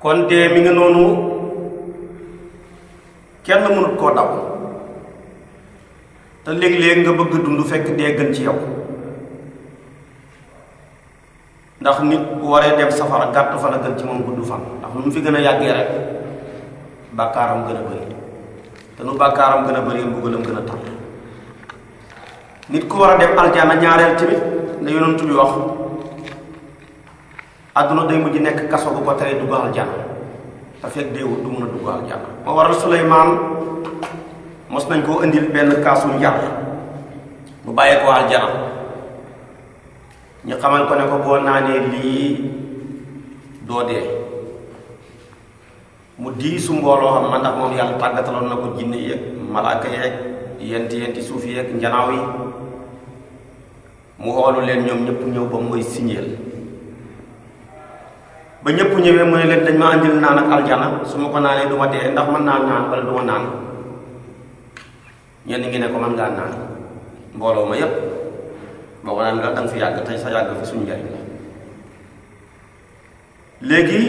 kon dee mi nga noonu kenn mënut koo daw te léeg-léeg nga bëgg dund fekk dee gën ci yow ndax nit bu waree dem safara gàtt fan a gën ci moom gudd fan ndax lu mu fi gën a yàggee rek bàkkaaram gën a bëri te nu bàkkaaram gën a bëri mbugalam gën a tar nit ku war a dem aljana ñaareel tamit la yonent bi wax àdduna day mujj nekk kaso bu ko teree dugg aljana te fekk deewul du mun a dugg aljana moo waral Suleymaan mos nañ koo indil benn kaasu njar bu bàyyee ko aljana ñu xamal ko ne ko boo naanee lii doo dee mu diisu mbooloo xam man ndax moom yàlla tàggataloon na ko jinne yeeg malaaka yeeg yenti yenti suuf yeeg njanaaw yi mu xoolu leen ñoom ñëpp ñëw ba mooy signeel ba ñëpp ñëwee mu ne leen dañ ma andil naan ak aljana su ma ko naanee du dee ndax mën naa naan wala du naan ñenn ngi ne ko mën ngaa naan mbooloo ma yépp boo ko naan nga danga fi yàgg tey sa yàgg fi suñu njariñ léegi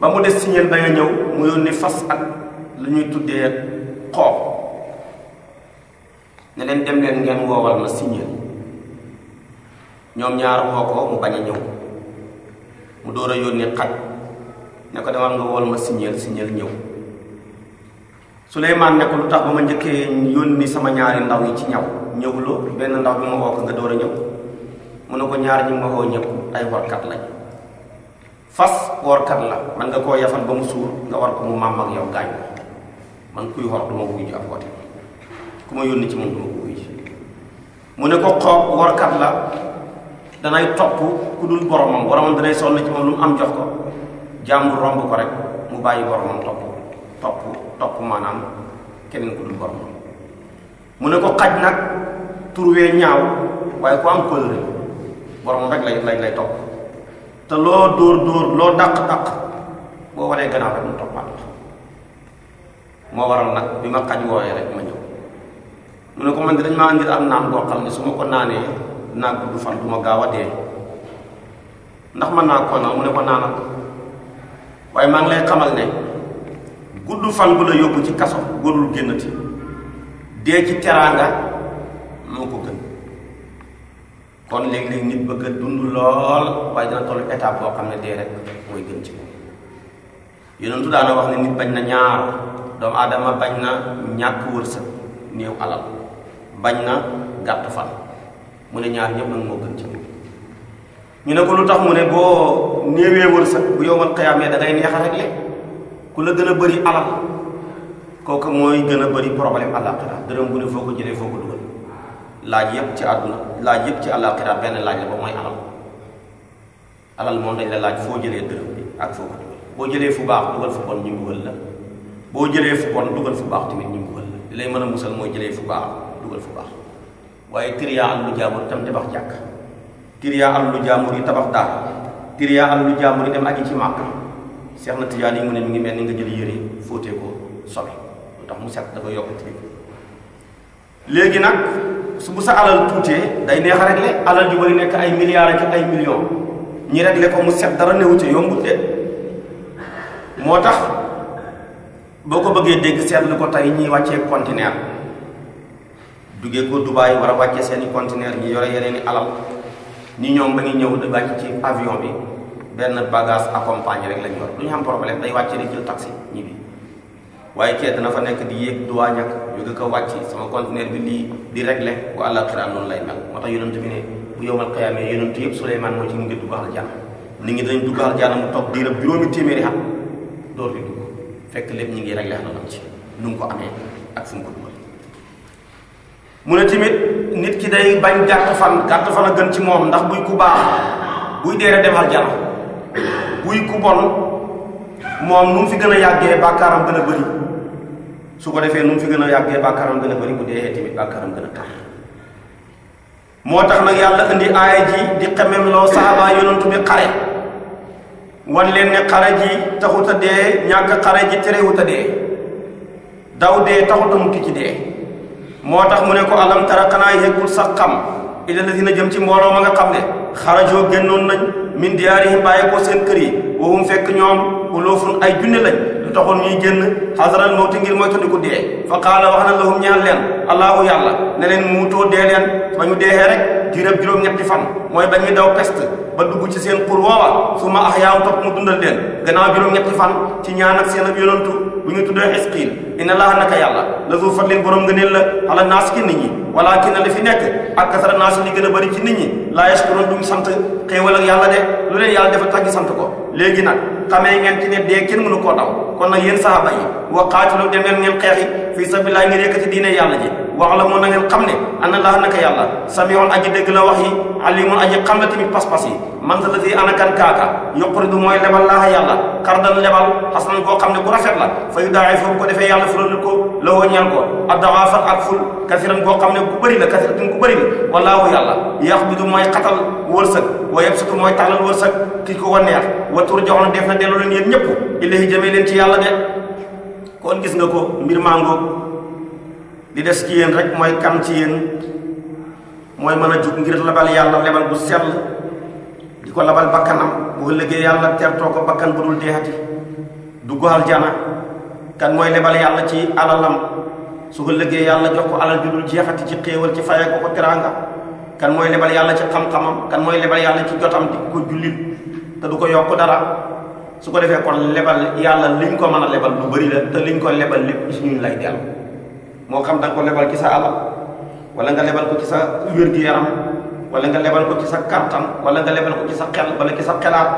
ba mu des si ñeen ba nga ñëw mu yónni fas ak lu ñuy tuddee xoob ne leen dem leen ngeen woowal ma si ñoom ñaar woo ko mu bañ ñëw mu door a yónni xaj ne ko demal nga wool ma signeel signeel ñëw Suleymaan ne lu tax ba ma njëkkee yónni sama ñaari ndaw yi ci ñaw ñëwuloo benn ndaw bi ma woo ko nga door a ñëw mu ne ko ñaar ñi ma woo ñëpp ay workat lañ fas warkat la man nga koo yafal ba mu suur nga war ko mu màmm ak yow gaañ man kuy xor du ma wuyu ji ab ku ma yónni ci moom du ma wuyu mu ne ko xoob warkat la danay topp ku dul boromam boromam danay sonn ci moom lu am jox ko jàmbur romb ko rek mu bàyyi boromam topp topp topp maanaam kenn ku dul boromam mu ne ko xaj nag turwee ñaaw waaye ku am kóllëre rek lay lay topp te loo dóor dóor loo dàq-dàq boo wanee gannaaw rek mu toppaat moo waral nag bi ma xaj wooyee rek ma ñëw mu ne ko man di dañ maa andil am naan boo xam ne su ma ko naanee naa gudd fan du gaaw a dee ndax mën naa ko naan mu ne ko naana waaye maa ngi lay xamal ne gudd fan bu la yóbbu ci kaso warul génnati dee ci teraanga moo ko gën kon léegi-léegi nit bëgg a dund lool waaye dina tollu étape boo xam ne dee rek mooy gën ci moom yonentu daana wax ne nit bañ na ñaar doomu aadama bañ na ñàkk wërsëg néew alal bañ na gàtt fan mu ne ñaar ñëpp nag moo gën ci moom ñu ne ko lu tax mu ne boo néewee wërsëg bu yowmal xiyaamee da ngay neex a réglé ku la gën a bari alal kooku mooy gën a bari problème àllaaxira dërëm bu ne foo ko jëlee foo ko dugal laaj yëpp ci àdduna laaj yëpp ci àllaaxira benn laaj la ba mooy alal alal moom dañ la laaj foo jëlee dërëm bi ak foo ko dugal boo jëlee fu baax dugal fu bon ñu mbugal la boo jëlee fu bon dugal fu baax tamit ñu mbugal la li lay mën a musal mooy jëlee fu baax dugal fu waaye tiriyaa alalu jaamur itam tabax jàkk tiriyaa alalu jaamur yi tabax daal tiriyaa alalu jaamur yi dem aji ci màkk seex na tijaan yi mu ne mi ngi mel ni nga jël yére fóotee ko sobe lu tax mu set dafa yokk tilim nag su bu sa alal tuutee day neex a réglé alal ju bari nekk ay milliards ay millions ñi réglé ko mu set dara newu ca yombut de moo tax boo ko bëggee dégg seetlu ko tey ñuy wàccee conteneur duggee ko Dubaay war a wàcce seeni conteneur ñi yore yeneen i ni ñi ñoom ba ñu ñëw di wàcc ci avion bi benn bagage accompagné rek lañ yor du ñu am problème day wàcce di jël taxi ñibbi waaye kee dana fa nekk di yéeg duwaa ñàkk jóge ko wàcc sama conteneur bi lii di réglé bu àllaaxira noonu lay mel moo tax yonent bi ne bu yowmal qiyaamee yonent yëpp Suleymaan moo ci mu ngi dugg ngi nit ñi dañ dugg aljana mu toog diirab juróomi téeméeri at door fi dugg fekk lépp ñu ngi réglé xanaa ci nu mu ko amee ak mu ne tamit nit ki day bañ gàtt fan gàtt fan a gën ci moom ndax buy ku baax buy deere dem aljana buy ku bon moom nu mu fi gën a yàggee bàkkaaram gën a bëri su ko defee nu mu fi gën a yàggee bàkkaaram gën a bëri bu dee tamit bàkkaaram gën a tar moo tax nag yàlla indi aaya ji di xemem loo saxaaba yonantu bi xare wan leen ne xare ji taxut a dee ñàkk xare ji terewut a dee daw dee taxut a ci dee moo tax mu ne ko alam tara xanaa yëggul sax xam ila na jëm ci mbooloo ma nga xam ne xarajoo génnoon nañ min diyaarihim bàyyi ko seen kër yi wahum fekk ñoom uloofun ay junne lañ lu taxoon ñuy génn xasaral mawti ngir mooy tuddi ko dee fa qaala wax na lahum ñaan leen allahu yàlla ne leen muutoo dee leen ba ñu deexee rek diirab juróom-ñetti fan mooy ba ñuy daw peste ba dugg ci seen xur woowa su ma ax yaaw topp mu dundal leen gannaaw juróom-ñetti fan ci ñaan ak seen ak yonantu bu ñu tuddee xisqiil inna laaha naka yàlla la zu fadlin borom nga neen la ala naas ki nit ñi walakin na fi nekk ak kasara naas li gën a bëri ci nit ñi laa yashkuruun duñ sant xéewal yàlla de lu leen yàlla defal tax sant ko léegi nag xamee ngeen ci ne dee kenn mënu koo daw kon nag yéen sahaaba yi wa qaatilu dem leen ngeen xeexi fii sabilillah ngir yëkkati diine wax la moo na ngeen xam ne ana laa naka yàlla samiyoon aji dégg la wax yi alimoon aji xam la tamit pas-pas yi man sa lati ana kan kaaka yuqridu mooy lebal laaha yàlla xardan lebal xasanan koo xam ne bu rafet la fayu daaxee foofu ko defee yàlla fulal ko la woo ñaan ko addawaafan ak ful kasiran koo xam ne bu bëri la kasiran bu bëri la wallaahu yàlla yaxbidu mooy xatal wërsëg wa yabsutu mooy taxlal wërsëg kii ko wa neex wa turjaxoon li des ci yéen rek mooy kam ci yéen mooy man a jug ngir labal yàlla lebal bu sell di ko labal bakkanam boo liggéey yàlla tertoo ko bakkan bu dul deexati du goxal jana kan mooy lebal yàlla ci alalam su ko liggéey yàlla jox ko alal ju dul jeexati ci xéewal ci fayee ko ko teraanga kan mooy lebal yàlla ci xam-xamam kan mooy lebal yàlla ci jotam di ko jullit te du ko yokk dara su ko defee kon lebal yàlla liñ ko mën a lebal lu bëri la te liñ ko lebal lépp moo xam da nga ko lebal ci sa alal wala nga lebal ko ci sa wér yaram wala nga lebal ko ci sa kàttan wala nga lebal ko ci sa xel wala ci sa xelaat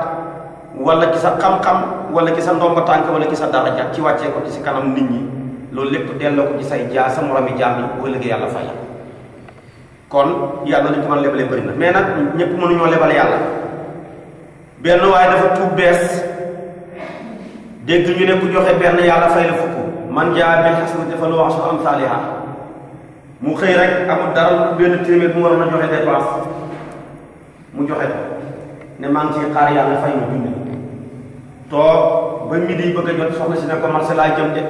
wala ci sa xam-xam wala ci sa ndomba tànk wala ci sa daraja ci wàccee ko ci si kanam nit ñi loolu lépp delloo ko ci say jaa sa moromi jaam yi bu ëllëgee yàlla fay kon yàlla dañ ko mën a lebalee bëri na mais nag ñëpp mënuñoo lebal yàlla benn waaye dafa tuub bees dégg ñu ne joxe benn yàlla fay la fukk man jaa bil xasanati falahu ashru amsaaliha mu xëy rek amul dara lu benn téeméer bu mu waroon a joxe dépense mu joxe ko ne maa ngi ciy xaar yàlla fay ma junni toog ba midi bëgg a jot soxna si ne ko marché jëm de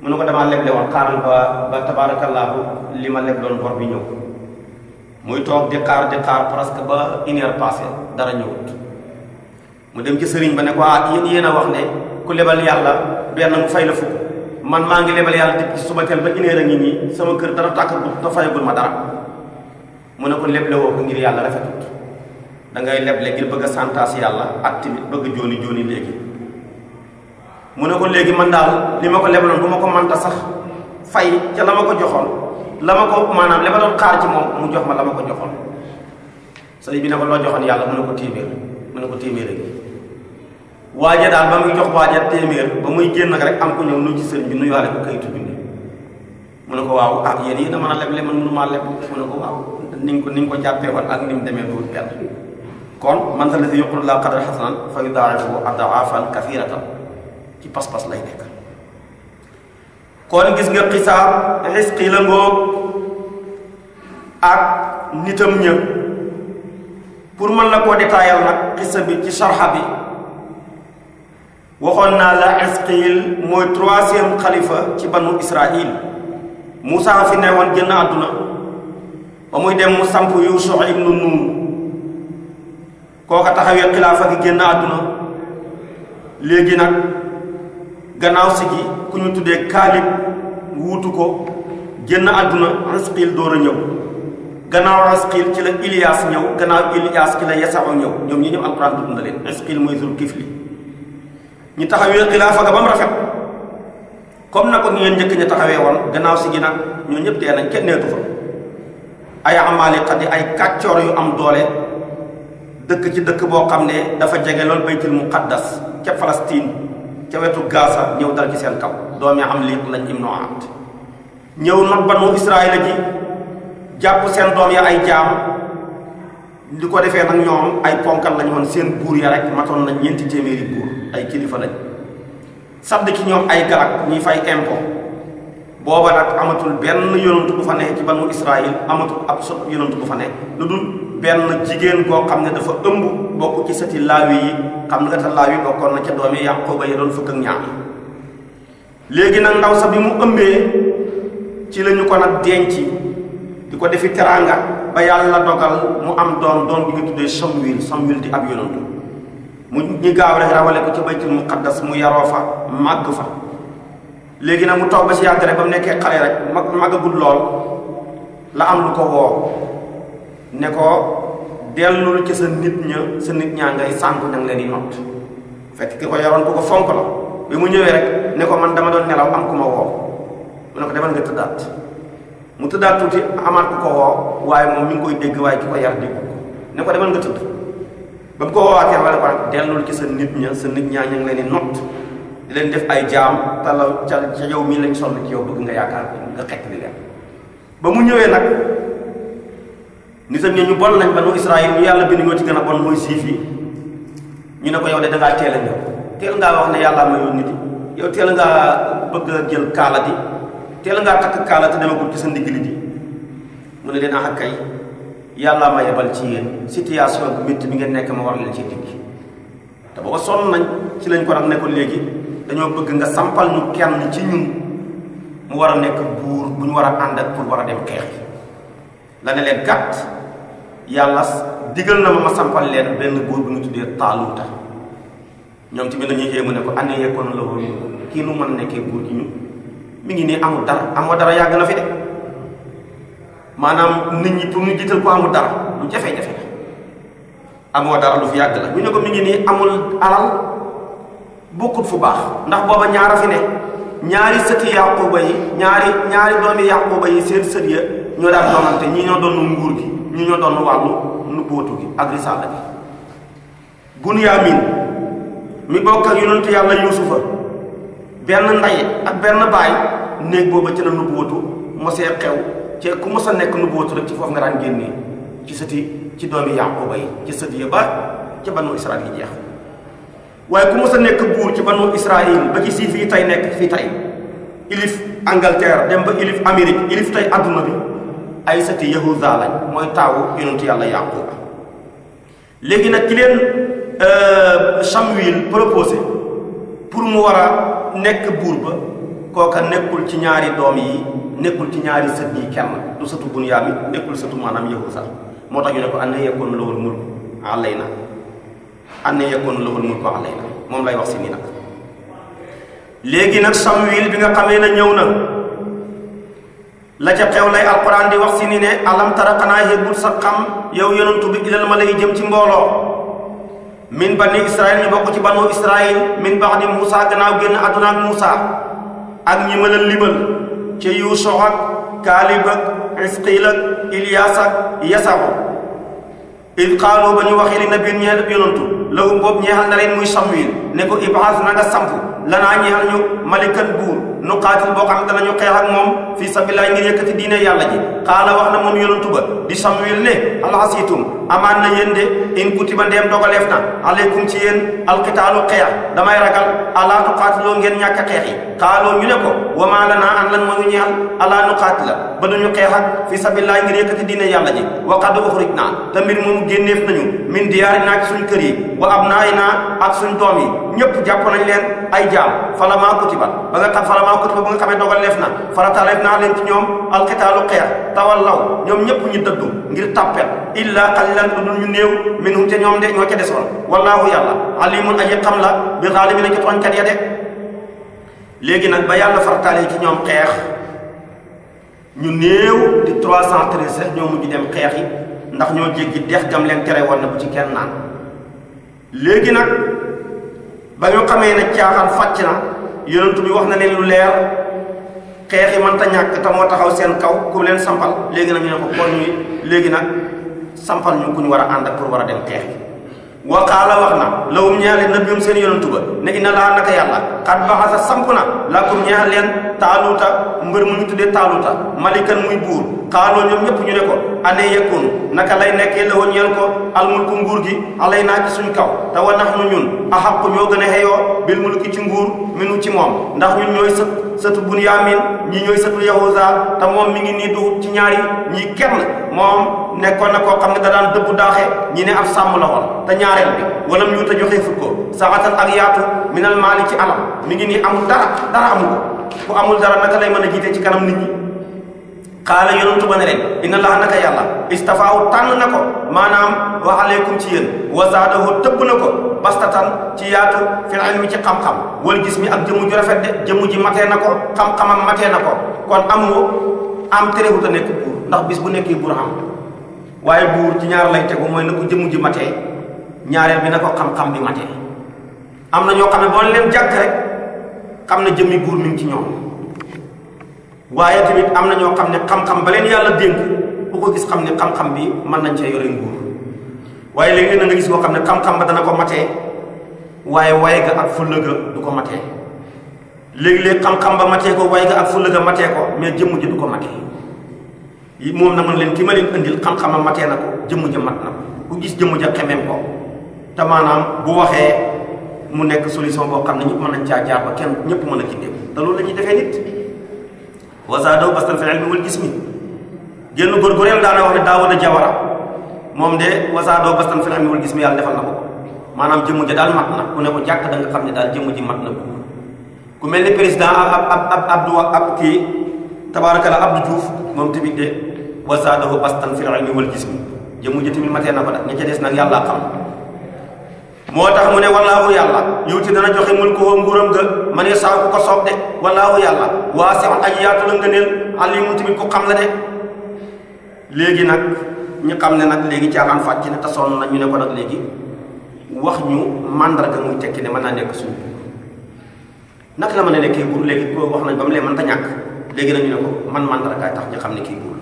mu ne ko damaa leble woon xaaral ba ba tabaarakallaahu li ma lebloon bor bi ñëw muy toog di xaar di xaar presque ba une heure dara ñëwut mu dem ci sëriñ ba ne ko ah yéen yéen a wax ne ku lebal yàlla benn mu fay la fukk man maa ngi lebal yàlla depuis suba teel ba inéer a ngi nii sama kër dara tàkkagul te fayagul ma dara mu ne ko leble ko ngir yàlla rafetut da ngay leble ngir bëgg a santaas yàlla ak tamit bëgg a jooni léegi mu ne ko léegi man daal li ma ko lebaloon bu ma ko manta sax fay ca la ma ko joxoon la ma ko maanaam lebaloon xaar ci moom mu jox ma la ma ko joxoon sëriñ bi ne ko loo joxoon yàlla mu ne ko téeméer mu ne ko téeméer a waaja daal ba muy jox waaja téeméer ba muy génn nag rek am ko ñëw nuyu ci sëriñ bi nuyuwaale ko kayitu bi mu ne ko waaw ah yéen yéen a mën a leble man mënumaa leb mu ne ko waaw niñ ko niñ ko jàppee woon ak ni demee duul kon man sa la si yokkul laa qadar xasanan ci pas-pas lay nekk gis nga xisaab la ngoog pour mën la koo détaayal nag xisa bi ci sarxa bi waxoon naa la Esqiil mooy troisième xalifa ci banu Israil Moussa fi ne woon génn àdduna ba muy dem mu samp Yuusuf ibnu Nuun kooka taxawee xilaafa gi génn àdduna léegi nag gannaaw si gi ku ñu tuddee Kaalib wuutu ko génn àdduna Esqiil door a ñëw gannaaw Esqiil ci la Ilias ñëw gannaaw Ilias ci la Yasaxu ñëw ñoom ñi ñëw alxuraan tudd na leen Esqiil mooy Zul Kifli ñu taxawee xilaafa ga ba mu rafet comme na ko leen njëkk ñu taxawee woon gannaaw si gi nag ñoo ñëpp dee nañ kenn neetu ay amaali xaddi ay kàccoor yu am doole dëkk ci dëkk boo xam ne dafa jege lool baytul muqaddas ca Palestine ca wetu Gaza ñëw dal ci seen kaw doomi am liiq lañ im noo at ñëw not banu Israayil ji jàpp seen doom ya ay jaam li ko defee nag ñoom ay ponkal lañ woon seen buur ya rek matoon nañ ñeenti téeméeri buur ay kilifa lañ sàdd ci ñoom ay galak ñuy fay impôt booba nag amatul benn yonantu bu fa ne ci banu Israël amatul ab so yonantu bu fa nekk lu dul benn jigéen koo xam ne dafa ëmb bokk ci sati laawi yi xam nga te laawi bokkoon na ca doomi Yaquba ya doon fukk ak ñaar léegi nag ndaw sa bi mu ëmbee ci la ñu ko nag denc di ko defi teraanga ba yàlla dogal mu am doon doom bi nga tuddee Samuel Samuel di ab yonantu mu ñu gaaw rek rawale ko ci baytul muqaddas mu yaroo fa màgg fa léegi nag mu toog ba ci yàgg rek ba rek mag màggagul lool am ko woo ne ko dellul ci sa nit ña sa nit ñaa ngay leen di not fekk ko ko fonk la bi mu ñëwee ne ko man dama doon nelaw am ku ma woo mu ne ko mu tëddaat tuuti amaat ku ko waaye moom mi ngi koy dégg waaye ki ko yar dégg ne ko demal nga tëdd ba mu ko woowaatee ba ne ko dellul ci sa nit ña sa nit ñaa ñu ngi leen di not di leen def ay jaam talaw ca ca yow mii lañ sonn ci yow nga yaakaar nga leen ba mu ñëwee nag nitam ñi ñu bon lañ banu Israël ñu yàlla bind ñoo ci gën a bon mooy siif yi ñu ne ko yow de dangaa teel a ñëw teel ngaa wax ne yàlla ma yónni di yow teel ngaa bëgg a jël kaala di teel ngaa takk kaala te demagul ci sa ndigli di mu ne leen ax ah ak kay yàllaa ma yebal ci yéen situation bu métti bi ngeen nekk ma war leen ci digg te booba sonn nañ ci lañ ko def nekkoon léegi dañoo bëgg nga sampal ñu kenn ci ñun mu war a nekk buur bu ñu war a ànd ak pour war a dem xeex la ne leen gàtt yàlla digal na ma ma sampal leen benn buur bu ñu tuddee taaluuta ñoom tamit dañuy yéemu ne ko année yekkoon la woon kii nu mën a nekkee buur gi ñu mu ngi nii amul dara amoo dara yàgg na fi de maanaam nit ñi pour ñu jiital ko amul dara lu jafe-jafe la amoo dara lu fi yàgg la ñu ne ko mi ngi nii amul alal bokkut fu baax ndax booba ñaara fi ne ñaari sëti yàquba yi ñaari ñaari doomi yàquba yi seen sët ya ñoo daal doonante ñi ñoo doon nguur gi ñi ñoo doon wàllu nubbootu gi ak risaala gi bunyamin mi bokk ak yonentu yàlla yuusufa benn ndey ak benn baay néeg booba ci la nubbootu mosee xew te ku mos a nekk nu bootu rek ci foofu nga daan génnee ci sëti ci doomi Yaquba yi ci sëti ya ba ca banu Israil yi waaye ku mos a nekk buur ci banu Israil ba ci si fii tey nekk fii tey ilif Angleterre dem ba ilif Amérique ilif tey adduna bi ay sëti Yahuda lañ mooy taawu yonentu yàlla Yaquba léegi nag ki leen euh, Samuel proposé mu war nekk buur ba kooka nekkul ci ñaari doom yi nekkul ci ñaari sët yi kenn du sëtu Bunyamin nekkul sëtu maanaam Yahuud sax moo tax ñu ne ko an na yakunu lahul mulku alayna an na yakunu lahul mulku alayna moom lay wax si nii nag léegi nag Samuel bi nga xamee na ñëw na la ca xew lay alquran di wax si ni ne alam tara xanaa yëgul sa xam yow yonent bi ilal ma lay jëm ci mbooloo min bani israil ñu bokk ci banu israil min ba'di Muusa gannaaw génn àdduna ak Muusa ak ñi ma ca yuusox ak kaalib ak isqiil ak ilyaas ak yasaru id qaalu ba ñu waxee li nabiin ñeel yonantu lahum boobu ñeexal na leen muy samwiil ne ko ibaas na nga samp lanaa ñeexal ñu malikan buur nu xaatil boo xam ne danañu xeex moom fii ngir yëkkati diine yàlla ji xaala wax na moom yonantu ba di Samuel ne alxasiitum amaan na yéen de in kutiba ndeem dogaleef na aleykum ci yéen alqitaalu xeex damay ragal alaa nu xaatiloo ngeen ñàkk a xeex ñu ne ko wamaa la naa an moo ñu ñeel alaa nu xaatila ba duñu xeex ak ngir yëkkati diine yàlla ji wa qad uxrij naa te mbir moomu génneef nañu min diyaari naa suñ kër yi wa ab naay naa ak suñ doom yi ñëpp maa kutiba ba nga xamee dogal leef na farataaleef naa leen ci ñoom alxitaalu xeex tawallaw ñoom ñëpp ñu dëddu ngir tàppet illaa xalilan lu dul ñu néew minhum te ñoom de ñoo ca desoon wallaahu yàlla alimun aji xam la bi xaalimina ci tooñkat ya de léegi nag ba yàlla farataalee ci ñoom xeex ñu néew di 313 rek ñoo mujj dem xeex yi ndax ñoo jéggi dex gam leen tere woon na bu ci kenn naan léegi nag ba ñu xamee ne caaxaan fàcc na yonent bi wax na leen lu leer xeex yi mënta ñàkk te moo taxaw seen kaw ku leen sampal léegi nag ñu ne ko kon ñuy léegi nag sampal ñu ku war a ànd ak pour war a dem xeex wa qaala wax na lawum ñeexal nabiyum seen yonantu ba ne na laa naka yàlla xat baxasa samp na lakum ñeexal leen taaluuta mbër mu ñu tuddee taaluuta malikan muy buur xaaloo ñoom ñëpp ñu ne ko anee yekkoonu naka lay nekkee la woon ñeel ko almulku nguur gi alay naa ci suñ kaw te wa nax nu ñun axaqu ñoo gën a xeyoo bil mulki ci nguur minu ci moom ndax ñun ñooy sët sëtu bunyamin ñi ñooy sëtu yahuza te moom mi ngi nii du ci ñaari ñi kenn moom nekkoon na ko xam ne da daan dëbbu daaxe ñi ne ab sàmm la woon te ñaareel bi wala mu yuuta joxee fut ko saxatan ak yaatu minal maali ci alam mi ngi nii amul dara dara amul ko ku amul dara naka lay mën a jiite ci kanam nit ñi xaala yonentu ba ne leen inna laa naka yàlla istafaaw tànn na ko maanaam wa aleykum ci yéen wa zaadahu tëbb na ko bastatan ci yaatu fil mi ci xam-xam wal gis mi ak jëmu ju rafet de jëmu ji mate na ko xam-xamam matee na ko kon am terewut a nekk ndax bis bu nekkee buur waaye buur ci ñaar lay tegu mooy na ko jëmm ji matee ñaareel bi na ko xam-xam bi matee am na ñoo xam ne boo leen jàkk rek xam na jëmmi buur mi ci ñoom waaye tamit am na ñoo xam ne xam-xam ba leen yàlla dénk bu ko gis xam ne xam-xam bi mën nañ cee yore nguur waaye léegi na nga gis koo xam ne xam-xam ba dana ko matee waaye waye ga ak fulla ga du ko matee léegi-léeg xam-xam ba mate ko waye ga ak fulla ga mate ko mais jëmm ji du ko matee yi moom na man leen ki ma leen indil xam-xamam matee na ko jëmm ja mat na ku gis jëmm ja xemeem ko te maanaam bu waxee mu nekk solution boo xam ne ñëpp mën nañ caa jaar ba kenn ñëpp mën a gindee te loolu la ñuy defee nit wasaadaw bastan fil ilmi wal jismi génn góor góoreem moom de wasaadaw bastan fil ilmi wal jismi yàlla defal na ko maanaam jëmm ja daal mat na ku ne ko jàkk da xam ne daal jëmm ji mat na buur ku mel ni président ab ab ab Abdou ab kii tabaaraka la Abdou Diouf moom tamit de wa zaadahu bastan fil ilmi wal jismi jëmu ji tamit matee na ko da ña ca des nag yàlla xam moo tax mu ne wallaahu yàlla yuuti dana joxe mulkuhu nguuram ga ma ne saa ku ko soob de wallaahu yàlla waasi'un aji yaatu la ngëneel alimun tamit ku xam la de léegi nag ñu xam ne nag léegi caaxaan fàcc ne te sonn na ñu ne ko nag léegi wax ñu màndarga muy tekki ne mën naa nekk suñu naka la mën a nekkee buur léegi ko wax nañ ba mu lee mën ta ñàkk ko man màndargaay tax ñu xam ne kii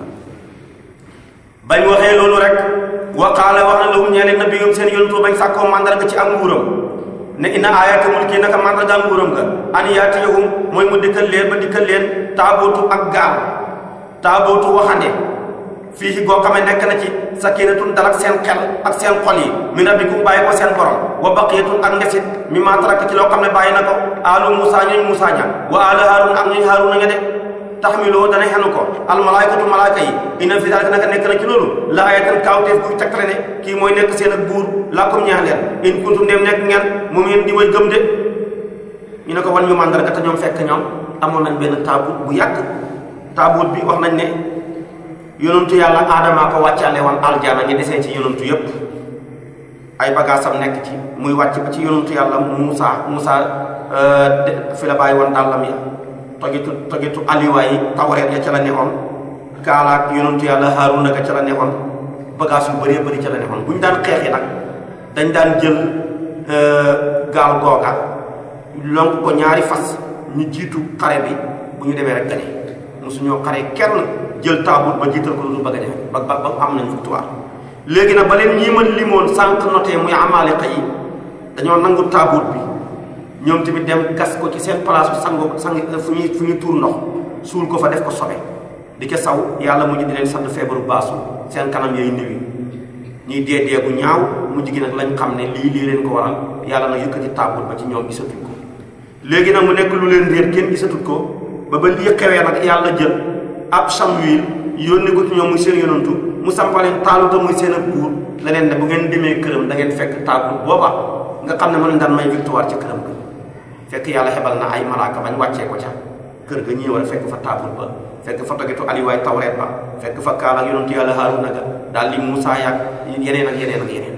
bañ waxee loolu rek wa qaala wax na lahum ñeele nabiyum seen yontu bañ sàkkoo mandarga ci am nguuram ne inna ayata mulki naka mandarga nguuram nga an yaatiyahum mooy mu dikkal leen ba dikkal leen taabootu ak gaal taabootu waxande fii ci goo xamee nekk na ci sakinatun dal ak seen xel ak seen xol yi min rabbikum bàyyi ko seen borom wa baqiyatun ak ngesit mi ma taraka ci loo xam ne bàyyi na ko alu Musa ñuñ Musa ña wa alu Harun ak taxmiloo dana xenu ko almalaykatu malaaka yi ina fi daalika naka nekk na ci loolu la ayatan kaawteef buy tegtale ne kii mooy nekk seen ak buur laa kom ñeex leen i kuntum ndem nekk ngeen mu ngeen di way gëm de ñu ne ko wan ñu màndarga te ñoom fekk ñoom amoon nañ benn taabut bu yàgg taabut bi wax nañ ne yonantu yàlla aadamaa ko wàccaale woon aljaana ñu desee ci yonantu yépp ay bagaasam nekk ci muy wàcc ba ci yonantu yàlla Musaa Musaa euh, fi la bàyyi woon togitu togitu aliwaay tawreet ya ca la nekkoon kaalaak yonentu yàlla Haaruna ka ca la nekkoon bagage yu bëree bëri ca la nekkoon bu ñu daan xeexi nag dañ daan jël euh, gaal googa lonk ko ñaari fas ñu jiitu xare bi bu ñu demee rek gane mosuñoo xare kenn jël taabut ba jiital ko lu bëgg a def ba ba ba am nañu victoire léegi nag ba leen ñii ma limoon sànq noté muy amaale xëy dañoo nangu taabut bi ñoom tamit dem gas ko ci seen place bu sango sang fu ñuy fu ñuy tuur ndox suul ko fa def ko sobe di ca saw yàlla mu ñu di leen sant feebaru baasu seen kanam yooyu niwi ñuy dee bu ñaaw mu gi nag xam ne lii yàlla nag yëkkati taabul ba ci ñoom gisatuñ léegi nag mu nekk lu leen réer kenn gisatut ko ba ba lii xewee nag yàlla jël ab Samuel yónni ko ci ñoom muy seen yonantu mu sampaleen taaluta muy seen ak buur leneen ne bu ngeen demee këram da ngeen fekk taabul booba nga xam ne mën daan may victoire ci këram fekk yàlla xebal na ay malaaka añ wàccee ko ca kër ga ñëwal fekk fa taabul ba fekk fa togetu aliwaay tawreet ba fekk fa kaala ak yonent yàlla Haaruna ga daal di Muusaa yaag yeneen ak yeneen ak yeneen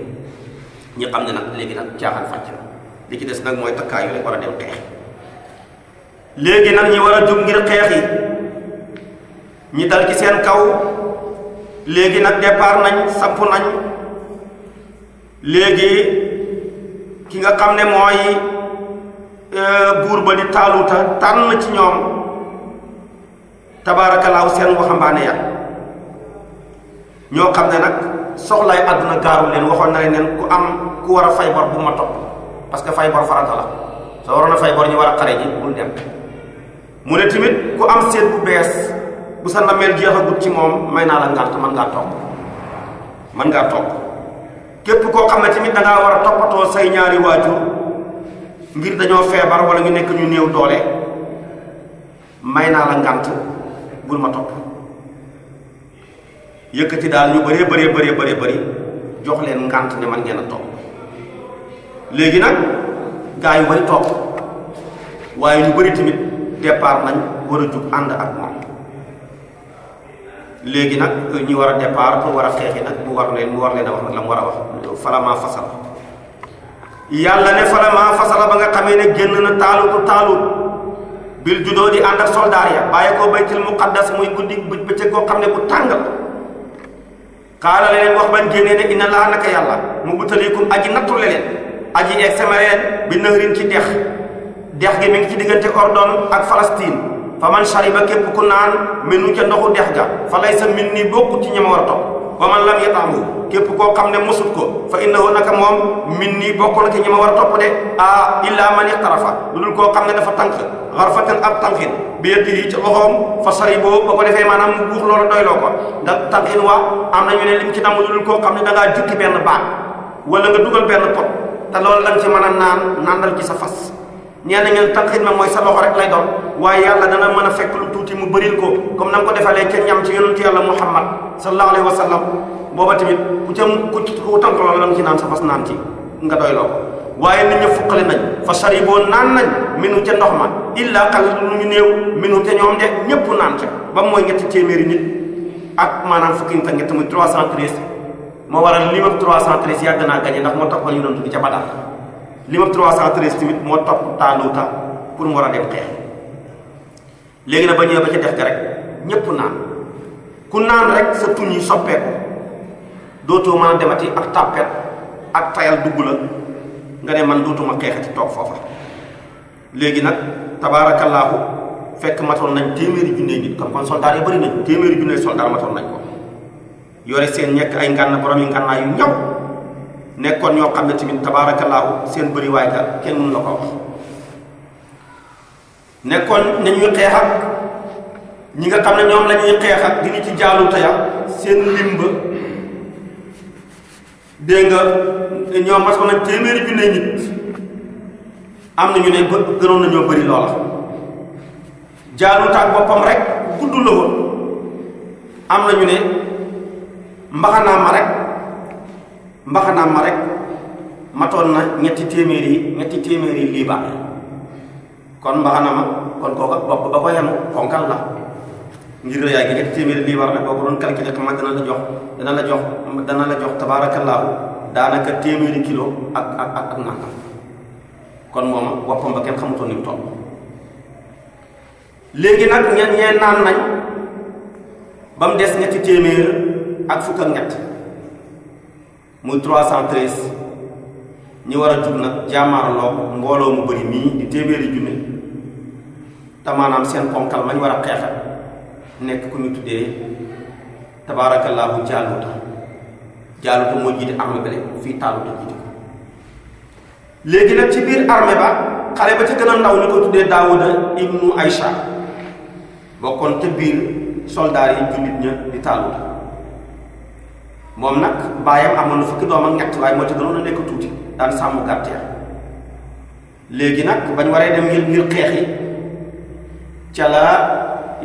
ñi xam ne nag léegi nag caaxaan fàcc li ci des nag mooy takkaay yu rek a dem léegi nag ñi war a jóg ngir xeex yi ñi dal ci seen kaw léegi nag départ nañ samp nañ léegi ki nga xam ne mooy Eh, buur ba di taaluta tànn ci ñoom tabaarakalaaw seen waxambaane ya ñoo xam ne nag soxlaay àdduna gaaru leen waxoon na am war a fay que fay a fay bor ñu mu ne tamit ku am seet bu bees bu sa nameel jeexagut ci moom may naa la ngànt mën ngaa topp mën ngaa topp képp koo xam ne tamit dangaa war a toppatoo say ñaari waajur ngir dañoo feebar wala ñu nekk ñu néew doole may naa la ngànt bul ma topp yëkkati daal ñu bëree bëree bëree bëree jox leen ngànt ne man ngeen a topp léegi nag gaa yu bari topp waaye ñu bëri tamit départ nañ war a jug ànd ak moom léegi nag ñi war a départ pour war a xeexi nag mu war leen mu war leen a wax nag la mu war a wax falamaa fasal yàlla ne falamaa fasala ba nga xamee ne génn na taalutu taalut bil juddoo di ànd ak soldaar ya bàyyi ko baytil muqaddas muy guddi bëccëg koo xam ne bu tàng xaala leen wax bañ génnee ne inna laa naka yàlla mu butalikum aji nattule leen aji exeme leen bi nëhrin ci dex dex gi mi ngi ci diggante Ordon ak Palestine fa man shariba képp ku naan minu ca ndoxu dex ga fa laysa minni bokku ci ñama war a topp wa man lam yatamu képp koo xam ne mosut ko fa innahu naka na min nii bokk na ci ñi war a topp de ah illa man iqtarafa lu dul koo xam ne dafa tànk xarfatan ab tànkin bi yadihi ci loxoom defee maanaam mu guux loolu doyloo ko ne lim ci namm lu dul koo xam ne da ngaa jukki benn baat wala nga dugal benn pot te loolu lañ ci mën a naan naandal ci sa fas ñeen na ngeen tànqit ma mooy sa rek lay doon waaye yàlla dana mën a fekk lu tuuti mu bëril ko comme na nga ko defalee ca ñam ci yonentu yàlla muhammad sallallahu alayhi wa sallam booba tamit ku jëm ku ku tënk loolu la mu ci naan sa fas naan ci nga doy loo waaye nit na fuqali nañ fa shariboo naan nañ minu ca ndox ma illa xal lu ñu néew minu ca ñoom de ñëpp naan ca ba mooy ñetti téeméeri nit ak maanaam fukki nit ñett muy 313 moo waral limam 313 yàgg naa gañe ndax moo toppoon yonent bi ca Badar limam 313 tamit moo topp Taaluuta pour mu war a dem xeex léegi nag ba ñëwee ba ca def ga rek ñëpp naan. ku naan rek sa tuñ yi soppeeku dootoo mën a demati ak tàppet ak tayal dugg la nga ne man dootuma xeexati toog foofa léegi nag tabaarakallaahu fekk matoon nañ téeméeri junne nit kon kon soldaar yi bëri nañ téeméeri junne soldaar matoon nañ ko yore seen ñekk ay ngànn borom yi ngànnaay yu ñaw nekkoon ñoo xam ne tamit tabaarakallaahu seen bëri waay kenn mënu la ko wax nekkoon nañuy xeex ak ñi nga xam ne ñoom la ñuy xeex ak di ñu ci jaalu taya seen limba dégg nga ñoom parce que téeméeri bi ne nit am na ñu ne gënoon nañoo bëri loola jaalu boppam rek gudd la woon am na ñu ne mbaxanaam ma rek mbaxanaam ma rek matoon na ñetti téeméer yi ñetti téeméeri yi lii baax kon mbaxana ma kon kooka bopp ba ko yenu ponkal la ngir rëyaay gi ñetti téeméeri liibar nag boo ko doon calculer xam dana la jox dana la jox dana la jox daanaka téeméeri kilo ak ak ak kon moom woppam ba kenn xamutoon léegi nag ñen ñee naan nañ mu des ñetti téeméer ak fukk ak ñett muy 313 ñi war a jug nag jaamaarloo mbooloo mu bëri nii di téeméeri junne te seen ponkal mañ war a xeexal nekk ku ñu tuddee tabaarakallaahu jaaluta jaaluta moo jiite armée bale fii taaluta jiite léegi nag ci biir armée ba xale ba ca gën a ndaw ñu ko tuddee daawuda ibnu aysha bokkoon ca biir soldaar yi jullit ña di taaluta moom nag baayam amoon na fukki doom ak ci gënoon nekk tuuti daan sàmm gàtteer léegi nag bañ waree dem ngir ngir xeex yi ca la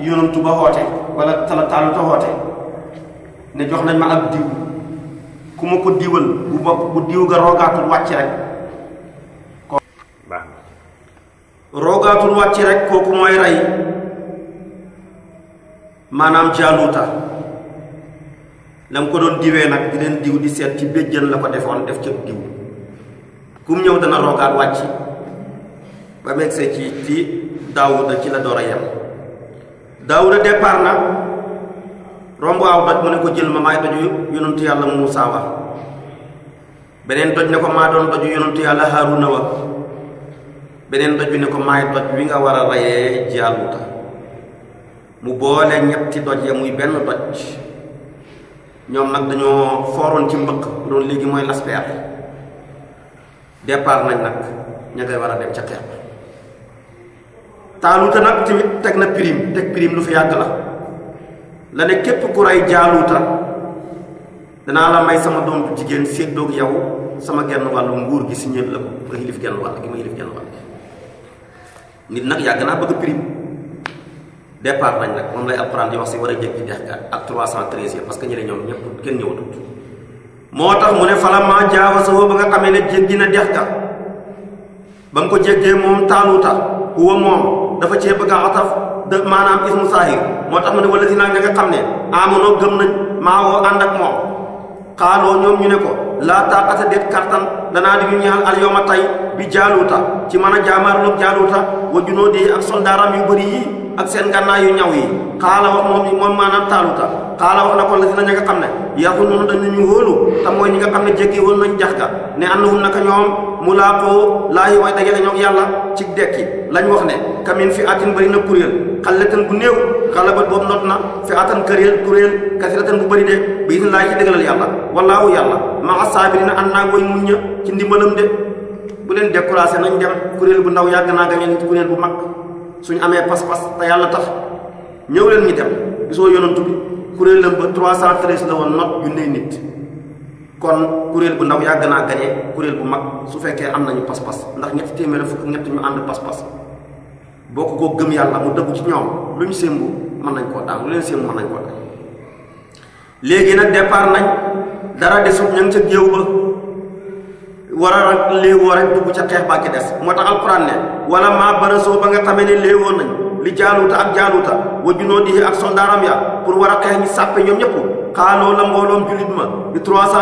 yonantu ba xoote wala tala xoote ne jox nañ ma ab diw ku ma ko diwal bu bopp bu diw ga roogaatul wàcc rek wàcc rek kooku mooy rey maanaam jaaluuta la mu ko doon diwee nag di leen diw di seet ci béjjën la ko defoon def ca diw kum ñëw dana roogaat wàcc ba megsee ci ci daawuda ci la door a yem daawuda départ na romb aw doj mu ne ko jël ma maay doju yonentu yàlla Muusaa wa beneen doj ne ko maa doon doju yonentu yàlla Haaruna wa doj ko maay doj wi nga war a reyee Jaaluuta mu boole ñetti doj ya muy benn doj ñoom nag dañoo fooroon ci mbëkk loolu léegi mooy laspeer départ nañ nag ña ngay war a dem ca xeex taaluuta nag tamit teg na prime teg prime lu fi yàgg la la ne képp ku rey jaaluuta danaa la may sama doom bu jigéen séddoog yow sama genn wàllu nguur gi si ñël la ko nga xilif genn wàll gi ma xilif genn wàll nit nag yàgg naa bëgg prime départ nañ nag moom lay alxuraan wax si war a jëkk ci dexkat ak 313 parce que ñeneen ñoom ñëpp kenn ñëwatut moo tax mu ne fala maa jaawa soo ba nga xamee ne jéggi na dex ka ba nga ko jéggee moom taaluuta huwa moom dafa cee bëgg a ataf de maanaam ismu saahir moo tax ma ne wala si nag ña nga xam ne amonoo gëm nañ maa woo ànd ak moom xaaloo ñoom ñu ne ko laa taqata déet kartan danaa ñu ñaal al yawma bi jaaluuta ci mën a jaamaarloog jaaluuta wa junóo dee ak soldaaram yu bëri ak seen ngànnaay yu ñaw yi xaala wax moom moom maanaam taaluta xaala wax na ko la si na ña nga xam ne yaxu te mooy ñi nga xam ne jékki nañ jax ka ne annahum naka ñoom mu laa ko laayi waay dajee ñoom yàlla ci dekki lañ wax ne kamin fi atin bëri na kuréel xallatan bu néew xalabat boobu not na fi atan këréel kuréel bu bëri de bi itin laa ci dëggalal yàlla yàlla maa saabirina an naa koy muñ ña ci ndimbalam de bu leen nañ dem kuréel bu ndaw naa gañeen kuréel suñu amee pas-pas te yàlla tax ñëw leen ñu dem gisoo yonantu bi kuréelam ba 313 la woon not yu ney nit kon kuréel bu ndaw yàgg naa gañee kuréel bu mag su fekkee am nañu pas-pas ndax ñetti téeméer fukk ñett ñu ànd pas-pas boo ko koo gëm yàlla mu dëggu ci ñoom lu ñu sémbu mën nañ koo daan lu leen sémbu mën nañ koo daan léegi nag départ nañ dara desul ña ngi ca géew ba war a léewoo rek dugg ca xeex baa ci des moo tax alquran ne wala maa barasoo ba nga xamee ne léewoo nañ li jaaluuta ak jaaluuta wa junoo dihi ak sondaaram ya pour war a xeex ñi sàppe ñoom ñëpp xaaloo la mbooloom julit ma bi wax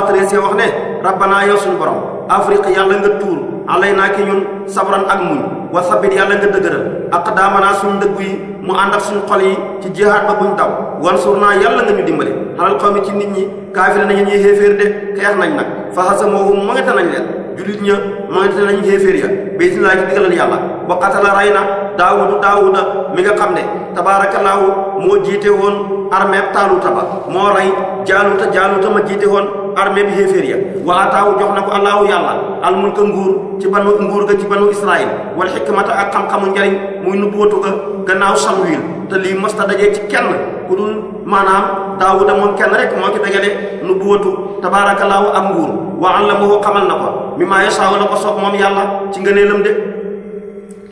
ne rabbanaa yow borom afrique yàlla nga tuur alay naa ki ñun sabran ak muñ wa sabit yàlla nga dëgëral ak daamanaa suñ ndëggu mu ànd ak suñu xol yi ci jihaat ba buñ daw wan suur naa yàlla nga ñu dimbale xalal ci nit ñi kaafira nañu ñuy xéeféer julit ña moytu nañ xéeféer ya bisimilah ci digalal yàlla wa qatala rey na daawudu daawuda mi nga xam ne tabaarakallaahu moo jiite woon armée taaluta ba moo rey jaaluta jaaluta ma jiite woon armée bi xéeféer ya wa ataahu jox na ko allaahu yàlla almulka nguur ci banu nguur ga ci banu israil wal xikmata ak xam-xamu njariñ muy nubbootu ga gannaaw samwiil te lii mosta dajee ci kenn ku dul maanaam daawuda moom kenn rek moo ci dajale nubbootu tabaarakallaahu ak nguur waa moo xamal na ko mi maa yasaaw la ko soob moom yàlla ci ngëneelam de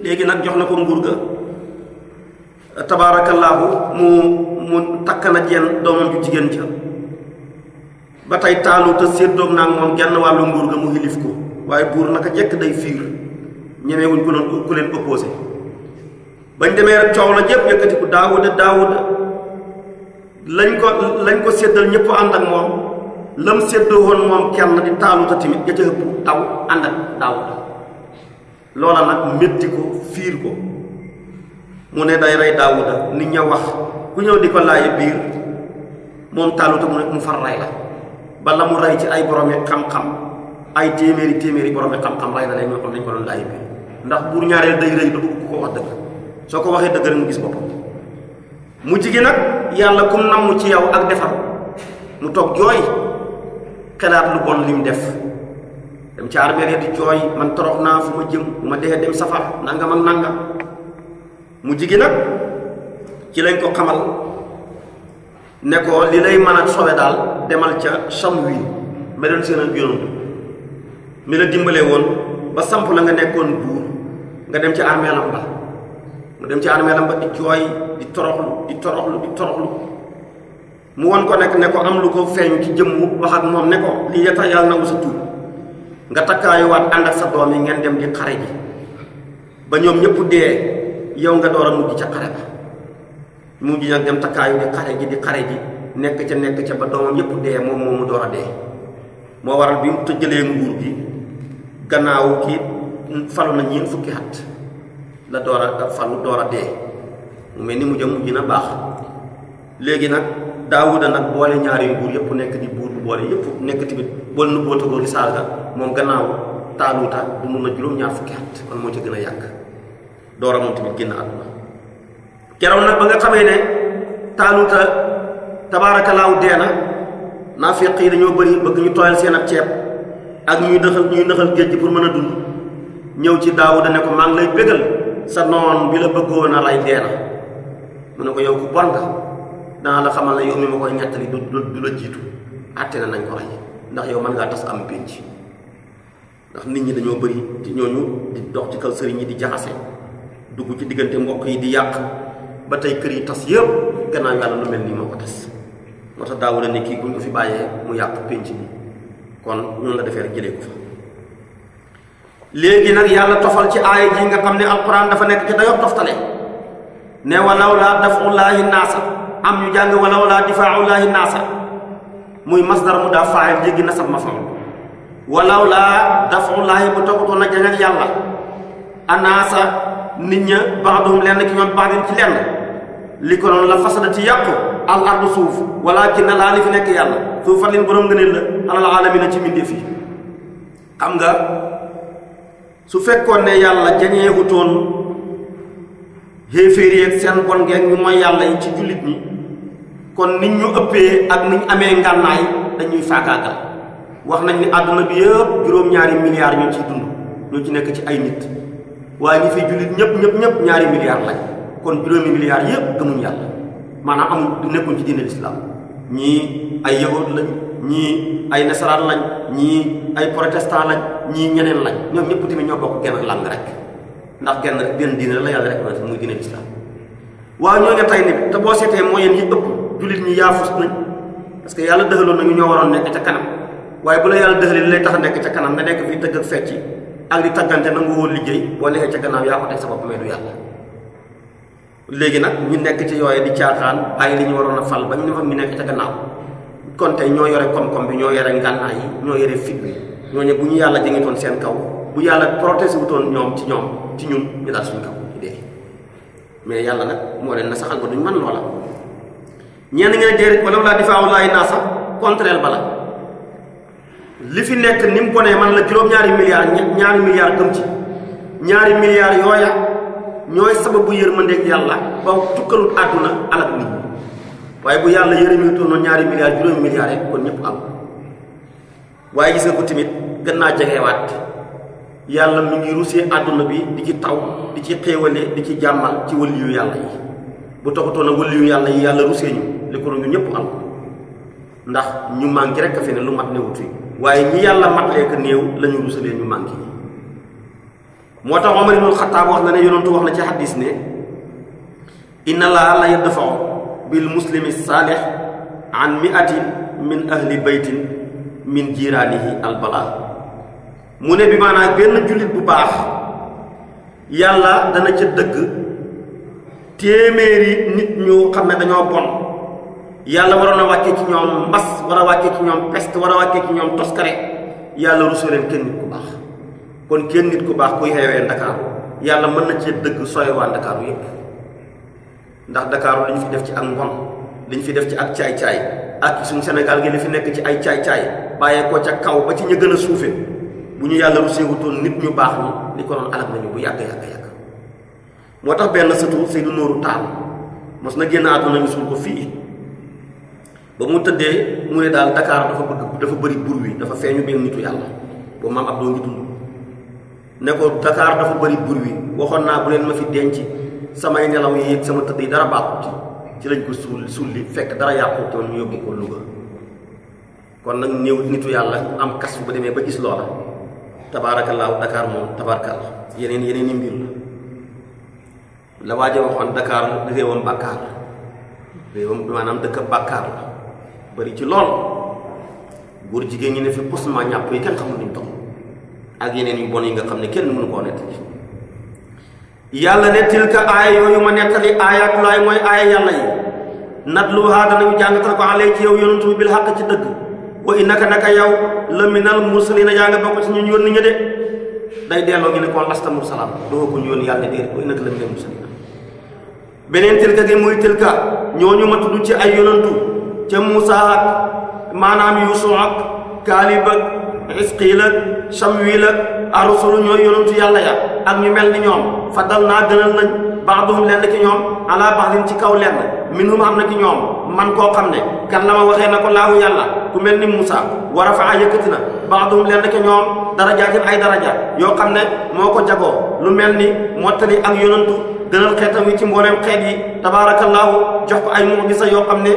léegi nag jox na ko nguur ga tabaarakallaahu mu mu takk na jenn doomam ju jigéen ca ba tey taalu te séddoog naa moom genn wàllu nguur ga mu xilif ko waaye buur naka jekk day fiir ñemewuñ ku leen ku leen opposé bañ demee rek coow la ñëpp yëkkati ko daawuda daawuda lañ ko lañ ko séddal ñëpp ànd ak moom lam séddoo woon moom kenn tamit ya ca taw ànd ak daawuda loola nag métti ko fiir ko mu ne day rey daawuda nit ña wax ku ñëw di ko laaye biir moom taaluta mu far rey la ba la mu rey ci ay boromi xam-xam ay téeméeri téeméeri boromi xam-xam rey na leen ñoo xam nañ ko doon laaj bi ndax buur ñaareel day rëy du ko wax dëgg soo ko waxee dëgg rek mu gis boppam mu jigi nag yàlla kum namm ci yow ak defar mu toog jooy xelaat lu bon lim def dem ci armeel di jooy man torox naa fu ma jëm bu ma dee dem safar nangam ak mu jigéen nag ci lañ ko xamal ne ko li lay mën a sowe daal demal ca sam wi ma doon seen ak yonantu mi la dimbalee woon ba samp la nga nekkoon buur nga dem ci armeelam ba nga dem ci armeelam ba di jooy di toroxlu di toroxlu di toroxlu mu won ko nekk ne ko am lu ko feeñ ci jëmm wax ak moom ne ko lii ya tax yàlla nangu sa tuub nga takkaayuwaat ànd ak sa doom yi ngeen dem di xare ba ñoom ñëpp dee yow nga door a mujj ca xare ba mu ngi nag dem takkaayu di xare ji di xare ji nekk ca nekk ca ba doomam yépp dee moom moomu door a dee moo waral bi mu tëjjalee nguur gi gannaaw kii falu na ñeent fukki at la door a falu door a dee mu mel ni mu jëm mujj na baax léegi nag daawuda nag boole ñaari nguur yëpp nekk di buur bu boole yëpp nekk tamit boo nu boote ko risaal ga moom gannaaw taaluuta dund na juróom-ñaar fukki at man moo ci gën a yàgg door a moom tamit génn àdduna keroog nag ba nga xamee ne taaluta tabaarakalaaw dee na naafiq yi dañoo bëri bëgg ñu tooyal seen ab ceeb ak ñuy nëxal ñuy nëxal géej gi pour mën a dund ñëw ci daawuda ne ko maa ngi lay bégal sa noon bi la bëggoon a rey dee na mu ne ko yow ku bon nga danaa la xamal ne yow mi ma koy ñettali du du la jiitu àtte na nañ ko rey ndax yow mën ngaa tas am pénc ndax nit ñi dañoo bari ci ñooñu di dox ci kaw sëriñ yi di jaxase dugg ci diggante mbokk yi di yàq ba tey kër yi tas yëpp gannaaw yàlla lu mel nii moo ko tas moo tax daawu la ne kii buñ ko fi bàyyee mu yàq pénc bi kon noonu la defee rek jëlee ko fa léegi nag yàlla tofal ci aaya ji nga xam ne alquran dafa nekk ci dayoo toftale ne walaw laa dafullaahi naasa am ñu jàng walaw laa difaarullaahi naasa muy masdar mu daa faayal jéggi nasab mafaul walaw laa dafullaahi bu toppatoo na jañal yàlla anaasa nit ña baaduhum lenn ki ñoom baadin ci lenn li ko noonu la fasadati yàqu al ardu suuf walakin na laa li fi nekk yàlla suuf fa lin borom nga neen la alal ci mbindeef yi xam nga su fekkoon ne yàlla jañee utoon xéeféer yi ak seen bon geeg ñu mooy yàlla yi ci jullit ñi kon nit ñu ëppee ak niñ amee ngànnaay dañuy faagaagal wax nañ ni àdduna bi yëpp juróom-ñaari milliards ñu ciy dund ñoo ci nekk ci ay nit waaye ñi fi jullit ñëpp ñëpp ñëpp ñaari milliards lañ kon juróomi milliards yëpp gëmuñ yàlla maanaam amul nekkuñ ci diine lislaam ñii ay yahud lañ ñii ay nasaraan lañ ñii ay protestant lañ ñii ñeneen lañ ñoom ñëpp timi ñoo bokk genn làng rek ndax genn rek benn diine la yàlla rek mu muy diine lislaam waaw ñoo nga tey ni te boo seetee moyen yi ëpp jullit ñi yaafus nañ parce que yàlla dëxaloon nañu ñoo waroon nekk ca kanam waaye bu la yàlla dëxalee li lay tax nekk ca kanam nga nekk fii tëgg ak fecc ak di tàggante liggéey boo nekkee ca gannaaw yaa ko teg léegi nag ñu nekk ci yooye di caaxaan bàyyi li ñu waroon a fal ba ñu ne fa mu nekk ca gannaaw kon tey ñoo yore koom-koom bi ñoo yore ngànnaay yi ñoo yore fit bi ñooñu bu ñu yàlla jëngitoon seen kaw bu yàlla protégé wutoon ñoom ci ñoom ci ñun ñu daal suñu kaw mais yàlla nag moo leen na saxal ba duñ mën loola ñeen ngeen déerit wala laa difaawu laay naa sax contraire bala li fi nekk ni mu bonee man la juróom-ñaari milliards ñaari milliards gëm ci ñaari ñooy sababu yërmandeeg yàlla ba tukkalut àdduna alal nit waaye bu yàlla yërëmee toon ñaari milliards juróomi milliards kon ñëpp am waaye gis nga ko tamit gën naa jegewaat yàlla mu ngi rusee àdduna bi di ci taw di ci xéewale di ci jàmmal ci wëliyu yàlla yi bu taxutoon a yàlla yi yàlla rusee ñu li ko ñu ñëpp am ndax ñu manqué rek a fi ne lu mat newut fi waaye ñi yàlla matleek néew la ñu rusalee ñu moo tax Omar ibnul Xattaab wax na ne yonentu wax na ci xaddis ne inna laa la yadfa'u bil muslimi saalih an mi'atin min ahli baytin min jiiraanihi albala mu ne bi maanaam benn jullit bu baax yàlla dana ca dëgg téeméeri nit ñu xam ne dañoo bon yàlla waroon a wàccee ci ñoom mbas war a wàcce ci ñoom peste war a wàcce ci ñoom toskare yàlla rusoo kenn nit baax kon kenn nit ku baax kuy xeewee ndakaaru yàlla mën na cee dëgg sooy waa ndakaaru yépp ndax ndakaaru li ñu fi def ci ak mbon li ñu fi def ci ak caay-caay ak suñu Sénégal gi li fi nekk ci ay caay-caay bàyyee ko ca kaw ba ci ñu gën a suufe bu ñu yàlla ruseewutoon nit ñu baax ñi li ko doon nañu bu yàgg-yàgg-yàgg moo tax benn sëtu Seydou Nourou Tall mos na génn àdduna ñu suul ko fii ba mu tëddee mu ne daal Dakar dafa bëgg dafa bëri bur wi dafa feeñu benn nitu yàlla boobu maam Abdou ne ko Dakar dafa bur bruit waxoon naa bu leen ma fi denc samay nelaw yi sama tëdd yi dara baaxut ci lañ ko suul sulli fekk dara yàqu toon ñu yóbbu ko Louga kon nag néew nitu yàlla am kas bu demee ba gis loola tabaarakallaahu Dakar moom tabaarakal yeneen yeneen i mbir la la waaje waxoon Dakar réewam bàkkaar la réewam maanaam dëkk bàkkaar la bëri ci lool góor jigéen ñi ne fi posement ñàpp yi kenn xamul luñ toll ak yeneen yu bon yi nga xam ne kenn mënu koo nettali yàlla ne tilka aaya yooyu ma nettali aayaatulaay mooy aaya yàlla lu natluhaa danañu jàngatal ko alay ci yow yonantu bi bil xàq ci dëgg wa innaka naka yow la minal mursalina yaa nga bokk ci ñu de day delloo ñu ne kon lasta mursalaan doo ko ñu yónni yàlla déet wa innaka la minal mursalina beneen tilka gi muy tilka ñooñu ma tudd ci ay yonantu ca Muusaa ak maanaam Yuusuf ak Kaalib xisqiil ak samwiil ak arusulu ñooy yonantu yàlla ya ak ñu mel ni ñoom fadal naa gënal nañ baaduhum lenn ki ñoom alaa baxlin ci kaw lenn minhum am na ki ñoom man koo xam ne kan la ma waxee na ko laahu yàlla ku mel ni Muusa wa rafaa yëkkati na baaduhum lenn ki ñoom darajaatin ay daraja yoo xam ne moo ko jagoo lu mel ni mottali ak yonantu dëral xeetam yi ci mbooleem xeet yi tabaarakallaahu jox ko ay mu'jiza yoo xam ne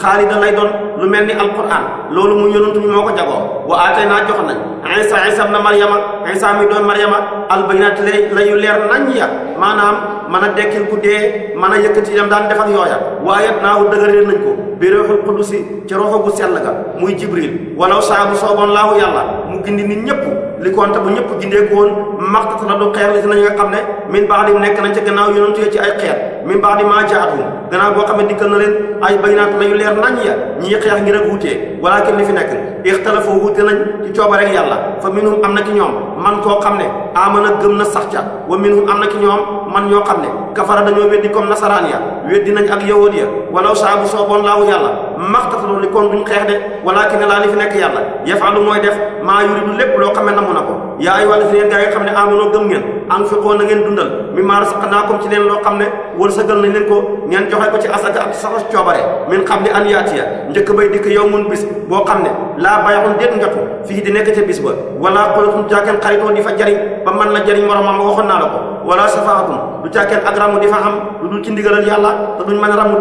xaalida lay doon lu mel ni alquran loolu mu yonent bi moo ko jagoo wa aatay naa jox nañ isa isa na maryama isa mi doon maryama albayinat lay layu leer nañ ya maanaam mën a dekkil ku dee mën a yëkkati yam daan def ak yooya waayat naawu dëgëree nañ ko bi ruuxul qudusi ci roxo gu sell ga muy jibril walaw saabu sooboon laahu yàlla mu gindi nit ñëpp li ko wante bu ñëpp gindee ko woon maxtatala du xeer li si nañu nga xam ne min baax lim nekk na ca gannaaw yonentu ci ay xeer min ba'di maa jaa'athum gannaaw boo xam ne dikkal na leen ay baynaat layu leer nañ ya ñii xeex ngir ak wuutee walaakin li fi nekk ixtalafu wuute nañ ci cooba rek yàlla fa minhum am na ki ñoom man koo xam ne amana gëm na sax ca wa minhum am na ki ñoom man ñoo xam ne kafara dañoo weddi comme nasaraan ya weddi nañ ak yahuud ya walaw saabu sooboon laahu yàlla maxtatalo li kon duñ xeex de walaakin laa li fi nekk yàlla yafalu mooy def maa yuridu lépp loo xam ne namu ko yaa ayyuhal laziina gaa yi nga xam ne aamanoo gëm ngeen anfiqoo na ngeen dundal mimmaa razaqnaakum ci leen xam ne wërsëgal nañ leen ko ngeen joxe ko ci asaka ak sax coobare min qabli an yaatiya njëkk bay dikk yawmun bis boo xam ne laa bay'un déet ngatu fii di nekk ca bis ba wala xulutum jaakeen xaritoo di jariñ ba man la jariñ moromam waxoon naa la ko wala safaatum du caakeen ak ramu di fa am lu dul ci ndigalal yàlla te duñ a ramu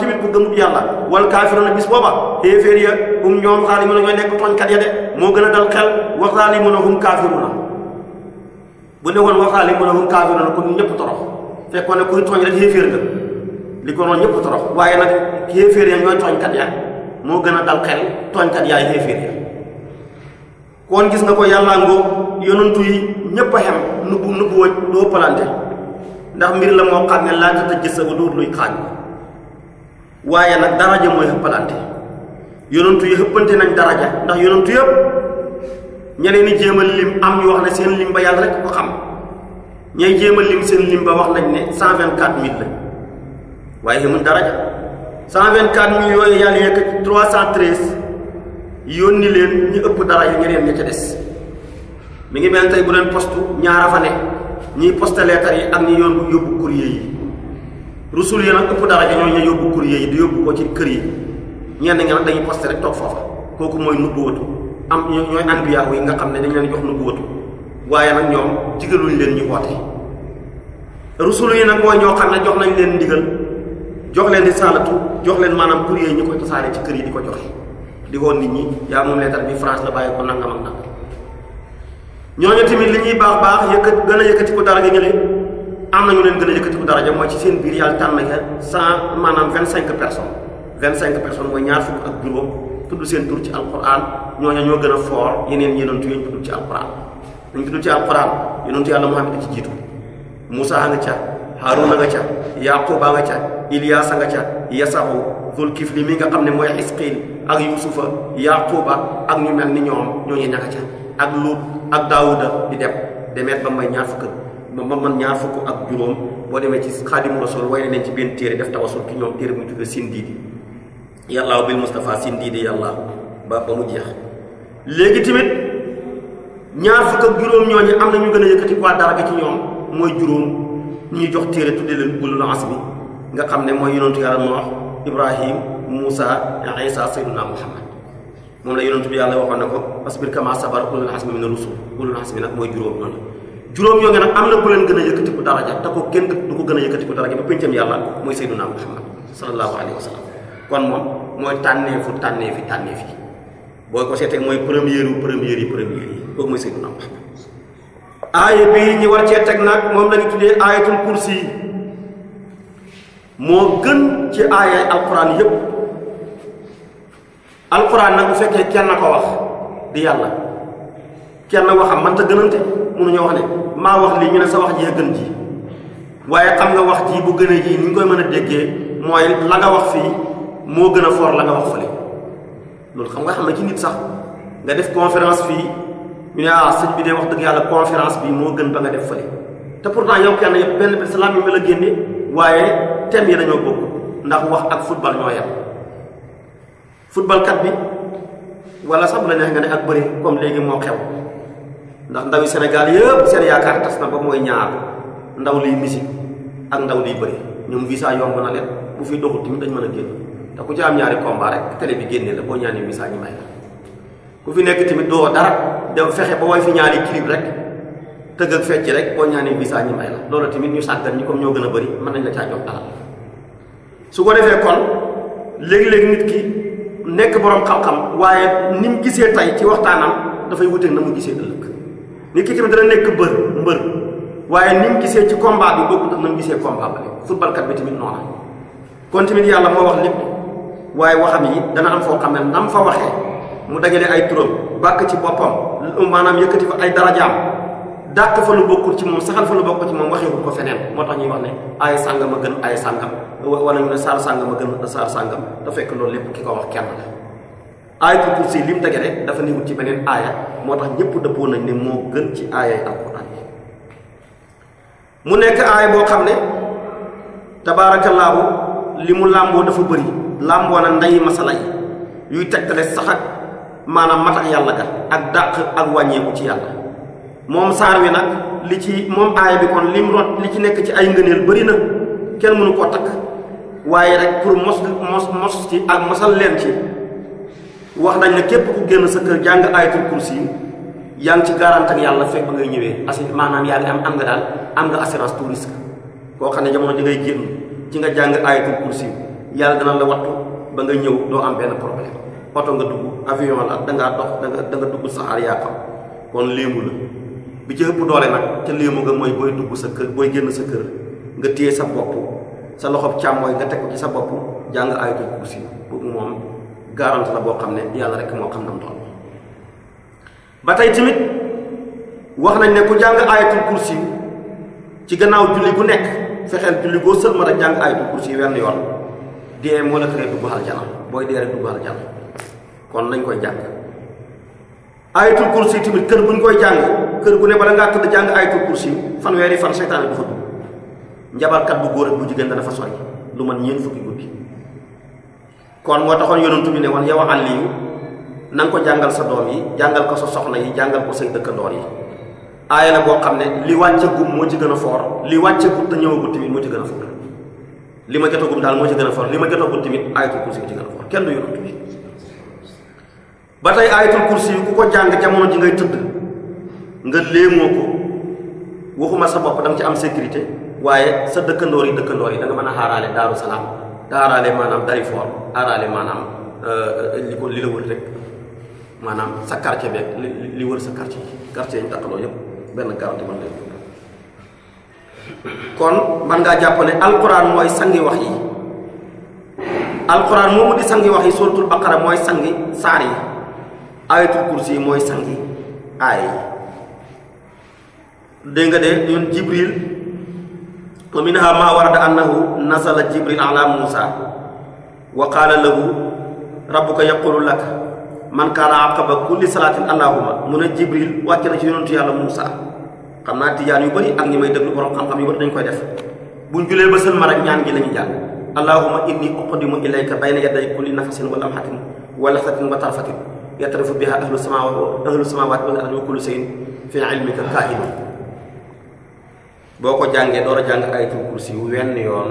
a dal xel bu ne woon waxaale mu ne woon kaafiroon kon ñëpp torox fekkoon ne kuy tooñ rek yéeféer nga li ko noonu ñëpp torox waaye nag yéeféer ya ñooy tooñkat ya moo gën a dal xel tooñkat yaay yéeféer ya kon gis nga ko yàlla ngoo yonantu yi ñëpp a xem nubbu nubbu wa doo palante ndax mbir la moo xam ne laajata gis sa ba duut luy xaañ waaye nag daraja mooy xëppalante yonantu yi xëppante nañ daraja ndax yonantu yëpp ñeneen i jéemal lim am ñu wax ne seen lim ba yàlla rek ko xam ñay jéemal lim seen lim ba wax nañ ne cent vingt quatre mille la waaye xamul daraja cent vingt quatre mille yooyu yàlla yëkkati trois cent leen ñu ëpp dara yu ñeneen ña ca des mi ngi mel tey bu leen poste ñaara fa ne ñiy poste leetar yi ak ñi yoon yóbbu courrier yi rusul yi nag ëpp dara ñoo ñu yóbbu courrier yi di yóbbu ko ci kër yi ñenn nga nag dañuy poste rek toog foofa kooku mooy nubbu watu am ñooy anbiyaaw yi nga xam ne dañ leen jox nu wëtu waaye nag ñoom digaluñ leen ñu woote rusulu yi nag mooy ñoo xam ne jox nañ leen ndigal jox leen risaalatu jox leen maanaam courrier yi ñu koy tasaare ci kër yi di ko joxe di woon nit ñi yaa moom leetar bi France la bàyyi ko nangam ak nangam ñooñu tamit li ñuy baax baax yëkkat gën a yëkkati ko daraja ñële am nañu leen gën a yëkkati ko daraja mooy ci seen biir yàlla tànn nga cent maanaam vingt cinq personnes vingt cinq personnes mooy ñaar tudd seen tur ci alquran ñooña ñoo gën a foor yeneen yonent yi ñu tudd ci alquran ñu tudd ci alquran yonentu yàlla Muhammad ci jiitu Muusaa nga ca Haaruna nga ca Yaquba nga ca Ilyaasa nga nga xam ne mooy Isqiil ak Yuusufa Yaquba ak ñu mel ni ñoom ñooñu ñaka ca ak Luut ak Daawuda di dem demeet ba may ñaar fukk ba man ñaar fukk ak juróom boo demee ci Xaadimu Rasuul way nañ ci benn téere def tawasul ki ñoom téere bu ñu tuddee Sindiidi yàllaaw bil Moustapha sin dii di yàllaaw ba ba mu jeex léegi tamit ñaar fukk ak juróom ñooñu am na ñu gën a yëkkati waa daraga ci ñoom mooy jox téere tudde leen ulul azmi nga xam ne mooy yonentu yàlla Noox Ibrahim Moussa Isa sayyiduna Muhammad moom la yonentu bi yàlla waxoon na ko asbir mooy juróom ñooñu ñoo ngi am na ku gën a yëkkati ko daraja te ko kenn du ko gën a yëkkati ko daraja ba péncam yàlla mooy sayyiduna Muhammad sallallahu alayhi wa kon moom mooy tànneefu tànneefi tànneef boo ko seetee mooy première yu première yi première yi kooku mooy Seydina Muhammad aaya bii ñu war cee teg nag moom lañu tuddee aayatul kursi yi moo gën ci aaya alquran yépp alquran nag bu fekkee kenn ko wax di yàlla kenn waxam mënta gënante mënuñoo wax ne maa wax lii ñu ne sa wax jee gën ji waaye xam nga wax ji bu gënee ji ni ñu koy mën a déggee mooy la nga wax fii moo gën a foor la nga wax fële loolu xam nga xam na ci nit sax nga def conférence fii ñu ne ah sëñ bi dee wax dëgg yàlla conférence bi moo gën ba nga def fële te pourtant yow kenn yëpp benn benn salaam yi ma la génne waaye thème yi dañoo bokk ndax wax ak football ñoo yem football bi walla sax bu la neex nga ne ak bëri comme léegi moo xew ndax ndawi Sénégal yëpp seen yaakaar tas na ba mooy ñaar ndaw liy musique ak ndaw liy bëri ñoom visa yomb na leen bu fi doxul tamit dañ mën a te ku ci am ñaari combat rek télé bi génne la boo ñaanee message ñu may la ku fi nekk tamit doo dara dem fexe ba way fi ñaari clip rek tëgg ak rek boo ñaanee message ñu may la loolu tamit ñu sàggan ñi comme ñoo gën a bëri mën nañ la caa jox dara su ko defee kon léegi-léegi nit ki nekk borom xam-xam waaye ni mu gisee tey ci waxtaanam dafay wuteeg na mu gisee ëllëg nit ki tamit dana nekk mbër mbër waaye ni gisee ci combat bi bokkul ak na gisee combat ba bi tamit noonu kon tamit yàlla moo waaye waxam yi dana am foo xam ne nam fa waxee mu dajale ay turam bàkk ci boppam maanaam yëkkati fa ay darajaam dàq fa lu bokkul ci moom saxal fa lu bokkul ci moom waxeewul ko feneen moo tax ñuy wax ne ay sàngam a gën ay sàngam wala ñu ne saar sàngam a gën saar te fekk loolu lépp ki ko wax kenn la aayatul kursi li mu dajale dafa niwul ci beneen aaya moo tax ñëpp dëppoo nañ ne moo gën ci aaya yi mu nekk aaya boo xam ne tabaarakallaahu li mu làmboo dafa bëri làmboo na ndeyi masala yi yuy tegtale sax ak maanaam matax yàlla ga ak dàq ak wàññeeku ci yàlla moom saar wi nag li ci moom aaya bi li lim root li ci nekk ci ay ngëneel bëri na kenn mënu koo takk waaye rek pour mos mos mos ci ak mosal leen ci wax nañ ne képp ku génn sa kër jàng ayatul kursi yaa ngi ci garante ak yàlla fekk ba ngay ñëwee assi maanaam yaa ngi am am nga daal am nga assurance tout koo xam ne jamono ji ngay ci nga jàng ayatul kursi yàlla dana la wattu ba nga ñëw doo am benn problème oto nga dugg avion la dangaa dox danga da dugg saxaar yaa xam kon léemu la bi ci ëpp doole nag ca léemu nga mooy booy dugg sa kër booy génn sa kër nga téye sa bopp sa loxob càmmooy nga teg ko ci sa bopp jàng ayatul kursi boobu moom garanti la boo xam ne yàlla rek moo xam nam doon ba tey tamit wax nañ ne ku jàng ayatul kursi ci gannaaw julli bu nekk fexeel julli boo sëlma rek jàng ayatul kursi wenn yoon dee moo la xëy dugg aljana booy dee rek dugg aljana kon nañ koy jàng ayatul kursi tamit kër buñ koy jàng kër gu ne bala ngaa tëdd jàng ayatul kursi fanweeri fan seytaane du fa dugg njabarkat bu góor ak bu jigéen dana fa sori lu man ñeent fukki guddi kon moo taxoon yonent ne woon yow Aliyu na ko jàngal sa doom yi jàngal ko sa soxna yi jàngal ko say dëkkandoor yi aaya la boo xam ne li wàccagum moo ci gën a foor li wàccagum te ñëwagul tamit moo ci gën a foor li ma jotagum daal moo ci gën a foor li ma jotagul tamit aayatul kursi moo ci gën a foor kenn du yonantu bi ba tey aayatul kursi ku ko jàng jamono ji ngay tëdd nga léemoo ko waxuma sa bopp da nga ci am sécurité waaye sa dëkkandoor yi dëkkandoor yi da nga mën a xaaraale daaru salaam xaaraale maanaam dari foor xaaraale maanaam euh, li ko li la wër rek maanaam sa quartier beeg li wër sa quartier quartier yi ñu takkaloo yëpp benn quarante mën lay tudd kon man ngaa jàpp ne mooy sangi wax yi alquran moomu di sangi wax yi suratul baqara mooy sangi saar yi ayatul kursi yi mooy sangi aay yi dégg nga de ñun jibril wa minha ma warada annahu nasala jibril ala musa wa qaala lahu rabbuka yaqulu laka man kaana aqaba kulli salaatin allahuma mu ne jibril wàcc na ci yonentu yàlla musa xam naa tijaan yu bëri ak ñi may déglu borom xam-xam yu bëri dañ koy def buñ julee ba sëlma rek ñaan gi la ñu jàng allahuma inni uqdimu ilayka bayna yaday kulli nafasin wa lamhatin wa laxatin wa tarfatin yatrafu biha ahlu samawat ahlu samawat wal ardi wa kullu shay'in fi ilmika kahin boo ko jàngee door a jàng ayatul kursi yu wenn yoon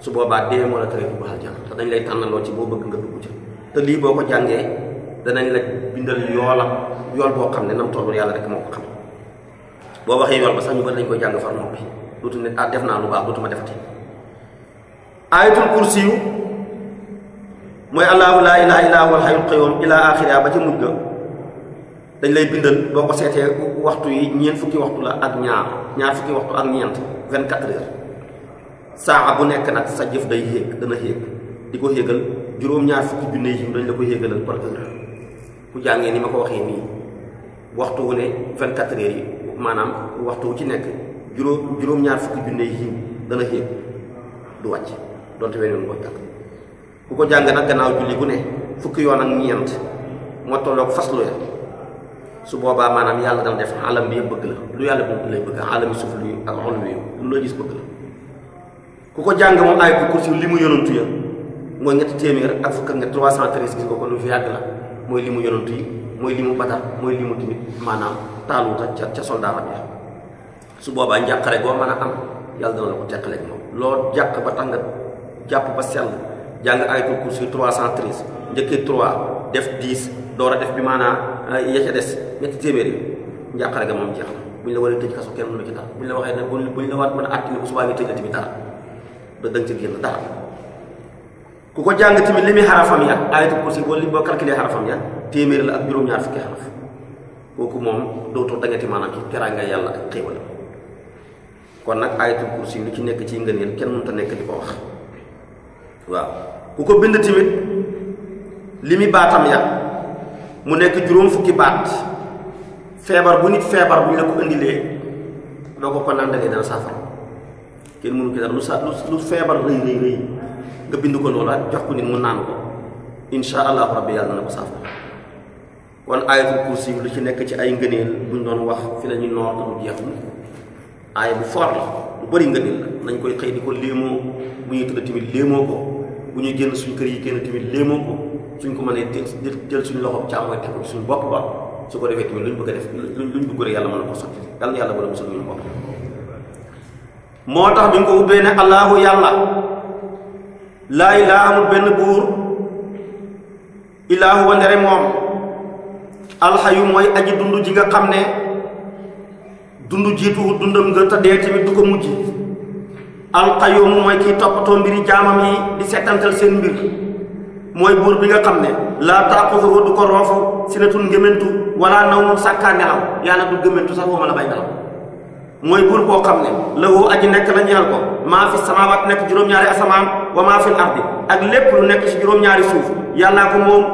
su boobaa dee moo la tere dugg aljana te dañ lay tànnaloo ci boo bëgg nga dugg ci te lii boo ko jàngee danañ la bindal yoola yool boo xam ne nam tollu yàlla rek boo waxee yoon ba sax ñu bari lañ koy jàng far moom bi dootu ne ah def naa lu baax dootuma defati ayatul kursi yu mooy allahu laa ilaha illa huwal hayyul qayyum ila ba ca mujj ga dañ lay bindal boo ko seetee waxtu yi ñeent fukki waxtu la ak ñaar ñaar fukki waxtu ak ñeent vingt quatre heures saa bu nekk nag sa jëf day xéeg dana xéeg di ko xéegal juróom-ñaar fukki junne yi dañ la ko xéegalal par heure ku jàngee ni ma ko waxee nii waxtu wu ne maanaam waxtu wu ci nekk juróom juróom-ñaar fukki junne yi dana xéeg du wàcc donte wenn yoon koy jàng ko jàng nag gannaaw julli bu ne fukki yoon ak ñeent moo tolloog faslu ya su boobaa maanaam yàlla dana def alam bi yëpp bëgg la lu yàlla bëgg lay bëgg alami suuf luy ak xol wi lu la gis bëgg la ku ko jàng moom ay ko kursi li mu yonantu ya mooy ñetti téeméer ak fukk ak ñett ko yàgg la li mu yonantu yi mooy li mu badar mooy li mu timit maanaam taaluuta ca ca soldaaram ya su boobaa njàqare goo mën a am yàlla dana la ko teqaleeg moom loo jàq ba tax nga jàpp ba sell jàng ayatul kursi 313 njëkkee 3 def 10 door a def bi maanaa ah, ya ca des ñetti téeméer yi njàqare ga moom jeex na bu ñu la bu ñu la waxee ne a àtt ni bu subaa ngi tëj la tamit dara da danga ci génn dara ku ko jàng tamit li muy xarafam ya ayatul kursi boo li boo calculé xarafam ya téeméer la ak juróom-ñaar fukki xaraf kooku moom dootoo dangati maanaam ci teraanga yàlla ak xéewal kon nag ayatul kursi lu ci nekk ci ngëneel kenn mënut a nekk di ko wax waaw ku ko bind tamit li mu baatam ya mu nekk juróom fukki baat feebar bu nit feebar bu ñu la ko indilee doo ko ko naan dana saafara kenn mënu ki dara lu sa lu feebar rëy rëy rëy nga bind ko loola jox ko nit mu naan ko insha allahu rabbi yàlla na ko saafara kon aayatul kursi lu ci nekk ci ay ngëneel buñ doon wax fi la ñuy noor te mu jeex mu aaya bu fort la bu bëri ngëneel la nañ koy xëy di ko léemoo bu ñuy tëdd tamit léemoo ko bu ñuy génn suñ kër yi génn tamit léemoo ko suñ ko mënee jël jël suñ loxo càmmooy teg ko su ko defee tamit luñ bëgg a def luñ luñ bëgg rek yàlla mën a ko sotti yàlla yàlla wala mosul ñu moo tax duñ ko ubbee ne allahu yàlla laa ilaaha benn buur illaa ndere moom alxayu mooy aji dund ji nga xam ne dund jiituwut dundam nga te tamit du ko mujj alqayum mooy kiy toppatoo mbiri jaamam yi di settantal seen mbir mooy buur bi nga xam ne laa taaxuzuhu du ko roofu sinatun ngëmentu wala nawmun sàkkaa nelaw yàlla du gëmentu sax wooma la bay nelaw mooy buur boo xam ne lahu aji nekk la ñeel ko maa fi samaawaat nekk juróom-ñaari asamaan wa maa fi ardi ak lépp lu nekk ci juróom-ñaari suuf yàllaa ko moom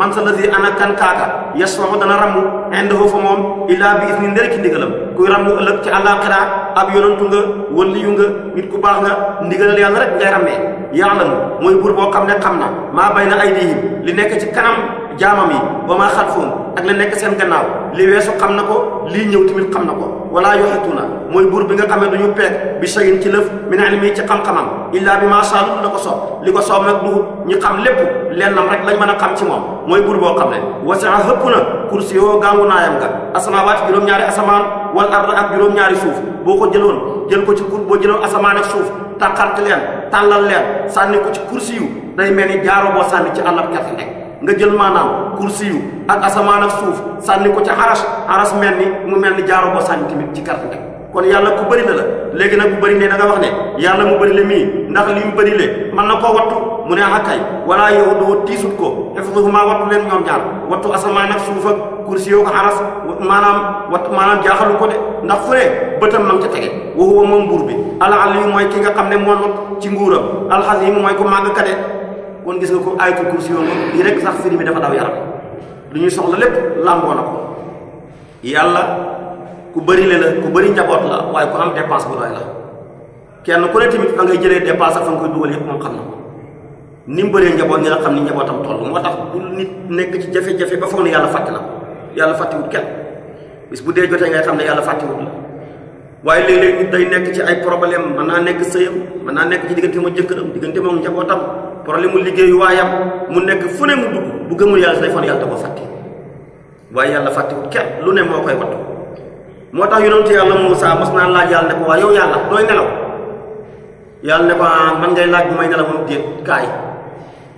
man sa lasi ana kan kaaka yasmau dana rammu indahu fa moom illaa bi isni ndere ci ndigalam kuy rammu ëllëg ci àllaaxira ab yonantu nga waliyu nga nit ku baax nga ndigalal yàlla rek ngay rammee ya'lamu mooy buur boo xam ne xam na maa bayna aydihim li nekk ci kanam jaamam yi wa maa xalfahum ak la nekk seen gannaaw li weesu xam na ko lii ñëw tamit xam ko wala yoxituuna mooy buur bi nga xam ne duñu peeg bi sayin ci lëf min ilmi ci xam-xamam illaa bi maa shaa la ko soob li ko soob nag du ñu xam lépp lennam rek lañ mën a xam ci moom mooy buur boo xam ne wasaa hëpp na kursi yoo gàngu naayam nga asamaawaat juróom-ñaari asamaan wal arda ak juróom-ñaari suuf boo ko jëloon jël ko ci kur boo jëloon asamaan ak suuf tàqarte leen tàllal leen sànni ko ci kursi yu day mel ni jaaroo boo sànni ci àllab kerte nga jël maanaam kursi yu ak asamaan ak suuf sànni ko ca aras aras mel ni mu mel ni jaaro boo sànni tamit ci carte rek kon yàlla ku bëri la léegi nag bu bëri ne da nga wax ne yàlla mu bëri le ndax li mu le mën na koo wattu mu ne akay ah wala yow doo tiisut ko xefatuhumaa wattu leen ñoom ñaar wattu asamaan ak suuf ak kursi ko aras maanaam wattu maanaam jaaxalu ko de ndax fu ne bëtam ma ca tege waxuwa moom nguur bi al aliyu mooy ki nga xam ne moo ci nguuram alxasimu mooy ko kon gis nga ko ayatul kursi yoon lii rek sax firi mi dafa daw yaram lu ñuy soxla lépp làmboo na ko yàlla ku bëri le la ku bari njaboot la waaye ku am dépense bu doy la kenn ku ne tamit fa ngay jëlee dépense ak fa nga koy dugal yëpp moom xam na ni mu bëree njaboot ni la xam ni njabootam toll moo tax bu nit nekk ci jafe-jafe ba foog ne yàlla fàtte la yàlla fàttewut kenn bis bu dee jotee ngay xam ne yàlla fàttewut la waaye léegi léeg day nekk ci ay problème mën naa nekk sëyam mën naa nekk ci diggante ma jëkkëram diggante moom njabootam problème mu liggéeyu waayam mu nekk fu ne mu dugg bu gëmul yàlla si day fan yàlla da koo fàtte waaye yàlla fàttewul kenn lu ne moo koy wattu moo tax yu yàlla Moussa mas naa laaj yàlla ne ko waa yow yàlla nooy nelaw yàlla ne ko ah, man ngay laaj bu may nelaw moom déet kaay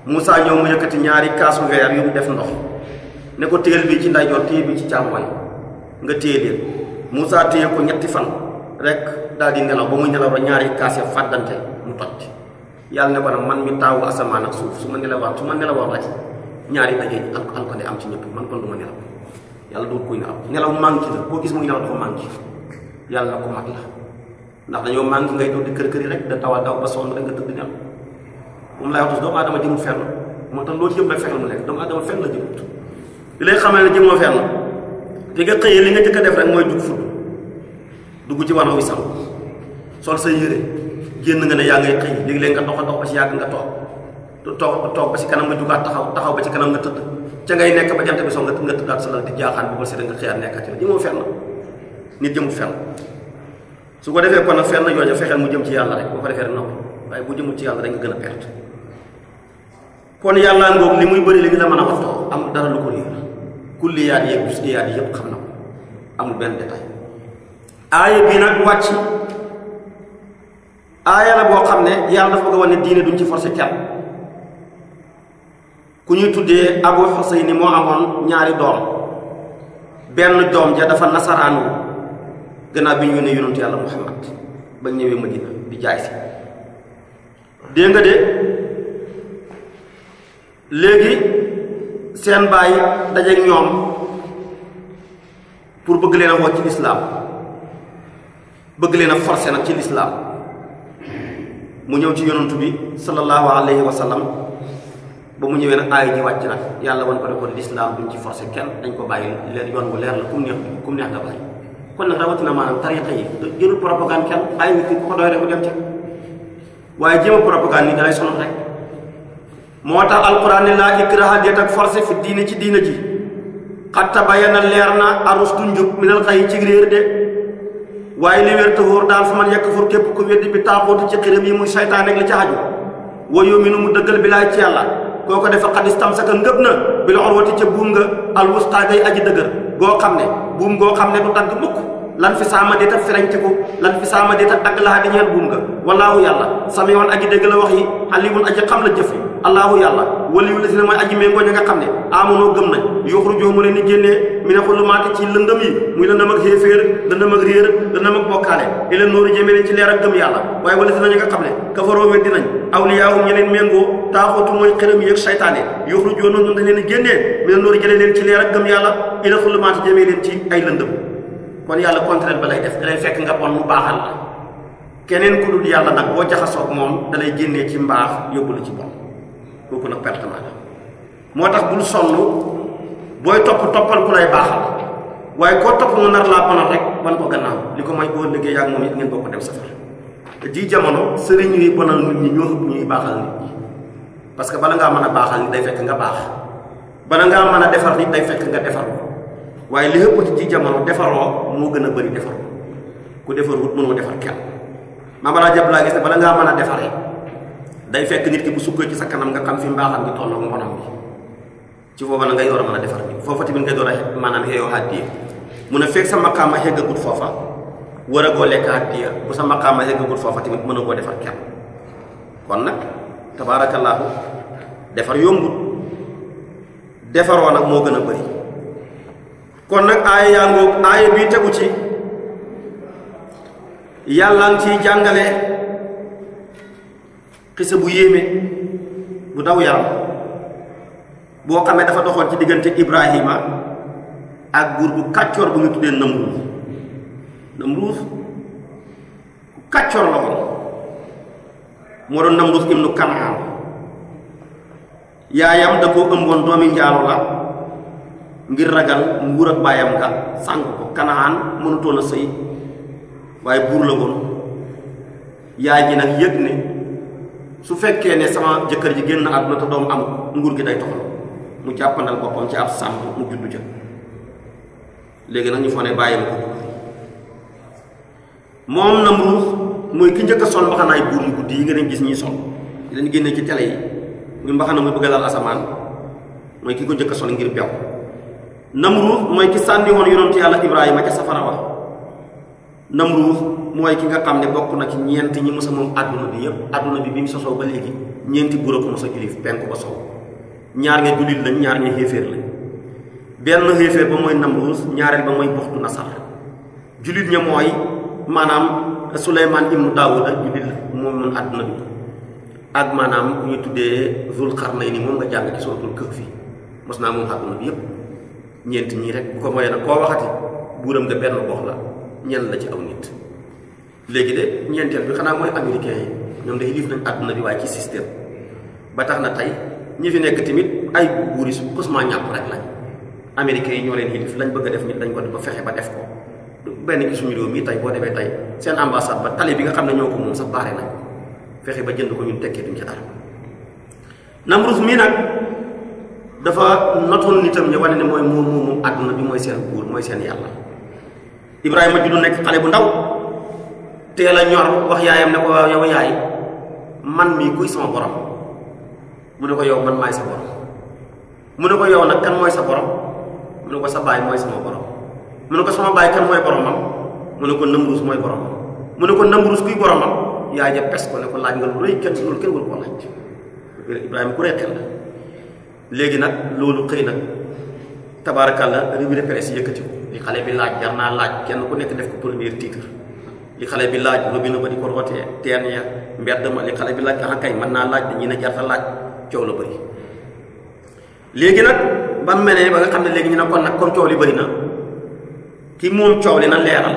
ñëw mu yëkkati ñaari kaasu weer yu mu def ndox ne ko téyel bi ci ndeyjoor téyel bi ci càmmoñ nga téye leen Moussa téye ko ñetti fan rek daal di nelaw ba mu nelaw rek ñaari kaas ya fàddante mu toj yàlla ne ko nag man mi taawu asamaan ak suuf su ma nelawaa su ma nelawaa wàcc ñaari dajee al alkande am ci ñëpp man kon du ma nelaw yàlla la boo gis muy nelaw dafa manque yàlla ko mat la ndax dañoo manque ngay doon di kër rek da tawa daw ba sonn rek nga tëdd nelaw moom laay wax doomu aadama jëmul fenn moo tax loolu yëpp rek fenn mu nekk doomu aadama fenn la jëmut li lay xamal ne jëmoo fenn te nga xëyee li nga jëkk a def rek mooy dugg fudd dugg ci wanoo wi sangu sol sa yére génn nga ne yaa ngay xëy léegi-léeg nga dox a dox ba si yàgg nga toog toog toog ba si kanam nga jugaat taxaw taxaw ba si kanam nga tëdd ca ngay nekk ba jant bi soo nga tëddaat sa lal di jaaxaan bu ba si nga xëyaat nekkaat ci su ko defee kon nag fenn yooyu fexeel mu jëm ci yàlla rek boo ko defee rek noppi waaye bu jëmul ci yàlla rek nga gën a perte kon yàlla ngoog li muy bëri li nga la mën a waxtoo am dara lu ko réer kulliyaat yeeg juz'iyaat yëpp xam na ko amul benn détail aaya bi nag wàcc aaya boo xam ne yàlla dafa bëgg a wane diine duñ ci forcé kenn ku ñu tuddee abu xuseyni moo amoon ñaari doom benn doom ja dafa nasaraanu gannaaw bi ñu yónnee yonentu yàlla muhammad ba ñëwee madina di jaay si dégg de léegi seen bàyyi dajeek ñoom pour bëgg leen a woo ci lislaam bëgg leen a forcé nag ci lislaam mu ñëw ci yonantu bi sallallahu alayhi wa sallam ba mu ñëwee nag aaya ji wàcc rak yàlla wan ko ne kon lislaam duñ ci forcé kenn dañ ko bàyyi leen yoon bu leer la kum neex kum neex nga bàyyi kon nag rawatina maanaam tariqa yi jëlul propagande kenn bàyyi nit ki ko doy rek dem ca waaye jéem a propagande ni dalay sonal rek moo tax alquran ne laa ikraha déet ak forcé fi diine ci diine ji xatta ba leer na arus du njub minal xay ci réer de waaye li wér te wóor daal fa man képp ku weddi bi taaxootu ci xiram yi muy saytaan ak li ci xaju wa yuminu mu dëggal bi laay ci yàlla koo ko defa xadis tamsaka ngëb na bi la orwati ca buum nga alwustaa ngay aji dëgër goo xam ne buum goo xam ne du dagg mukk lan fi saama dita ferañtiku lan fi saama dita dagg laa di ñeen buum nga wallaahu yàlla samiyoon aji dégg la wax yi alimun aji xam la jëf yi allaahu yàlla waliyu la si na mooy aji méngoo ña nga xam ne amonoo gëm nañ yuxrujuhum mu leen di génnee mi ne xulumaati ci lëndëm yi muy lëndëm ak xéeféer lëndëm ak réer lëndëm ak bokkaale ila nóoru jëmee leen ci leer gëm yàlla waaye wala si na nga xam ne kafaroo weddi nañ awliyaahum ñe leen méngoo taaxootu mooy xërëm yi ak saytaane yuxrujuhum noonu dañ leen di génnee mi ne nóoru jëlee leen ci leer ak gëm yàlla ila xulumaati jëmee leen ci ay yàlla contraire ba lay def dalay fekk nga bon mu baaxal la keneen kooku nag perte la moo tax bul sonn booy topp toppal ku lay baaxal waaye koo topp mu nar laa bonal rek ban ko gannaaw li ko may boo liggéey ak moom it ngeen bokk ji jamono sëriñ yi bonal nit ñi ñoo ëpp ñuy baaxal nit ñi parce que bala ngaa man a baaxal nit day fekk nga baax bala ngaa mën a defar nit day fekk nga defar waaye li ëpp ji jamono defaroo moo gën a bëri defar ku defar wut mënoo defar kenn maam laa jàpp laa gis ne bala ngaa mën a defaree day fekk nit ki bu sukkee ci sa kanam nga xam fi mbaaxam gi tolloog mbonam bi ci foofa la ngay door a mën a defar bi foofa tamit ngay door a maanaam a fekk sa maqaama xeggagut foofa war lekk addiya bu sa maqaama tamit mën a koo nag tabaarakallaahu defar yombut defaroo moo gën a bëri kon nag aaya yaa ngoog aaya bii tegu ci yàlla ngi ciy jàngale xisa bu yéeme bu daw yaram boo xamee dafa doxoon ci diggante Ibrahima ak buur bu kàccoor bu ñu tuddee Namruus Namruus ku kàccoor la woon moo doon Namruus ibnu Kanaan yaayam da koo ëmboon doomi njaalo la ngir ragal nguur ak baayam nga sànq ko Kanaan mënutoon a sëy waaye buur la woon yaay ji nag yëg ne su fekkee ne sama jëkkër ji génn àdduna te doom am nguur gi day toxal mu jàppandal boppam ci ab sàmm mu juddu ca léegi nag ñu foo ne bàyyi ma ko moom ki njëkk sol mbaxanaay buur yu guddi yi nga gis ñuy sol yi leen génnee ci télé yi muy mbaxana muy bëgg laal asamaan mooy ki ko njëkk sol ngir bew Namruus mooy ki sànni woon yàlla Ibrahima ca safara wa Namruus mooy ki nga xam ne bokk na ci ñeent ñi mos a moom adduna bi yëpp adduna bi bi mu sosoo ba léegi ñeenti buur ko mos a julif penk ko sow ñaar ña jullit ña mooy Namruus ñaareel ba mooy Buxtu Nasar jullit ña mooy maanaam Suleymaan ibnu Daawuda jullit la moom mën adduna bi ak maanaam bu ñu tuddee Zul Xarnayni moom nga jàng ci suratul Kahfi mos naa moom adduna bi yëpp ñeent ñii rek bu ko moyee nag koo waxati buuram nga benn gox la ñenn la ci aw nit léegi de ñeenteel bi xanaa mooy américain yi ñoom day liif nañ àdduna bi waaye ci système ba tax na tey ñi fi nekk tamit ay buuri su xusmaa ñàpp rek lañ américain yi ñoo leen yilif lañ bëgg def nit dañ ko ba fexe ba def ko benn gi suñu mii tay boo demee tey seen ambassade ba tali bi nga xam ne ñoo ko moom sax baare nañ fexe ba jënd ko ñu tekkee duñ ci dara Namrus mii nag dafa notoon nitam ñu ne mooy moom moom àdduna bi mooy seen buur mooy seen yàlla teel a ñor wax yaayam ne ko waaw yow yaay man mii kuy sama borom mu ne ko yow man maay sa borom mu ne ko yow nag kan mooy sa borom mu ne ko sa baay mooy sama borom mu ne ko sama baay kan mooy boromam mu ne ko Namruus mooy boromam mu ne ko Namruus kuy yaay ja pes ko ne ko laaj nga lu rëy kenn loolu kenn wul koo laaj Ibrahima ku reexel la léegi nag loolu xëy na la revue de presse yëkkati ko li xale bi laaj jar naa laaj kenn ku nekk def ko premier titre li xale bi laaj robinet ba di ko roote teen ya mbedd ma li xale bi laaj ah kay mën naa laaj dañuy ne jarta laaj coow la bëri léegi nag ban mel ne ba nga xam ne léegi ñu ne kon nag kon coow li bëri na ki moom coow li na leeral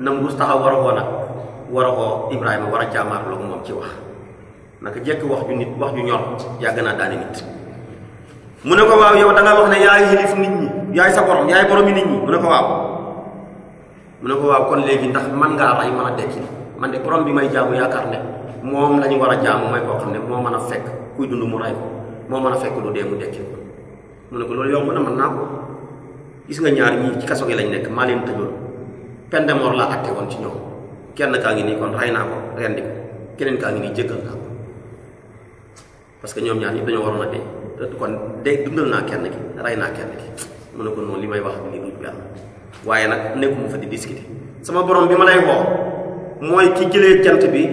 na mbuus taxaw war a woo nag war a woo Ibrahima war a jaamaarloo moom ci wax naka jekk wax ju nit wax ju ñor yàgg naa daane nit mu ne ko waaw yow da wax ne yaay xilif nit ñi yaay sa borom yaay boromi nit mu ne ko waaw kon léegi ndax man ngaa rey mën a dekki man de borom bi may jaamu yaakaar ne moom la ñu war a jaamu mooy koo xam ne moo mën a fekk kuy dund mu rey ko moo man a fekk lu dee mu dekki ko mu loolu yomb gis nga ñaar ñii ci kaso gi nekk maa leen tëjoon peine de mort laa kenn kaa ngi nii kon naa ko rendi ko keneen kaa ngi parce que ñoom ñaar ñëpp dañoo waroon a dee kon de kenn ki rey naa kenn ki mu ne ko noonu li may wax nii du yàlla waaye nag nekkuma fa di discuter sama borom bi ma lay woo mooy ki jëlee jant bi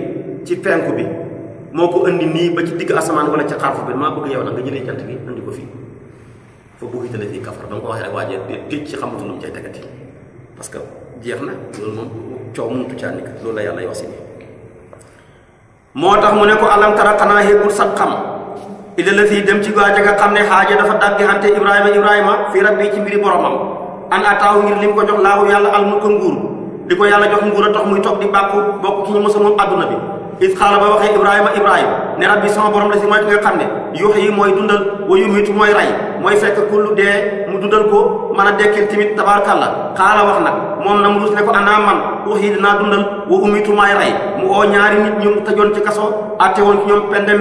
ci penku bi moo ko indi nii ba ci digg asamaan wala ci xarfu bi maa bëgg yow nag ko fii fa bu hitale fii kafar waxee rek waajee géej ci xamatu lu mu cay tegati parce que jeex na loolu moom coow mënutu caa nekk loolu la yàlla wax si moo tax mu ne ko alam a xanaa xéegul sa xam illa la fii dem ci waaja nga xam ne xaaja dafa dàggi xante ibrahima ibrahima fii rabbi ci mbiri boromam an ataaw ngir lim ko jox laahu yàlla al mulka nguur di ko yàlla jox nguur a tax muy toog di bàkku bokk ci ñu mësa moom adduna bi is xaala ba waxee ibrahima ibrahima ne rabbi sama borom la si mooy ki nga xam ne yox yi mooy dundal wa yumiitu mooy rey mooy fekk kullu dee mu dundal ko mën a dekkil tamit tabaarkàlla xaala wax nag moom na mu rus ne ko anaa man wax yi dinaa dundal wa umiitu maay rey mu oo ñaari nit ñu tëjoon ci kaso atte woon ci ñoom peine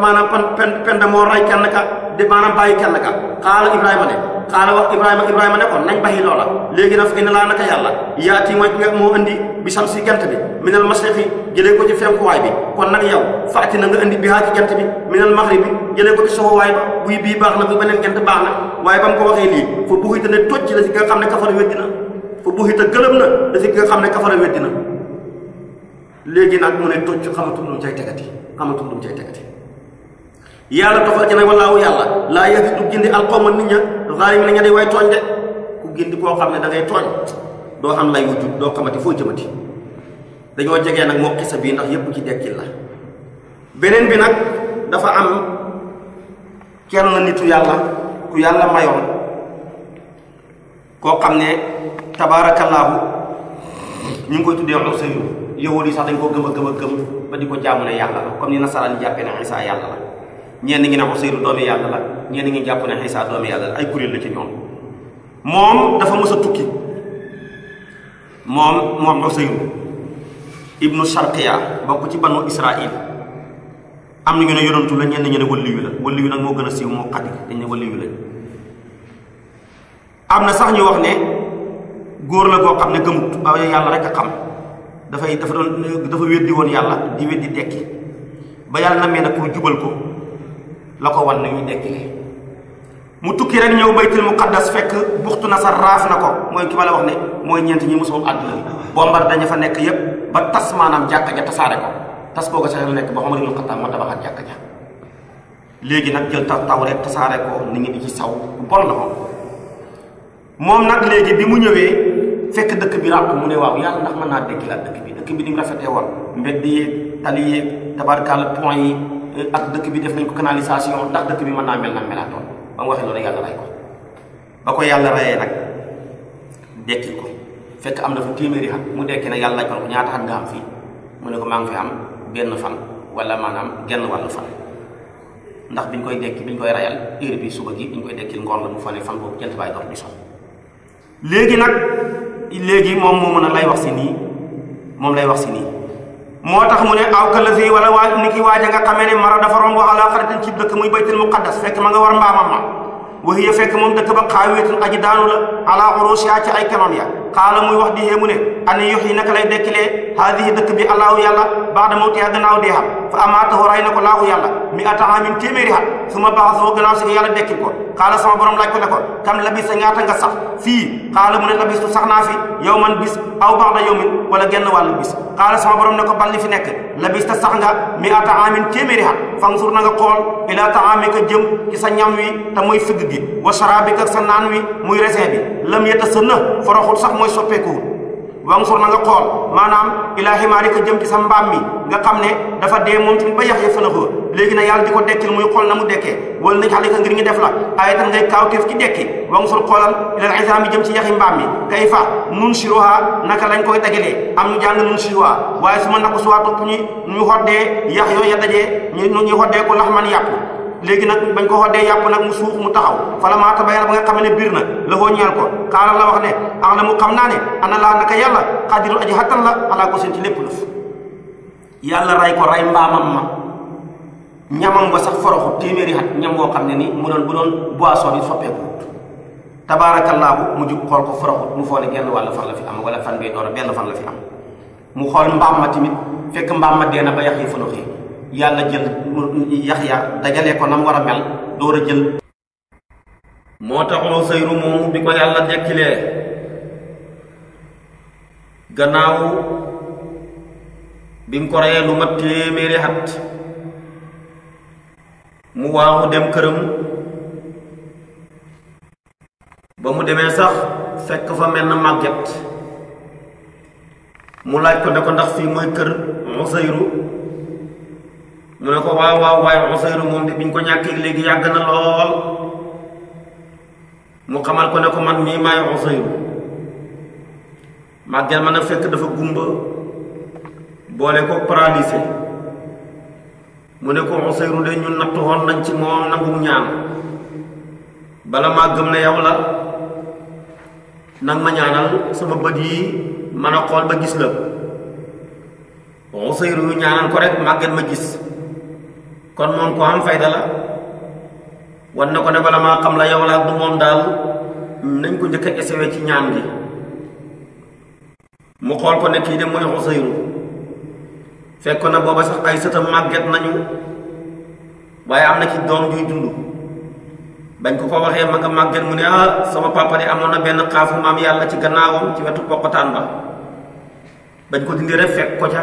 maanaam pan peine de mort rey kenn ka di maanaam bàyyi kenn xaala wax ibrahima ibrahima ne ko nañ baxi loola léegi nag ina laa naka yàlla yaati mooy moo indi bi si jant bi minal masriqi jëlee ko ci fenkuwaay bi kon nag yow fàtti na nga indi bi haa ci jant bi minal maxribi jëlee ko ci soxowaay ba buy bii baax na bu beneen jant baax na waaye ba ko waxee lii buxita ne tocc la si xam ne kafara weddi na fa buxita gëlëm na la si nga xam ne kafara weddi na léegi nag mu ne tocc xamatul lu mu cay yàlla tofal ci ne wallaahu yàlla laa yahdi du gindi alqawma nit ña zaalimi na ña day tooñ de ku gindi koo xam ne dangay ngay tooñ doo am lay wujju doo xamati foo jëmati dañoo jege nag moo xisa bii ndax yépp ci dekkil la beneen bi nag dafa am kenn nitu yàlla ku yàlla mayoon koo xam ne tabaarakallaahu ñu ngi koy tuddee Useyru yowool yi sax dañ koo gëm a gëm a gëm ba di ko jaamu ne yàlla la comme ni nasaraan yi jàppee ne Isaa yàlla la ñenn ngi ne Useyru doomi yàlla la ñenn ngi jàpp ne Iisaa doomi yàlla la ay kuréel la ci ñoom moom dafa mës a tukki moom moom Useyru ibnu Sharqiya bokk ci banu Israil am na ñu ne yonantu la ñenn ñu moo gën a siiw na sax ñu wax ne góor la koo xam ne gëmut yàlla rek a xam dafay dafa doon dafa weddi woon yàlla di weddi tekki ba yàlla namee nag pour jubal ko la ko wan nañuy dekkile mu tukki rek ñëw baytul muqaddas fekk buxtu nasar raaf na ko mooy ki ma la wax ne mooy ñeent ñi mosoo àdduna bombar dañu fa nekk yépp ba tas maanaam jàkk ja tasaare ko tas boo ko saxel nekk ba xamari ñu xattaam ma tabaxaat jàkk nag jël taw taw rek tasaare ko nit ñi di ci saw bu bon bi mu ñëwee fekk dëkk bi ràpp mu ne waaw yàlla ndax mën naa dekkilaat dëkk bi dëkk bi ni mu rafetee woon mbedd yi tali tabarkaal point yi ak dëkk bi def nañ ko canalisation ndax dëkk bi mën naa mel na melaatoon ba mu waxee loolu yàlla rey ko ba ko yàlla reyee nag dekki ko fekk am na fu téeméeri at mu dekki nag yàlla laaj ko mu ne ko maa am benn fan wala maanaam genn wàllu fan ndax biñ koy dekki biñ koy rayal heure bi suba gi biñ koy dekkil ngoon la mu fane fan boobu jant baay dox bi sox léegi nag léegi moom moo mën a lay wax si nii moom lay wax si nii moo tax mu ne aw kalasi wala waa ni ki waaja nga xamee ne mara dafa romb ala xaritin ci dëkk muy muqaddas fekk ma nga war mbaamam ma waxiya fekk moom dëkk ba xaawiyatin aji la ala urusiya ci ay kanam ya xaala muy wax bihee mu ne ana yox yi naka lay dekkilee haadihi dëkk bi allaahu yàlla baada a gannaaw dee xam fa amaatahu ray na ko laahu yàlla mi a amin téeméeri xat su ma fii xaala mu ne labistu sax yow man bis aw baada yawmin wala genn wàllu bis xaala sama borom ne ko balli fi nekk labista sax a mi ata amin téeméeri xat fansur na nga xool ila taamika jëm ci sa ñam wi te muy figg gi wa sharabika sa naan wi muy resin bi lam yeta mooy soppeeku wansur na nga xool maanaam maa ximaari ko jëm ci sa mbaam mi nga xam ne dafa dee moom tamit ba yax ya fën léegi na yàlla di ko dekkil muy xool na mu dekkee wala nañ xale ka ngir ñu def la ay tan ngay kaawteef ci dekki wansur xoolal ilal isaam jëm ci yaxi mbaam mi kay fa nun siroha naka lañ koy dajalee am ñu jàng nun siroha waaye su ma nako suwaa topp ñu ñu xoddee yax yooyu ya dajee ñu ñu xoddee ko man yàpp léegi nag bañ ko xoddee yàpp nag mu suux mu taxaw fala maa tabayyana ba nga ne biir na la hoo ñeel mu xam naa ne ana laa naka yàlla xaadiru aji xattan la alaa ko seen ci lépp lëf yàlla ray ko ray mbaamam ma ñamam sax foroxu téeméeri xat ñam woo xam ne ni mu doon bu doon boisson yi soppeeku tabaarakallaahu mu jub xool ko foroxut mu foog ne genn wàll am wala fan bay door benn fan la fi am mu xool mbaam ma tamit fekk mbaam ma dee na ba yax yi fanoxii yàlla jël Yaxya dajale ko nam war a mel door a jël moo tax Useyru moomu bi ko yàlla dekkilee gannaaw bi mu ko reyee lu mat téeméeri at mu waawu dem këram ba mu demee sax fekk fa mel na màgget mu laaj ko ne ko ndax fii mooy kër Useyru mu ne ko waaw waaw waaye Useyru moom de biñ ko ñàkkee léegi yàgg na lool mu xamal ko ne ko man mii maay Useyru màggeel man dafa gumba ko paralysé mu ne ko Useyru de ci moom nangum ñaan bala maa gëm ne yow la nag ma ñaanal sama bët yi man a xool ba gis la Useyru ñaanal ko rek màggeel ma gis kon moom ko am fayda la wan na ko ne bala maa xam la yow la du moom daal nañ ko njëkk a ci ñaan gi mu xool ko ne kii de mooy Usayru fekk na booba sax ay sëtam màgget nañu waaye am na ci doom juy dund bañ ko ko waxee ma nga màgget mu ne ah sama papa de amoon na benn xaafu maam yàlla ci gannaawam ci wetu poqotaan ba bañ ko dindi rek fekk ko ca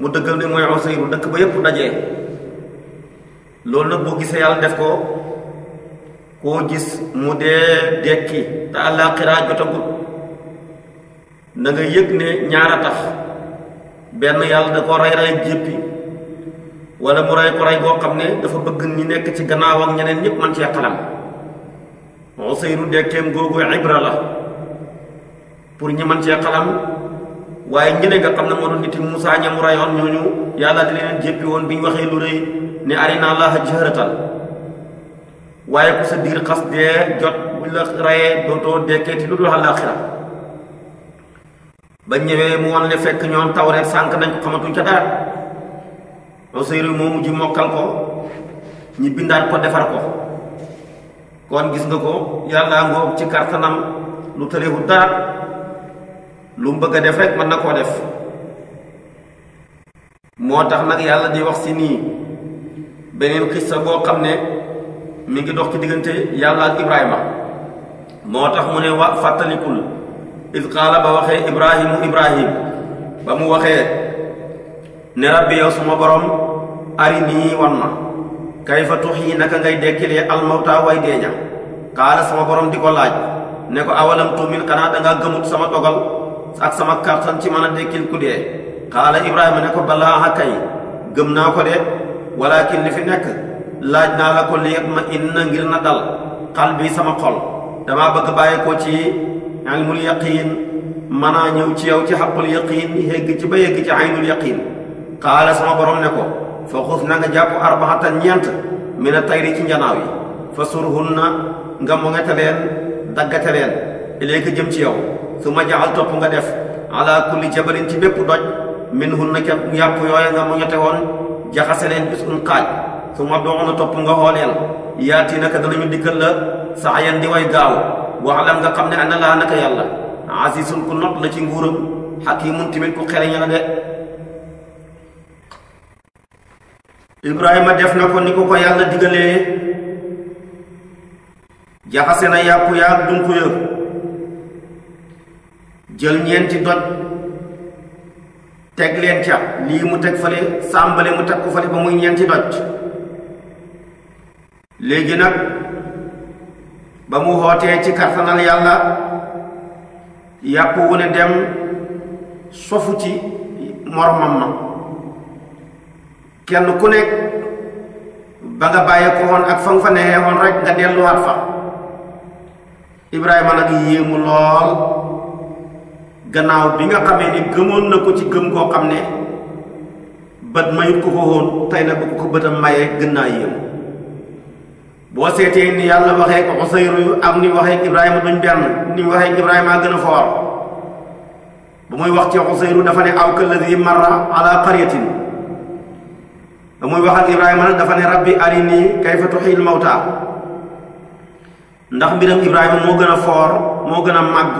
mu dëggal ne mooy Usayru dëkk ba yépp dajee loolu nag boo gisee yàlla def ko koo gis mu dee dekki te àllaaxira jotagul na nga yëg ne ñaar a tax benn yàlla da ko rey rey jéppi wala mu rey ko rey boo xam ne dafa bëgg ñi nekk ci gannaaw ak ñeneen ñëpp man cee xalam Usayru dekkeem googu ibra la pour ñi man cee xalam waaye ñeneen nga xam ne moo doon nit yi Moussa ñamu rayoon ñooñu yàlla di leen jéppi woon bi ñu waxee lu rëy ne arina laaha jahratan waaye ku sa diir xas dee jot buñ la rayee dootoo dekkeeti lu dul àllaaxira ba ñëwee mu woon ne fekk ñoom tawreet sànq nañ ko xamatuñ ca dara Usayru moo mujj mokkal ko ñi bindaat ko defar ko kon gis nga ko yàlla ngoog ci kartanam lu tëreewul dara lu mu bëgg a def rek mën na koo def moo tax nag yàlla di wax si nii beneen xissa boo xam ne mi ngi dox ci diggante yàlla ak ibrahima moo tax mu ne wa fàttalikul iz qaala ba waxee ibrahimu ibrahim ba mu waxee ne rabbi yow suma borom ari nii wan ma kayfa tuxyi naka ngay dekkilee almawta way deeña qaala sama borom di ko laaj ne ko awalam tumin xanaa dangaa gëmut sama dogal ak sama kàttan ci mën a dekkil ku dee xaala ibrahima ne ko balaa hakkay gëm naa ko de walakin li fi nekk laaj naa la ko liet ma inna ngir na dal xal bi sama xol damaa bëgg bàyyi ko ci ilmul yaqiin mën a ñëw ci yow ci xaqul yaqiin yégg ci ba yégg ci aynul yaqiin xaala sama borom ne ko fa xuf na nga jàpp arbaxatan ñeent mi na tayri ci njanaaw yi fa surhunna nga mo ngete leen daggate leen iléegi jëm ci yow su ma jaxal topp nga def ala kulli ci bépp doj min hun na kat yàpp yooya nga mu ñete woon jaxase leen bis un xaaj summa doxu na topp nga xooleel yaati naka danañu dikkal la saayan di way gaaw waxlam nga xam ne ana laa naka yàlla asisun ku not la ci nguuram xakimun tamit ku xereñ la de ibrahima def na ko ni ko ko yàlla digalee jaxase na yàpp yaa dunku ya jël ñeenti doj teg leen ca lii mu teg fale sàmbale mu teg ko fale ba muy ñeenti doj léegi nag ba mu xootee ci kartanal yàlla yàpp wu dem sofu ci moromam ma kenn ku nekk ba nga bàyyi ko woon ak fa nga fa neexee woon rek nga delluwaat fa Ibrahima nag yéemu lool gannaaw bi nga xamee ni gëmoon na ko ci gëm boo xam ne bët mayut ko ko woon tey nag bu ko bëtam mayee gën naa yéem boo seetee ni yàlla waxee ko Usayru ak ni waxee Ibrahima duñ benn ni waxee Ibrahima gën a foor bu muy wax ci Usayru dafa ne aw kalladi marra ala qaryatin ba muy wax ak Ibrahima dafa ne rabbi arini kayfa tuxil mawta ndax mbiram Ibrahima moo gën a foor moo gën a màgg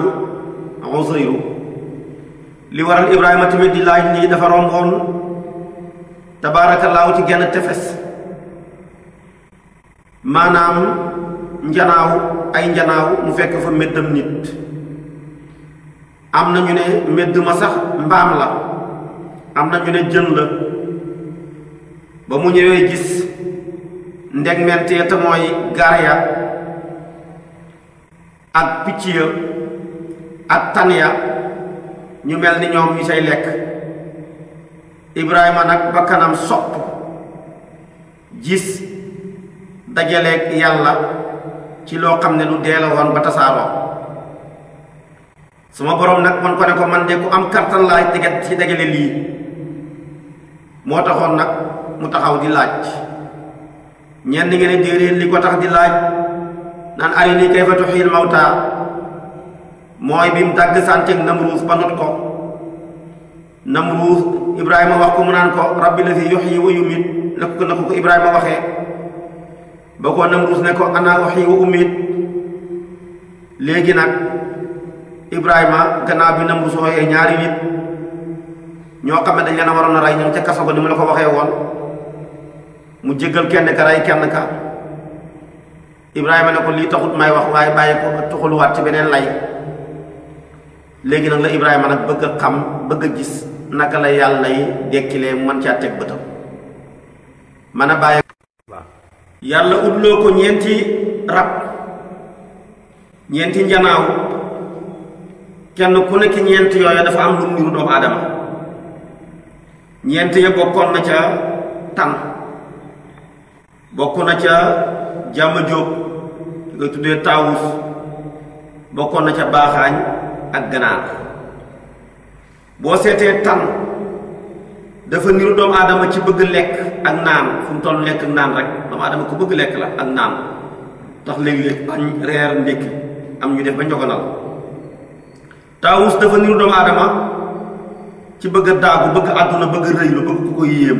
Usayru li waral Ibrahima tamit di laaj nii dafa romboon tabaarakallaahu ci genn tefes maanaam njanaaw ay njanaaw mu fekk fa méddam nit am na ñu ne médd ma sax mbaam la am na ñu ne jën la ba mu ñëwee gis ndeg mentee te mooy ya ak picc ya ak tan ya ñu mel ni ñoom ñu say lekk Ibrahima nag ba kanam sopp gis dajaleeg yàlla ci loo xam ne lu dee la woon ba tasaaroo suma borom nag man ko ne ko man de ku am kartan laaj dege ci dajale lii moo taxoon nag mu taxaw di laaj ñenn ngeen ne déedéet li ko tax di laaj naan arini kayfa tuhyil mawtaa mooy bi mu tàgg sànceeg Namruus ba not ko Namruus Ibrahima wax ko mu naan ko rabbi lazi yuhyi wa yumiit na ko na ko Ibrahima waxee ba ko Namruus ne ko ana uhyi wa umiit léegi nag Ibrahima gannaaw bi Namruus waxee ñaari nit ñoo xam ne dañ leen a waroon a rey ñoom ca kaso ko ni mu la ko waxee woon mu jéggal kenn ka rey kenn ka Ibrahima ne ko lii taxut may wax waaye bàyyi ko tuxuluwaat ci beneen lay léegi nag la Ibrahima nag bëgg xam bëgg a gis naka la yàlla yi dekkilee mën caa teg bëtam mën a bàyyi yàlla utloo ko ñeenti rab ñeenti njanaaw kenn ku nekk ñeent yooyu dafa am lu niru doomu aadama ñeent ya bokkoon na ca tan bokk na ca jàmm jóob di tuddee taawus bokkoon na ca baaxaañ ak ganaar boo seetee tan dafa niru doomu aadama ci bëgg lekk ak naan fu mu lekk ak naan rek doomu aadama ku bëgg lekk la ak naan tax léegi-léeg am ñu def ba njogonal taawus dafa niru doomu aadama ci bëgg a daagu bëgg àdduna bëgg rëy lu bëgg ku ko yéem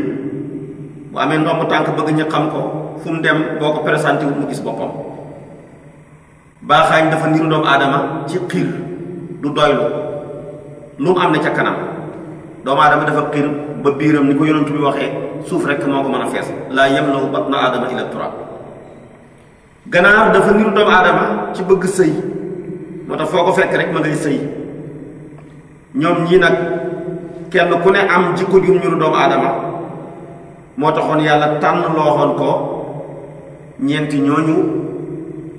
bu amee ndomb tànk bëgg ñu xam ko fu mu dem boo ko présenté wut mu gis boppam baaxaañ dafa niru doomu aadama ci xiir du doylu lu mu am ne ca kanam doomu aadama dafa xiir ba biiram ni ko yonent bi waxee suuf rek moo ko mën a fees laa yem nawu batna aadama ila turab ganaar dafa niru doomu aadama ci bëgg sëy moo tax foo ko fekk rek ma ngay sëy ñoom ñii nag kenn ku ne am jikko jum niru doomu aadama moo taxoon yàlla tànn looxoon ko ñeenti ñooñu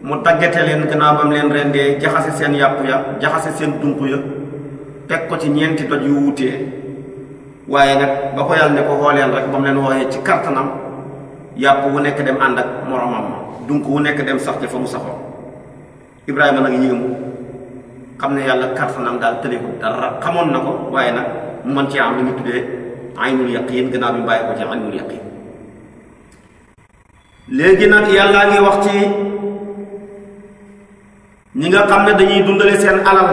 mu daggate leen gannaaw bam leen rendee jaxase seen yàpp ya jaxase seen dunq ya teg ko ci ñeenti doj yu wuutee waaye nag ba ko yàlla ne ko xooleel rek ba mu leen wooyee ci kartanam yàpp wu nekk dem ànd ak moromam ma dunq wu nekk dem sax ca fa mu saxoo ibrahima nag yéemu xam ne yàlla kartanam daal tële ko dara xamoon na ko waaye nag mu mën cee am lu ñu tuddee aynul yaqin gannaaw bi mu bàyyi ko ci aynul yaqin léegi nag yàllaa ngi wax ñi nga xam ne dañuy dundale seen alal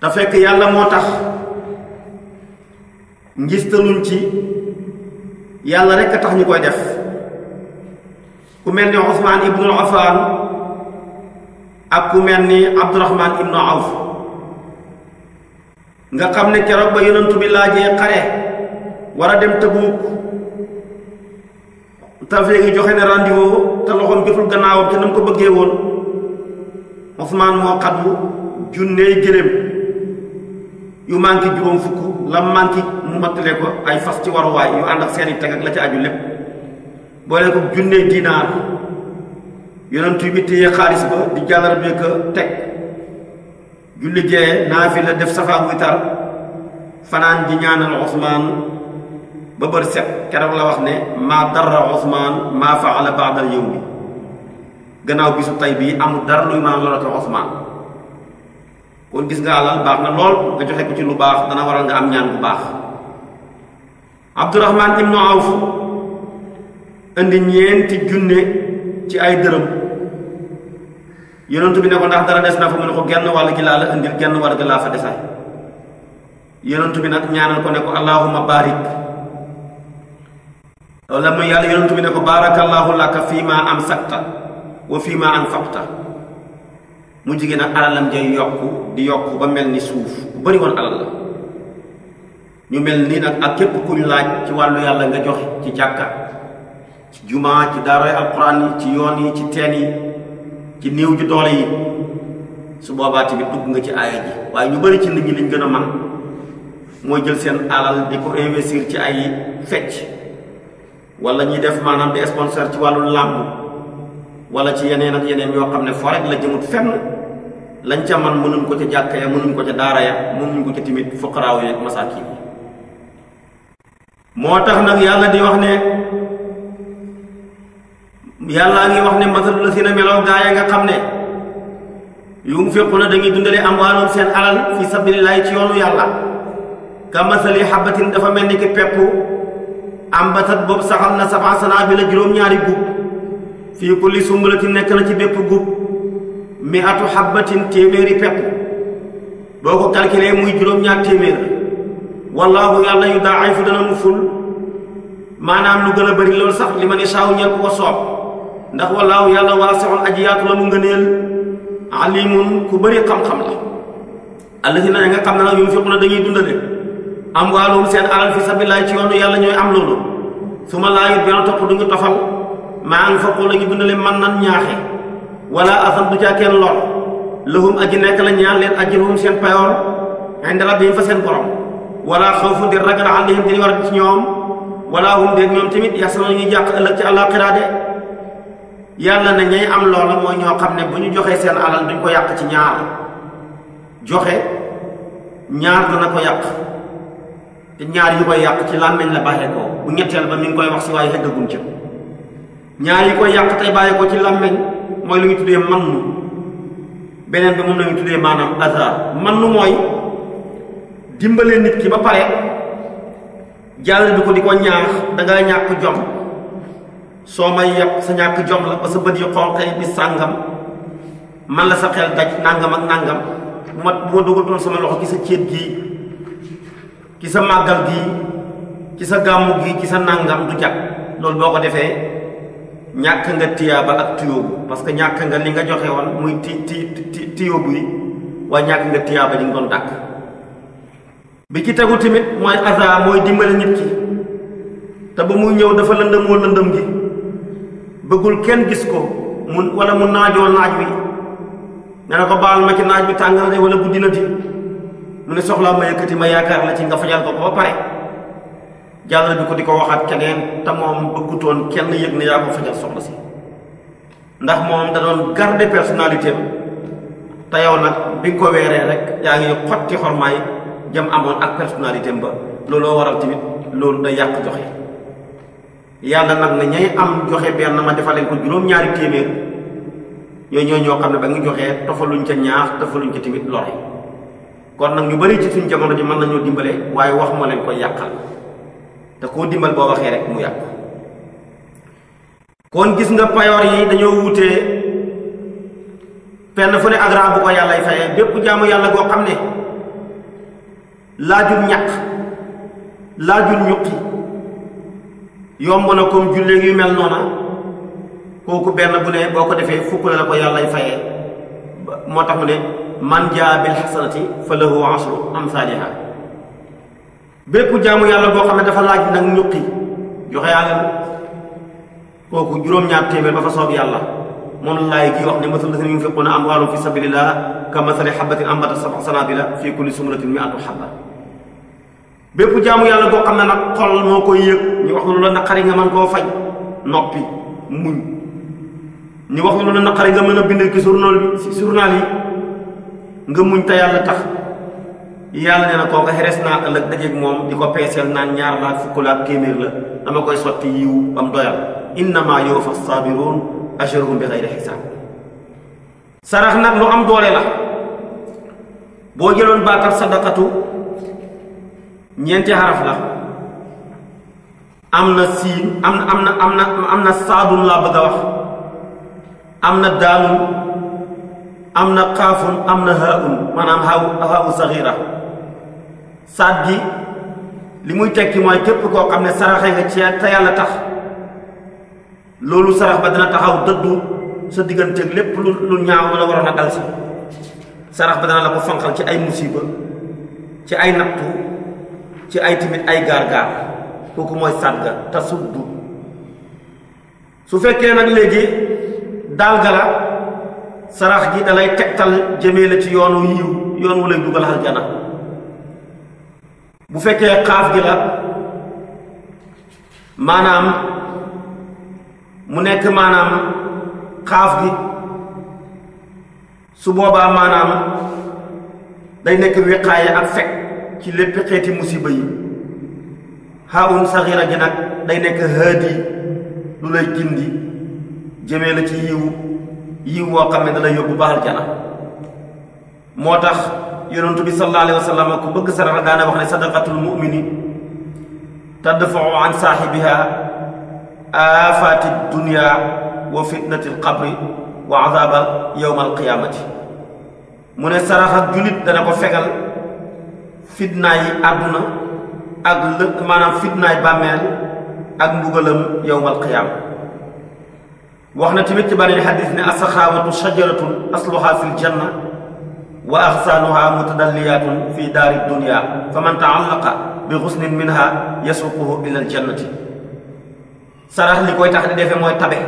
te fekk yàlla moo tax ngistaluñ ci yàlla rekk a tax ñu koy def ku mel ni Usmaan ibnu Affaan ak ku mel ni Abdurahmaan ibnu Awf nga xam ne keroog ba yonentu bi laajee xare war a dem Tabuuk tawfeex yi joxe ne rendez te loxoom jotul gannaawam te nam ko bëggee woon Ousmane moo xaddu junney gëléem yu manqué juróom fukk la manqué mu mattale ko ay fas ci waruwaay yu ànd ak seeni teg ak la ci aju lépp boole ko junney dinaar yu bi téye xaalis ba di jàllar bi teg julli jee naa fi la def safaa witar fanaan di ñaanal Ousmane ba set keroog la wax ne maa darra Ousmane maa faala baadal yow bi gannaaw bisu tay bii amul dara luy mën a lorati Ousmane kon gis nga alal baax na lool nga joxe ko ci lu baax dana waral nga am ñaan bu baax Abdurahman ibnu Awf indi ñeenti junne ci ay dërëm yonentu bi ne ko ndax dara des na fa mu ne ko genn wàll gi laa la indil genn wàll gi laa fa desay yonentu bi nag ñaanal ko ne ko allahumma barik wala mooy yàlla yonentu bi ne ko baarakallahu laka fii ma am sakta wa fii ma an faqta mu jigéen ak alalam jay yokku di yokk ba mel ni suuf bu bëri woon alal la ñu mel nii nag ak képp kuñ laaj ci wàllu yàlla nga jox ci jàkka ci jumaa ci daaroy alquran yi ci yoon yi ci teen yi ci néew ju doole yi su boobaa tamit dugg nga ci aaya ji waaye ñu bari ci nit liñ gën a man mooy jël seen alal di ko investir ci ay fecc wala ñuy def maanaam di sponsor ci wàllu làmb wala ci yeneen ak yeneen yoo xam ne foo rek la jëmut fenn lañ ca man mënuñ ko ca jàkka ya mënuñ ko ca daara ya mënuñ ko ca timit fuqaraaw yeeg masaakin yi moo tax nag yàlla di wax ne a ngi wax ne masalul si na meloo gaaya nga xam ne yunfiquna dañuy dundale amwaalum seen alal fi sabilillahi ci yoonu yàlla ka masali xabatin dafa mel ni ki peppu ambatat boobu saxal na sabaa sanaabila juróom-ñaari gub fii kulli sumbulati nekk na ci bépp gub mi atu xabbatin téeméeri pepp boo ko calculé muy juróom-ñaar téeméer wallaahu yàlla yu daa ay fu dana mu ful maanaam lu gën a bëri loolu sax li ma ne saaw ñel ku ko soob ndax wallaahu yàlla waasixul aji yaatu la mu ngëneel alimun ku bëri xam-xam la allazina nga xam ne nag yunfiquna dañuy dundale am waa loolu seen alal fi sabilillah ci yoonu yàlla ñooy am loolu su ma laa yut benn topp du ñu tofal maa ngi fokkoo la ñu dundale man nan ñaaxe wala asan du caa kenn lor lahum aji nekk la ñaan leen ajruhum seen payoor inda rabbihim fa seen borom wala xawfun di ragal alayhim di war ci ñoom wala hum déeg ñoom tamit yaxsanoon ñuy jàq ëllëg ci àllaaxira de yàlla ne ñay am loola mooy ñoo xam ne bu ñu joxee seen alal duñ ko yàq ci ñaar joxe ñaar dana ko te ñaar yu koy yàq ci làmmiñ la bàyyeekoo bu ñetteel ba mi ngi koy wax si waaye a ci ñaar yi koy yàq tey bàyyeekoo ci làmmiñ mooy lu ñu tuddee mannu beneen bi moom la ñu tuddee maanaam mooy dimbalee nit ki ba pare jàll bi ko di ko ñaax da ñàkk jom soo may yàq sa ñàkk jom la ba sa bët yu xonqee bi sàngam man la sa xel daj nàngam ak nàngam bu ma bu ma dugatoon sama loxo ci sa céet gi ci sa màggal gi ci sa gàmmu gi ci sa nàngam du jag loolu boo ko defee ñàkk nga tiyaaba ak tuyóobu parce que ñàkk nga li nga joxe woon muy ti ti tuyóobu yi waaye ñàkk nga tiyaaba li nga doon dàkk bi ci tegu tamit mooy azaa mooy dimbale nit ki te ba muy ñëw dafa lëndëm woo lëndëm bi bëggul kenn gis ko mu wala mu naajoo naaj wi ne na ko baal ma ci naaj bi tàng na de wala guddi na di lu ne soxlaa ma yëkkati ma yaakaar la ci nga fajal ko ko ba pare jàllale bi ko di ko waxaat keneen te moom bëggutoon kenn yëg ne yaa ko fajal soxla si ndax moom da doon garder te yow nag bi nga ko weeree rek yaa ngi xotti xormaay jëm amoon ak personnalité am ba looloo waral tamit loolu da yàq joxe yàlla nag ne ñay am joxe benn ma defaleen ko juróom-ñaari téeméer yooyu ñoo ñoo xam ne ba nga joxee tofaluñ ca ñaax tofaluñ ca tamit lore kon nag ñu bari ci suñ jamono ji mën nañoo dimbale waaye wax moo leen koy yàqal te koo dimbal boo waxee rek mu yàq kon gis nga payoor yi dañoo wuute fenn fu ne ak raa bu ko yàllay fayee bépp jaamu yàlla goo xam ne laajul ñàkk laajul ñuqi yomb na comme jullee yu mel noona kooku benn bu ne boo ko defee fukk la la ko yàllay fayee moo tax mu ne man jaa bil xasanati fa lahu asru amsaaliha bépp jaamu yàlla boo xam ne dafa laaj nag ñuqi joxe alal kooku juróom-ñaar téeméer ba fa soob yàlla moom laay gi wax ne masalu lazina yunfiquuna amwaalahum fi sabilillah ka masali xabatin ambatat sab'a sanaabila fii kulli sumratin mi'atu xabba bépp jaamu yàlla boo xam ne nag xol moo koy yëg ñu wax lu la naqari nga mën koo faj noppi muñ ñu wax lu la naqari nga mën a bind ci journal bi ci journal yi nga muñ te yàlla tax yàlla nee na koo nga xeres naa ëllëg dajeeg moom di ko peeseel naan ñaar laak fukk laak téeméer la dama koy sotti yiw am doyal innama yuwaffa as-saabiruun ajrahum bi xayri sarax nag lu am doole la boo jëloon baatab sadaqatu ñeenti xaraf la am na siin am na am na am na am laa bëgg a wax am na daalun am na xaafun am na haaun maanaam aa haau saxiira saat gi li muy tekki mooy képp koo xam ne saraxe nga ci te yàlla tax loolu sarax ba dana taxaw dëddu sa digganteeg lépp lu lu ñaaw lu la waroon a dal sarax ba dana la ko fanqal ci ay musiba ci ay nattu ci ay timit ay gaar-gaar kooku mooy sàdga te suddu su fekkee nag léegi daal ga la sarax gi dalay tegtal jëmee la ci yoonu yiw yoon wu lay dugal aljana bu fekkee xaaf gi la maanaam mu nekk maanaam xaaf gi su boobaa maanaam day nekk wiqaaye ak fekk ci lépp xeeti musiba yi xaawun saxira gi nag day nekk haadi lu lay gindi jëmee la ci yiw yiw woo xam ne dana yóbbu ba aljana moo tax yonentu bi sallallahu alayhi wa sallam ku bëgg saraxa daana wax ne sadaqatul mu'mini tadfa'u an saahibiha aafati dunya wa fitnati alqabri wa azaba yowma alqiyaamati mu ne saraxa julit dana fitnaay maanaam fitnaay bàmmeel ak mbugalam yowma alqiyaama wax na tamit ci beneen xadis ne assaxaawatu shajaratun asluhaa fil janna wa axsaanuhaa mutadalliyaatun fi daari dunya fa man bi xusnin minha yasuquhu ila al jannati sarax li koy tax di defee mooy tabe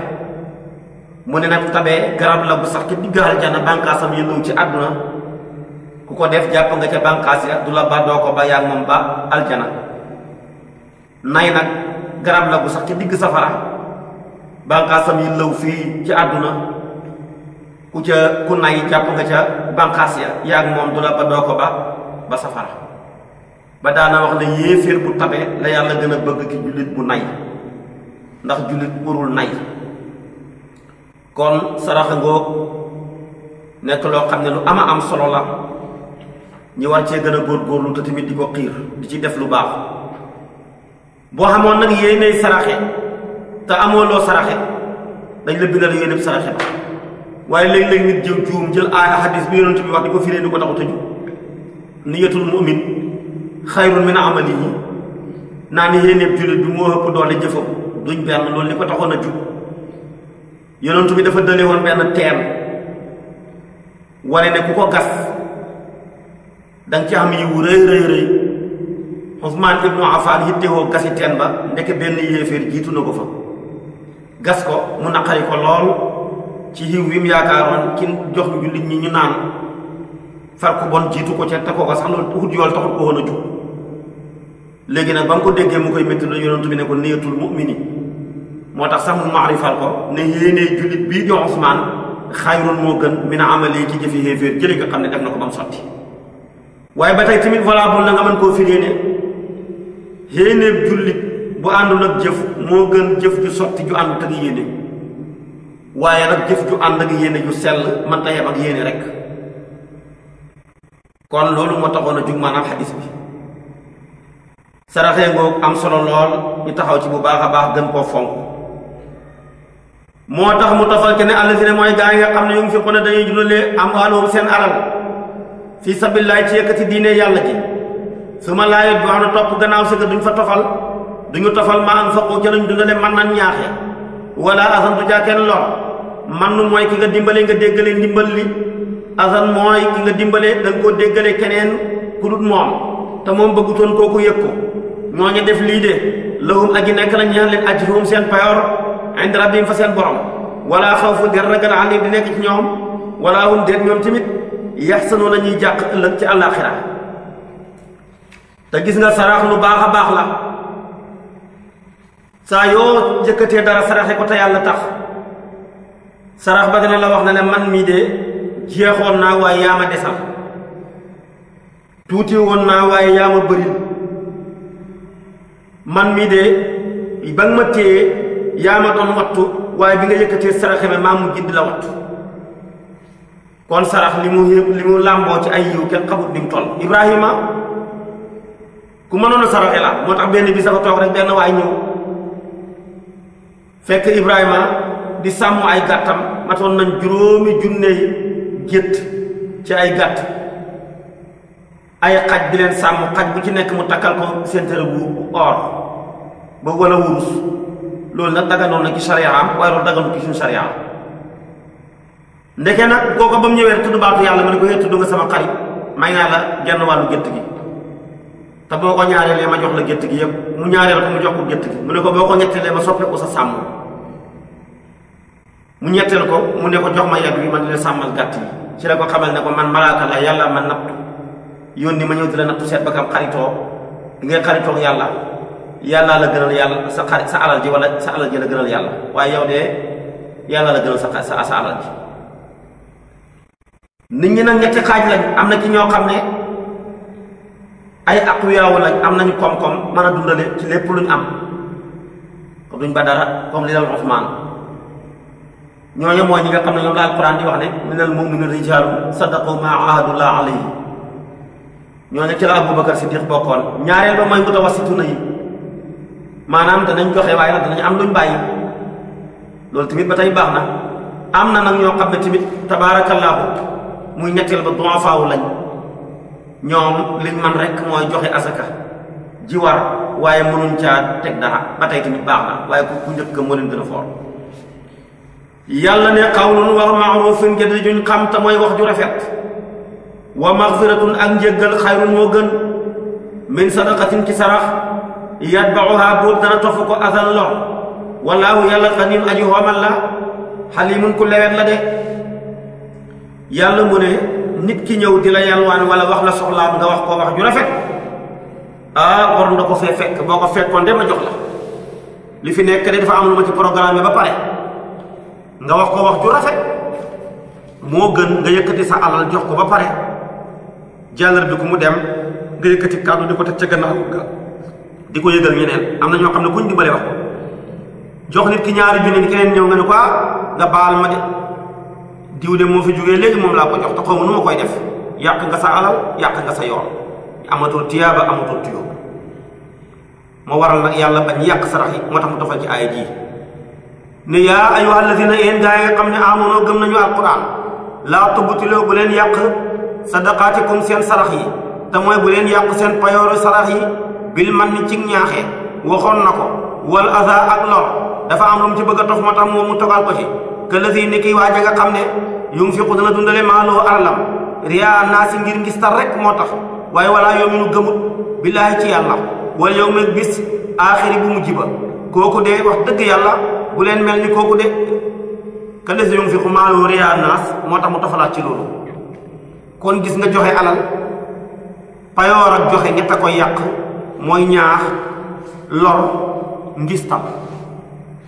mu ne nag tabe garab la bu sax ci digg aljanna bànqaasam yënduw ci àdduna ku ko def jàpp nga ca bànqaas ya ba doo ko ba yaa moom ba aljana nay nag garab la bu sax ci digg safara banqaasam yi lëw fii ci àdduna ku ca ku nay jàpp nga ca banqaas ya yaa moom du la ba doo ko ba ba safara ba daana wax ne yéeféer bu tabe la yàlla gën a bëgg ki jullit bu nay ndax jullit warul nay kon saraxa ngoog nekk loo xam ne lu ama am solo la ñu war cee gën a góorgóorlu te tamit di ko xiir di ci def lu baax boo xamoon nag yéenay saraxe te amoo loo saraxe dañ la bindal yéen a saraxe ba waaye léeg-léeg nit jël juum jël aaya hadis bi yonent bi wax di ko firee di ko taxut a jóg niyatul mu'min xayrun min amalihi naa ni yéeneeb jullit bi moo ëpp doole jëfam duñ benn loolu li ko taxoon dafa dële woon benn teen wane ne ku ko gas danga ci am yiwu rëy rëy rëy Usmaan ibnu Affaan yittewoo gasi teen ba ndeke benn yéeféer jiitu na ko fa gas ko mu naqari ko lool ci xiw wi mu yaakaaroon ki jox jullit ñi ñu naan far ku bon jiitu ko ca te kooka sax loolu wut yool taxul ko woon a jug léegi nag ba nga ko déggee mu koy métti la yonent bi ne ko niyatul mu'mini moo tax sax ko ne yéenee jullit bii jox Usmaan xayrun moo gën min amali ci jëfi xéeféer jëli nga xam ne def na ko ba mu sotti waaye ba tey tamit valable na nga mën koo firée ne jullit bu àndul ak jëf moo gën jëf ju sotti ju àndut ak yéene waaye nag jëf ju ànd ak yéene ju sell man ta yem ak yéene rek kon loolu moo taxoon a jug maanaam xadis bi saraxee ngoog am solo lool ñu taxaw ci bu baax a baax gën koo fonk moo tax mu tafal ke ne àll si ne mooy gaa yi nga xam ne yu ngi fi xone dañuy jullee am aloobu seen alal fii sabillaay ci yëkkati diine yàlla ji su ma laayot bu am na topp gannaaw si duñ fa tofal duñu tofal ma an faqu ca lañ dundale man nan ñaaxe wala asan du jaaken lor man mooy ki nga dimbale nga déggale ndimbal li asan mooy ki nga dimbale da koo déggale keneen ku dut moom te moom bëggutoon kooku yëg ko ñoo ñu def lii de lahum aji nekk la ñaan leen ajruhum seen payoor inda rabbihim fa seen borom wala xawfu der ragal alim di nekk ci ñoom wala hum déet ñoom tamit yaxsanoo la ñuy jàq ëllëg ci àllaaxira te gis nga a baax la saa yoo jëkkatee dara saraxe ko te yàlla tax sarax ba dina la wax na ne man mii de jeexoon naa waaye yaa desal tuuti woon naa waaye yaa ma man mii de ba nga ma téye yaa doon wattu waaye bi nga yëkkatee saraxe ma maa mu gind la wattu kon sarax li mu làmboo ci ay yiw kenn xamut ni mu toll Ibrahima ku mënoon saraxe la moo tax benn bi sax toog rek benn waay ñëw fekk Ibrahima di sàmm ay gàttam matoon nañ juróomi junney gétt ci ay gàtt ay xaj di leen sàmm xaj bu ci nekk mu takkal ko séntéere bu or ba wala wurus loolu nag daganoon na ci sariyaam waaye loolu daganu ci suñu sariyaam ndeke nag kooku ba mu ñëwee tudd baatu yàlla ma ne ko yee tudd nga sama xarit may naa la genn wàllu gétt gi te boo ko ñaareelee ma jox la gétt gi yëpp mu ñaareel ko mu jox ko gétt gi mu ne ko boo ko ñetteelee ma soppe ko sa sàmm mu ñetteel ko mu ne ko jox ma yàgg bi ma di la sàmmal gàtt yi ci la ko xamal ne ko man malaaka la yàlla ma nattu yónni ma ñëw di la nattu seet ba kam xaritoo di ngay xaritoog yàlla yàllaa la gënal yàlla sa xarit sa alal ji wala sa alal ji la gënal yàlla waaye yow de yàlla la gënal sa sa alal ji nit ñi nag ñetti xaaj lañ am na ci ñoo ay aqwiyaawu lañ am nañu koom-koom mën a dundale ci lépp luñ am ko duñ ba dara comme li dal Usmaan ñooñu ñi nga xam ne ñoom la alquran di wax ne minal mu'minin rijaalun sadaqu maa ahadullaah alayhi ñooñu ci la Abubakar Siddiq bokkoon ñaareel ba mooy mutawassituna yi maanaam danañ joxe waaye nag am luñ bàyyi loolu tamit ba baax na am na nag ñoo xam ne tamit tabaarakallaahu muy ñetteel ba du'afaawu lañ ñoom liñ man mooy joxe asaka ji war waaye mënuñ caa teg dara ba tey tamit baax na waaye ku ku njëkk moo leen gën foor yàlla ne xawlun wa mooy wax ju rafet wa maxfiratun ak njéggal xayrun moo gën sa sadaqatin ci sarax yatbauha boobu dana tofu ko asan lor wallaahu yàlla xanim aji xoomal la xalimun ku lewet la de yàlla mu ne nit ki ñëw di la yalwaan wala wax la soxlaam nga wax ko wax ju rafet ah war na ko fee fekk boo ko fekkoon dem ma jox la li fi nekk de dafa am lu ma ci programme ba pare nga wax ko wax ju rafet moo gën nga yëkkati sa alal jox ko ba pare jàllar ku mu dem nga yëkkati kàddu di ko teg ca gannaaw di ko yëgal ñeneen am na ñoo xam ne kuñ dimbale wax jox nit ki ñaari junni ni keneen ñëw nga ne ko ah, nga baal ma de diw de moo fi jógee léegi moom laa ko jox ma nu ma koy def yàq nga sa alal yàq nga sa yoon amatul tiyaaba amatul tuyo moo waral nag yàlla bañ yàq sarax yi moo tax mu defal ci ay ji ne yaa ayyuha alladina yéen gaa yi xam ne amonoo gëm nañu alquran laa tubtiloo bu leen yàq sadaqaatikum seen sarax yi te mooy bu leen yàq seen payooru sarax yi bil man ni ci ñaaxee waxoon na ko wal aza ak lor dafa am lu mu ci bëgg a tof moo tax moom mu togal ko ci këllësi ni kiy waaja nga xam ne yunfiqu dana dundale maaloo alalam riyaa naa si ngir ngis tar rek moo tax waaye walaa yoominu gëmut billaahi ci yàlla wala yow mel bis aaxiri bu mujj ba kooku de wax dëgg yàlla bu leen mel ni kooku de këllësi yunfiqu maaloo riyaa naas moo tax mu tafalaat ci loolu kon gis nga joxe alal payoor ak joxe ñett a koy yàq mooy ñaax lor ngis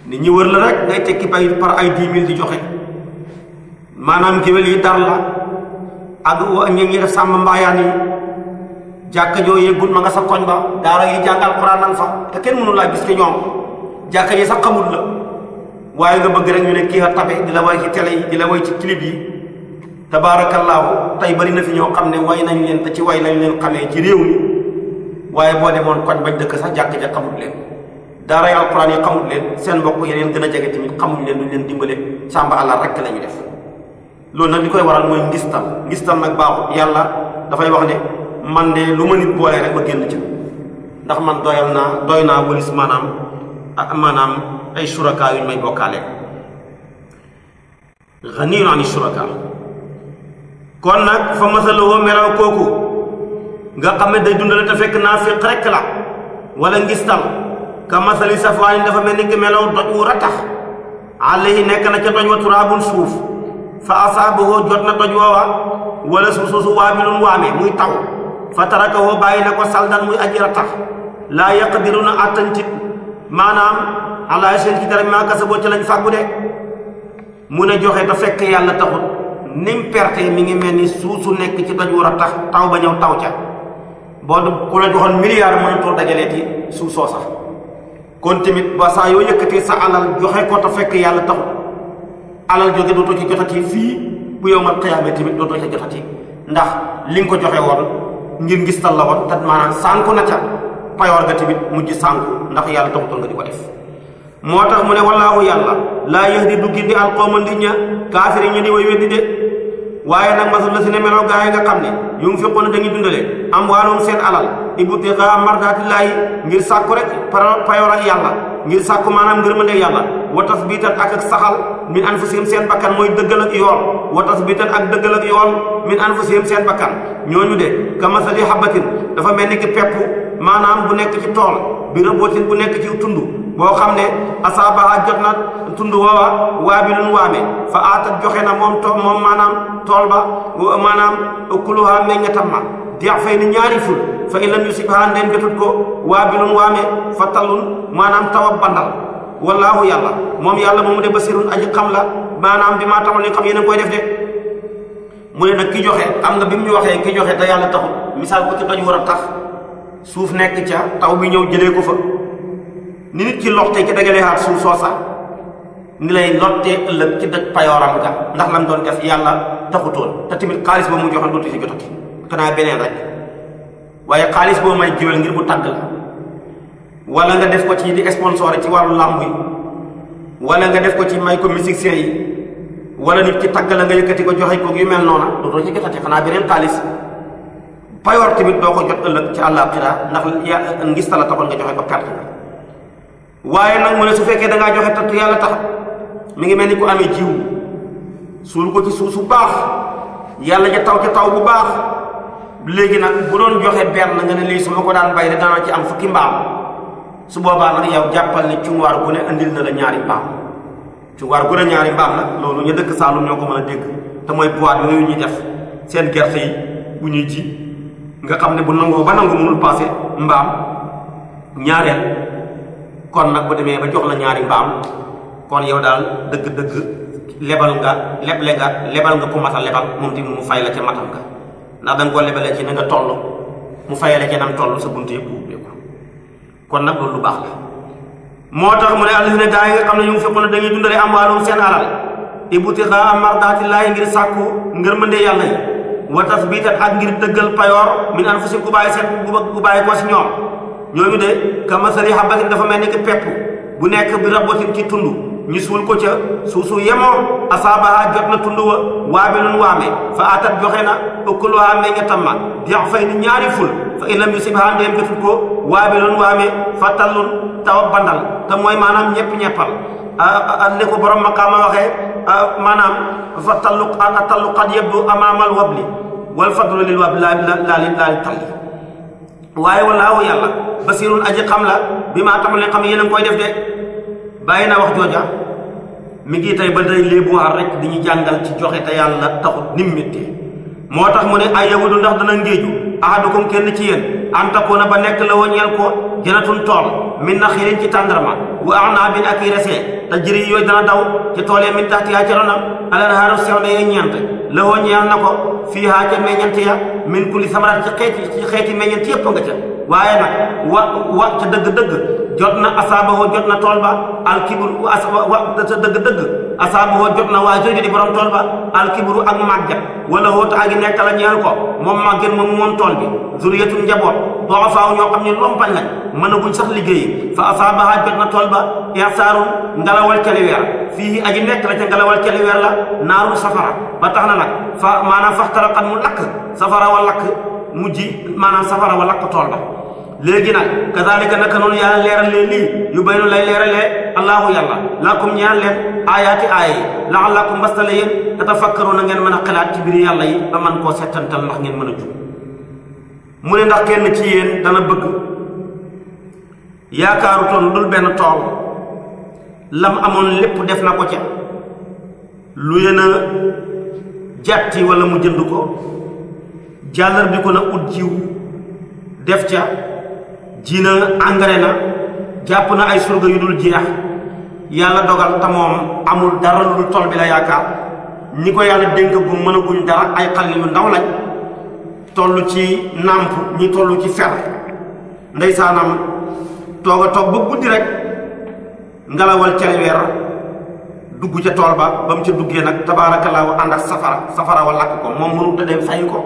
nit ñi wër la rek ngay tekki bay par ay dix mille di joxe maanaam géwél yi dar la ak wa ñi ngi sàmm mbaayaan yi jàkka joo yëggul ma nga sa koñ ba daara yi jàng alxuraan nang fa te kenn mënu laa gis ñoom jàkka yi sax xamul la waaye nga bëgg rek ñu ne kii a tabe di la way ci télé yi di la way ci clip yi tabaarakallaahu tey bari na fi ñoo xam ne way nañ leen te ci way lañ leen xamee ci réew mi waaye boo demoon koñ bañ dëkk sax jàkk ja xamul daaray alquran yi xamul leen seen mbokk yi gën a jege tamit xamuñ leen luñ leen dimbale sàmba àllar rek la def loolu nag li koy waral mooy ngistal ngistal nag baaxut yàlla dafay wax ne man de lu ma rek ma génn ci ndax man doyal naa doy naa wëlis maanaam ah, maanaam ay suraka yuñ may bokkaale xaniun ani suraka kon nag fa masaluhu meraw kooku nga xam ne day dundale te fekk naa fiq rek la wala ngistal ka masali safwaanin dafa mel ni ki melow doj wu ratax alayhi nekk na ca doj wa turaabun suuf fa asaabahu jot na doj woowa wala su suusu waamilun waame muy taw fa tarakahu bàyyi na ko saldan muy aji ratax laa yaqdiruna attantit maanaam ala seen ci dara maa kasaboo ci lañ fàggu de mu ne joxe te fekk yàlla taxut nim perte ni ngi mel ni suuf su nekk ci doj wu ratax taw ba ñëw taw ca boo ku la joxoon milliard mënatoo dajaleeti suuf soo sax kon tamit ba saa yoo yëkkatee sa alal joxe ko te fekk yàlla taxut alal jóge dootoo ci jotati fii bu yow man xiyaamee tamit dootoo ci jotati ndax li nga ko joxe woon ngir ngis tal la woon te maanaam sànku na ca payoor nga tamit mujj sànku ndax yàlla taxutoon nga di ko def moo tax mu ne wallaahu yàlla laa yahdi du gindi alqawma nit ña kaafiri ñu di way weddi de waaye nag masul la si ne meloo gaa yi nga xam ne yunfiquuna dañuy dundale am waalum seen alal ibtigaa mardaatillaahi ngir sàkku rek payoor ak yàlla ngir sàkku maanaam ngërmande yàlla wa tasbitan ak ak saxal min anfusihim seen bakkan mooy dëggal ak yool wa tasbitan ak dëggal ak yool min anfusihim seen bakkan ñooñu de ka masali habatin dafa mel ni ki pepp maanaam bu nekk ci tool bi rëbootin bu nekk ci tund boo xam ne asaabaha jot na waa woowa waabilun waame fa aatat joxe na moom to moom maanaam tool ba maanaam kuluha meññatam ma deex fay ni ñaari ful fa in lam yusibha ndeen jotut ko waabilun waame fa tallun maanaam tawa bandal wallaahu yàlla moom yàlla moomu de basirun aji xam la maanaam bi maa taxul li xam yéen a koy def de mu ne nag ki joxe am nga bi mu ñu waxee ki joxe te yàlla taxul misaal ko ci dañu war a tax suuf nekk ca taw bi ñëw jëlee ko fa ni nit ci loxte ci dagalee xaat suuf soo sax ni lay lottee ëllëg ci dëkk payooram ga ndax lam doon def yàlla taxutoon te tamit xaalis ba mu joxoon dootu ci jotati xanaa beneen rek waaye xaalis boo may jiwel ngir bu tàgg la wala nga def ko ci di sponsor ci wàllu làmb yi nga def ko ci may ko musicien yi wala nit ci tàgg la nga yëkkati ko joxe ko yu mel noona dootoo ci jotati xanaa beneen xaalis payoor tamit doo ko jot ëllëg ci àllaaxira ndax ya ngis tala taxoon nga joxe ba perte nga waaye nag mu ne su fekkee dangaa joxe te yàlla tax mi ngi mel ni ku amee jiw suul ko ci suuf su baax yàlla ja taw ca taw bu baax léegi nag bu doon joxe benn nga ne lii su ma ko daan bay de daana ci am fukki mbaam su boobaa nag yow jàppal ne cunwaar gu ne andil na la ñaari mbaam cunwaar gu ne ñaari mbaam nag loolu ñu dëkk Saalum ñoo ko mën a dégg te mooy boîte ñuy def gerte yi bu ñuy ji nga xam ne bu nangoo ba nangu mënul passé mbaam ñaareel kon nag bu demee ba jox la ñaari mbaam kon yow daal dëgg-dëgg lebal nga leble nga lebal nga ku mata lebal moom tamit mu fay la ca matam nga ndax da nga koo lebalee ci na nga toll mu fayale ca nam toll sa bunt yëpp ubbeeku kon nag loolu lu baax la moo tax mu ne àllasi ne gaa nga xam ne ñu ngi fekkoon dañuy dundale am wàllum seen alal ibutiraa mardatillahi ngir sàkku ngërmande yàlla yi wa tasbiitan ak ngir dëggal payoor min anfusihim ku bàyyi seen ku bàyyi ko si ñoom ñooñu de ka masali habatin dafa mel ni ki pepp bu nekk bi rabotin ci tund ñu suul ko ca suuf su yemoo asaabaha jot na tund wa waabilun waame fa atat joxe na ukuluha meññatam ma yax fay ni ñaari ful fa in lam yusibha ndeem jotul ko waabilun waame fa tallun taw bandal te mooy maanaam ñepp-ñeppal a ko borom maqaama waxee maanaam fa tallu a tallu qad yabdu amaamal wabli wal fadlu lil wabli laa laali laali talli waaye walaahu yàlla basirun aji xam la bi maa tamal ne xam yéen koy def de bàyyi naa wax jooja mi ngi tey ba day léebuwaar rek di ñu jàngal ci joxe te yàlla taxut nim méttee moo tax mu ne ay yahudu ndax dana ngéeju ahadukum kenn ci yéen an takuna ba nekk la woñeel ko janatun tool min naxiirin ci tàndarma wa anaabin ak i resee te jëri yooyu dana daw ci tool yi min taxtiyaa ca ronam alanhaaru sew na yee ñeent la woo ñeel na ko fii haa ca meññeent ya min kulli samaraat ci xeeti ci xeeti yépp nga ca waaye nag wa wa ca dëgg-dëgg jot na asaabahoo jot na tool ba alkibru wa dëgg-dëgg asaabu woo jot na waa jooju di borom tool ba alkibru ak màggat wala wootu ak nekk la ñeel ko moom màggat moom moom tool bi zuriyatun njaboot doo faaw ñoo xam ne lompañ lañ mënaguñ sax liggéeyi fa asaabaha jot na tool ba ihsaarun ngalawal cali weer fii aji nekk la ca ngalawal cali weer la naarul safara ba tax na nag fa maanaam faxtarakat mu lakk safara wa lakk mujji maanaam safara wa lakk tool ba léegi nag kazaalika naka noonu yàlla leeral leen lii yu bay nu lay leeralee allahu yàlla laakum ñaan leen yi laallakum mbastale yéen ngeen mën a xalaat ci biir yàlla yi ba mën koo settantal ndax ngeen mën a jub mu ne ndax kenn ci yéen dana bëgg yaakaaru toon dul benn tool lam amoon lépp def na ko ca lu yéen a jàtti wala mu jënd ko jàllar ko na ut jiw def ca ji na engrais na jàpp na ay surga yu dul jeex yàlla dogal te moom amul dara lu tool bi la yaakaar ñi ko yàlla dénk bu mënaguñ dara ay xale yu ndaw lañ toll ci nàmp ñi toll ci fer ndeysaanam toog a toog ba guddi rek ngelawal ca dugg ca tool ba ba mu ca duggee nag tabaarakallaahu ànd ak safara safara wa lakk ko moom mënut a dem ko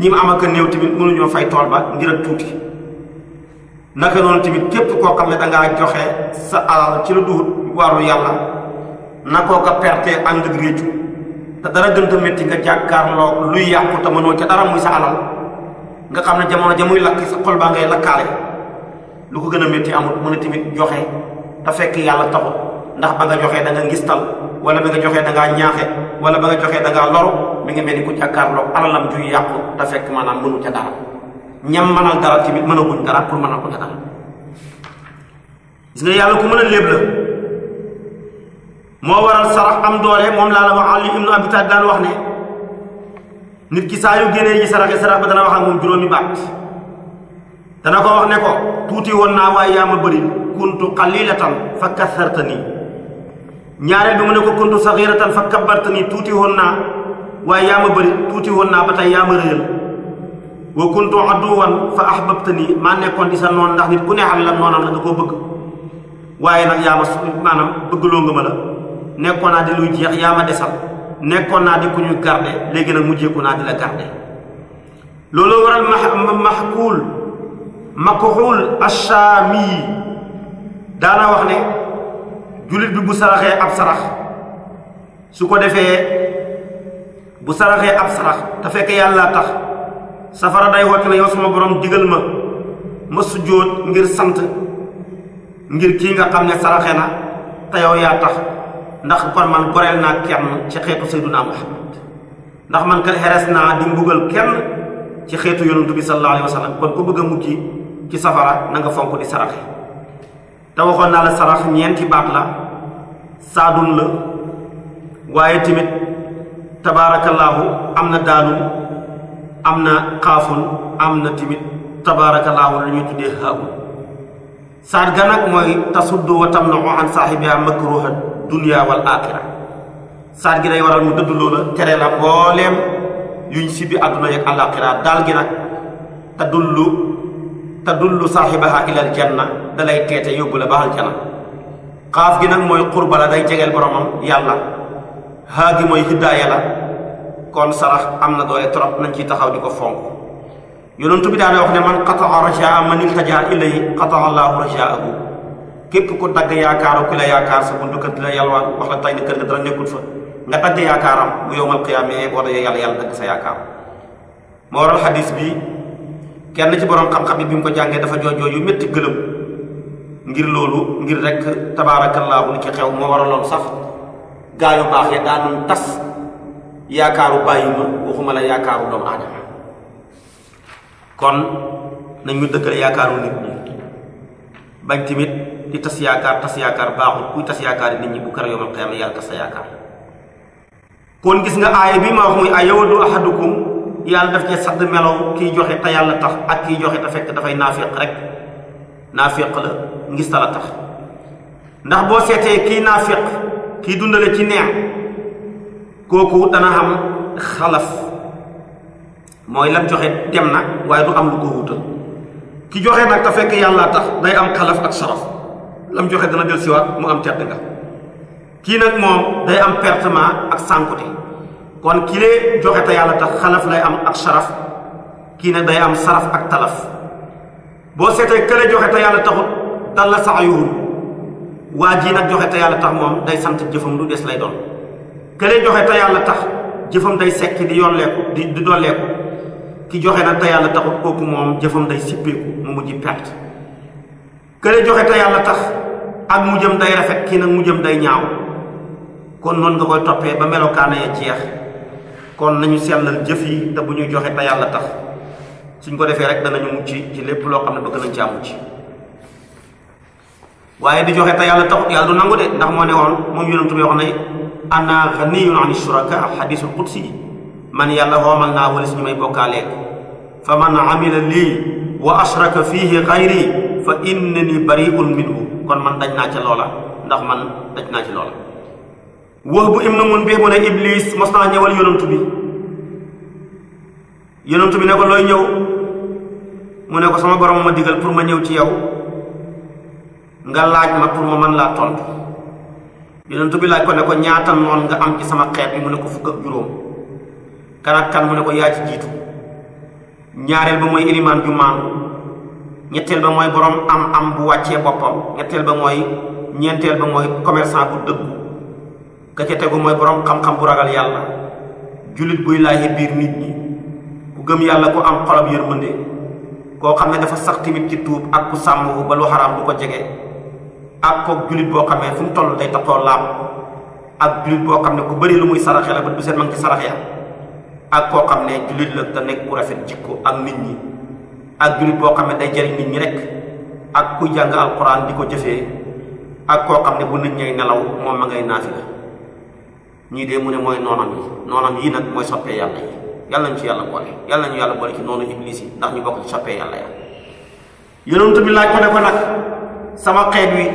ñi mu am ak néew tamit mënuñoo fay tool ba ngir tuuti naka noonu tamit képp koo xam ne da ngaa joxe sa alal ci la duhut waru yàlla na koo ko perte ànd ak réccu te dara gën a métti nga jàkkaarloo luy yàqu te mënoo ca dara muy sa alal nga xam ne jamono ja muy lakk sa xol baa ngay lakkaale lu ko gën a métti amul mën a tamit joxe te fekk yàlla taxut ndax ba nga joxe da nga ngistal wala ba nga joxe da ngaa ñaaxe wala ba nga joxe da ngaa loru mi nga mel ni ku jàkkaarloo alalam juy yàqu te fekk maanaam ñam mënal dara tamit mënaguñ dara pour mënal ko dara gis nga yàlla ku mën a léeb la moo waral sarax am doole moom laa la wax Ali ibnu Abi Talib daan wax ne nit ki saa yu génnee ji sarax ba dana wax ak moom juróomi dana ko wax ne ko tuuti woon naa waaye yaa ma bëri kuntu xalilatan fa kasartani ñaareel bi mu ne ko kuntu saxiratan fa kabartani tuuti woon naa waaye yaa tuuti woon naa ba tey yaa wa kuntu aduwan fa ahbabtani maa nekkoon di sa noon ndax nit ku ne xam la noonam la nga koo bëgg waaye nag yaa ma maanaam bëggloo nga ma la nekkoon naa di luy jeex yaa desal nekkoon naa di ku ñuy garde léegi nag mujjeeku naa di la garde looloo waral ma maxkuul ashaami daana wax ne jullit bi bu saraxee ab sarax su ko defee bu saraxee ab sarax te fekk yàlla tax safara day woote ne yow sama borom digal ma ma sujjóot ngir sant ngir kii nga xam ne saraxe na te yaa tax ndax kon man goreel naa kenn ci xeetu sayyiduna Muhammad ndax man kat xeres naa di mbugal kenn ci xeetu yonantu bi sallallahu alayhi kon ku bëgg a mujj ci safara na nga fonk di saraxe te waxoon naa la sarax ñeenti baat la saadun la waaye tamit tabaarakallaahu am na daalum am na xaafun am na tamit tabaarakallaahu lu ñuy tuddee xaawu saar ga nag mooy tasuddu wa tamna'u an saahibiha makruha dunya wal aaxira saar gi day waral mu dëdd loola tere la mbooleem yuñ si bi àdduna yeeg alaaxira daal gi nag tadullu tadullu saahibaha ilal janna da lay teete yóbbu la baaxal janna xaaf gi nag mooy xurba la day jegeel boromam yàlla haa gi mooy hiddaaya la kon sarax am na doole trop nañ ci taxaw di ko fonk yonentu bi daana wax ne man qataa rajaa man iltajaa ilayhi qataa allahu rajaahu képp ku dagg yaakaaru ku la yaakaar sa buntu kër di la yalwaan wax la tay ni kër nga dara nekkul fa nga dagg yaakaaram bu yowmal qiyaamee war na yàlla yàlla dagg sa yaakaar moo waral xadis bi kenn ci borom xam-xam yi bi mu ko jàngee dafa joojoo yu métti gëlëm ngir loolu ngir rek tabaarakallaahu li ci xew moo waraloon sax gaayu yaakaaru bàyyi ma waxuma la yaakaaru doomu aadama kon nañu dëkkale yaakaaru nit ñi bañ tamit di tas yaakaar tas yaakaar baaxul kuy tas yaakaar nit ñi bu kar yoomal xiyaama yàlla tas sa yaakaar kon gis nga aaya bi ma wax muy ay yawaddu ahadukum yàlla daf cee sadd melow kiy joxe te yàlla tax ak kiy joxe te fekk dafay naafiq rek naafiq la ngis ta la tax ndax boo seetee kiy naafiq kiy dundale ci neex kooku dana am xalaf mooy lam joxe dem na waaye du am lu ko wuutal ki joxe nag te fekk yàllaa tax day am xalaf ak saraf lam joxe dana del siwaat mu am tedd nga kii nag moom day am pertement ak sànkute kon ki joxe te yàlla tax xalaf lay am ak saraf kii nag day am saraf ak talaf boo seetee kële joxe te yàlla taxut dal la sax yuhul waa jii nag joxe te yàlla tax moom day sant jëfam lu des lay doon kële joxe te yàlla tax jëfam day sekk di yolleeku di di dolleeku ki joxe na te yàlla taxut kooku moom jëfam day sippeeku mu mujj perte kële joxe te yàlla tax ak mu jëm day rafet kii nag mu jëm day ñaaw kon noonu nga koy toppee ba melokaana ya jeex kon nañu sellal jëf yi te bu ñuy joxe te yàlla tax suñ ko defee rek danañu mucc ci lépp loo xam ne bëgg nañ caa mucc waaye di joxe te yàlla taxut yàlla du nangu de ndax moo ne woon moom yonent bi wax ana ganiyun an shuraka alxadiisul qudsi man yàlla xoomal naa walis ñu may bokkaaleeg fa man amila lii wa ashraka fiihi xayri fa innani bariun minhu kon man daj naa ca loola ndax man daj naa ci loola wax bu im na mun bi mu ne iblis mos naa ñëwal yonantu bi yonantu bi ne ko looy ñëw mu ne ko sama borom ma digal pour ma ñëw ci yow nga laaj ma pour ma mën laa tontu yonentu bi laaj ko ne ko ñaata noon nga am ci sama xeet bi mu ne ko fukk ak juróom kan kan mu ne ko yaa ci jiitu ñaareel ba mooy ilimaan ju ñetteel ba mooy borom am am bu wàccee boppam ñetteel ba mooy ñeenteel ba mooy commerçant bu dëgg ka ca tegu mooy borom xam-xam bu ragal yàlla jullit buy laaje biir nit ñi ku gëm yàlla ku am xolab yërmande koo xam ne dafa sax tamit ci tuub ak ku sàmm ba lu xaraam du ko jege ak kook julit boo ne fu mu toll day taxoo laab ak julit boo xam ne ku bari lu muy saraxe la ba du seen ma ci sarax ya ak koo xam ne julit la te nekk ku rafet jikko ak nit ñi ak julit boo xam ne day jariñ nit ñi rek ak ku jàng alquran di ko jëfee ak koo xam ne bu nit ñay nelaw moom ma ngay naafi la ñii de mu ne mooy noonam yi noonam yii nag mooy soppee yàlla yi yàlla ñu ci yàlla boole yàlla ñu yàlla boole ci noonu iblis yi ndax ñu bokk ci soppee yàlla sama xeet wi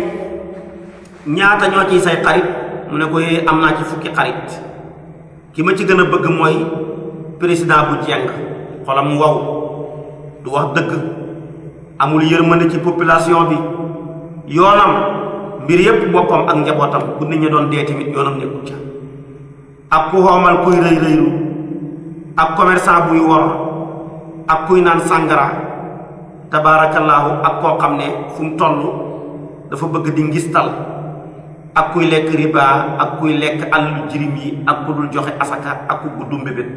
ñaata ñoo ciy say xarit mu ne ko yee am naa ci fukki xarit ki ma ci gën a bëgg mooy président bu jeng xolam wow du wax dëgg amul yërmande ci population bi yoonam mbir yépp boppam ak njabootam bu nit ñi doon dee tamit yoonam nekkul ca ak ku xoomal kuy rëy rëylu ak commerçant buy wor ak kuy naan sàngara tabaarakallaahu ak koo xam ne fu mu toll dafa bëgg di ngistal ak kuy lekk riba ak kuy lekk alalu jirim yi ak ku dul joxe asaka ak ku gudd mbébét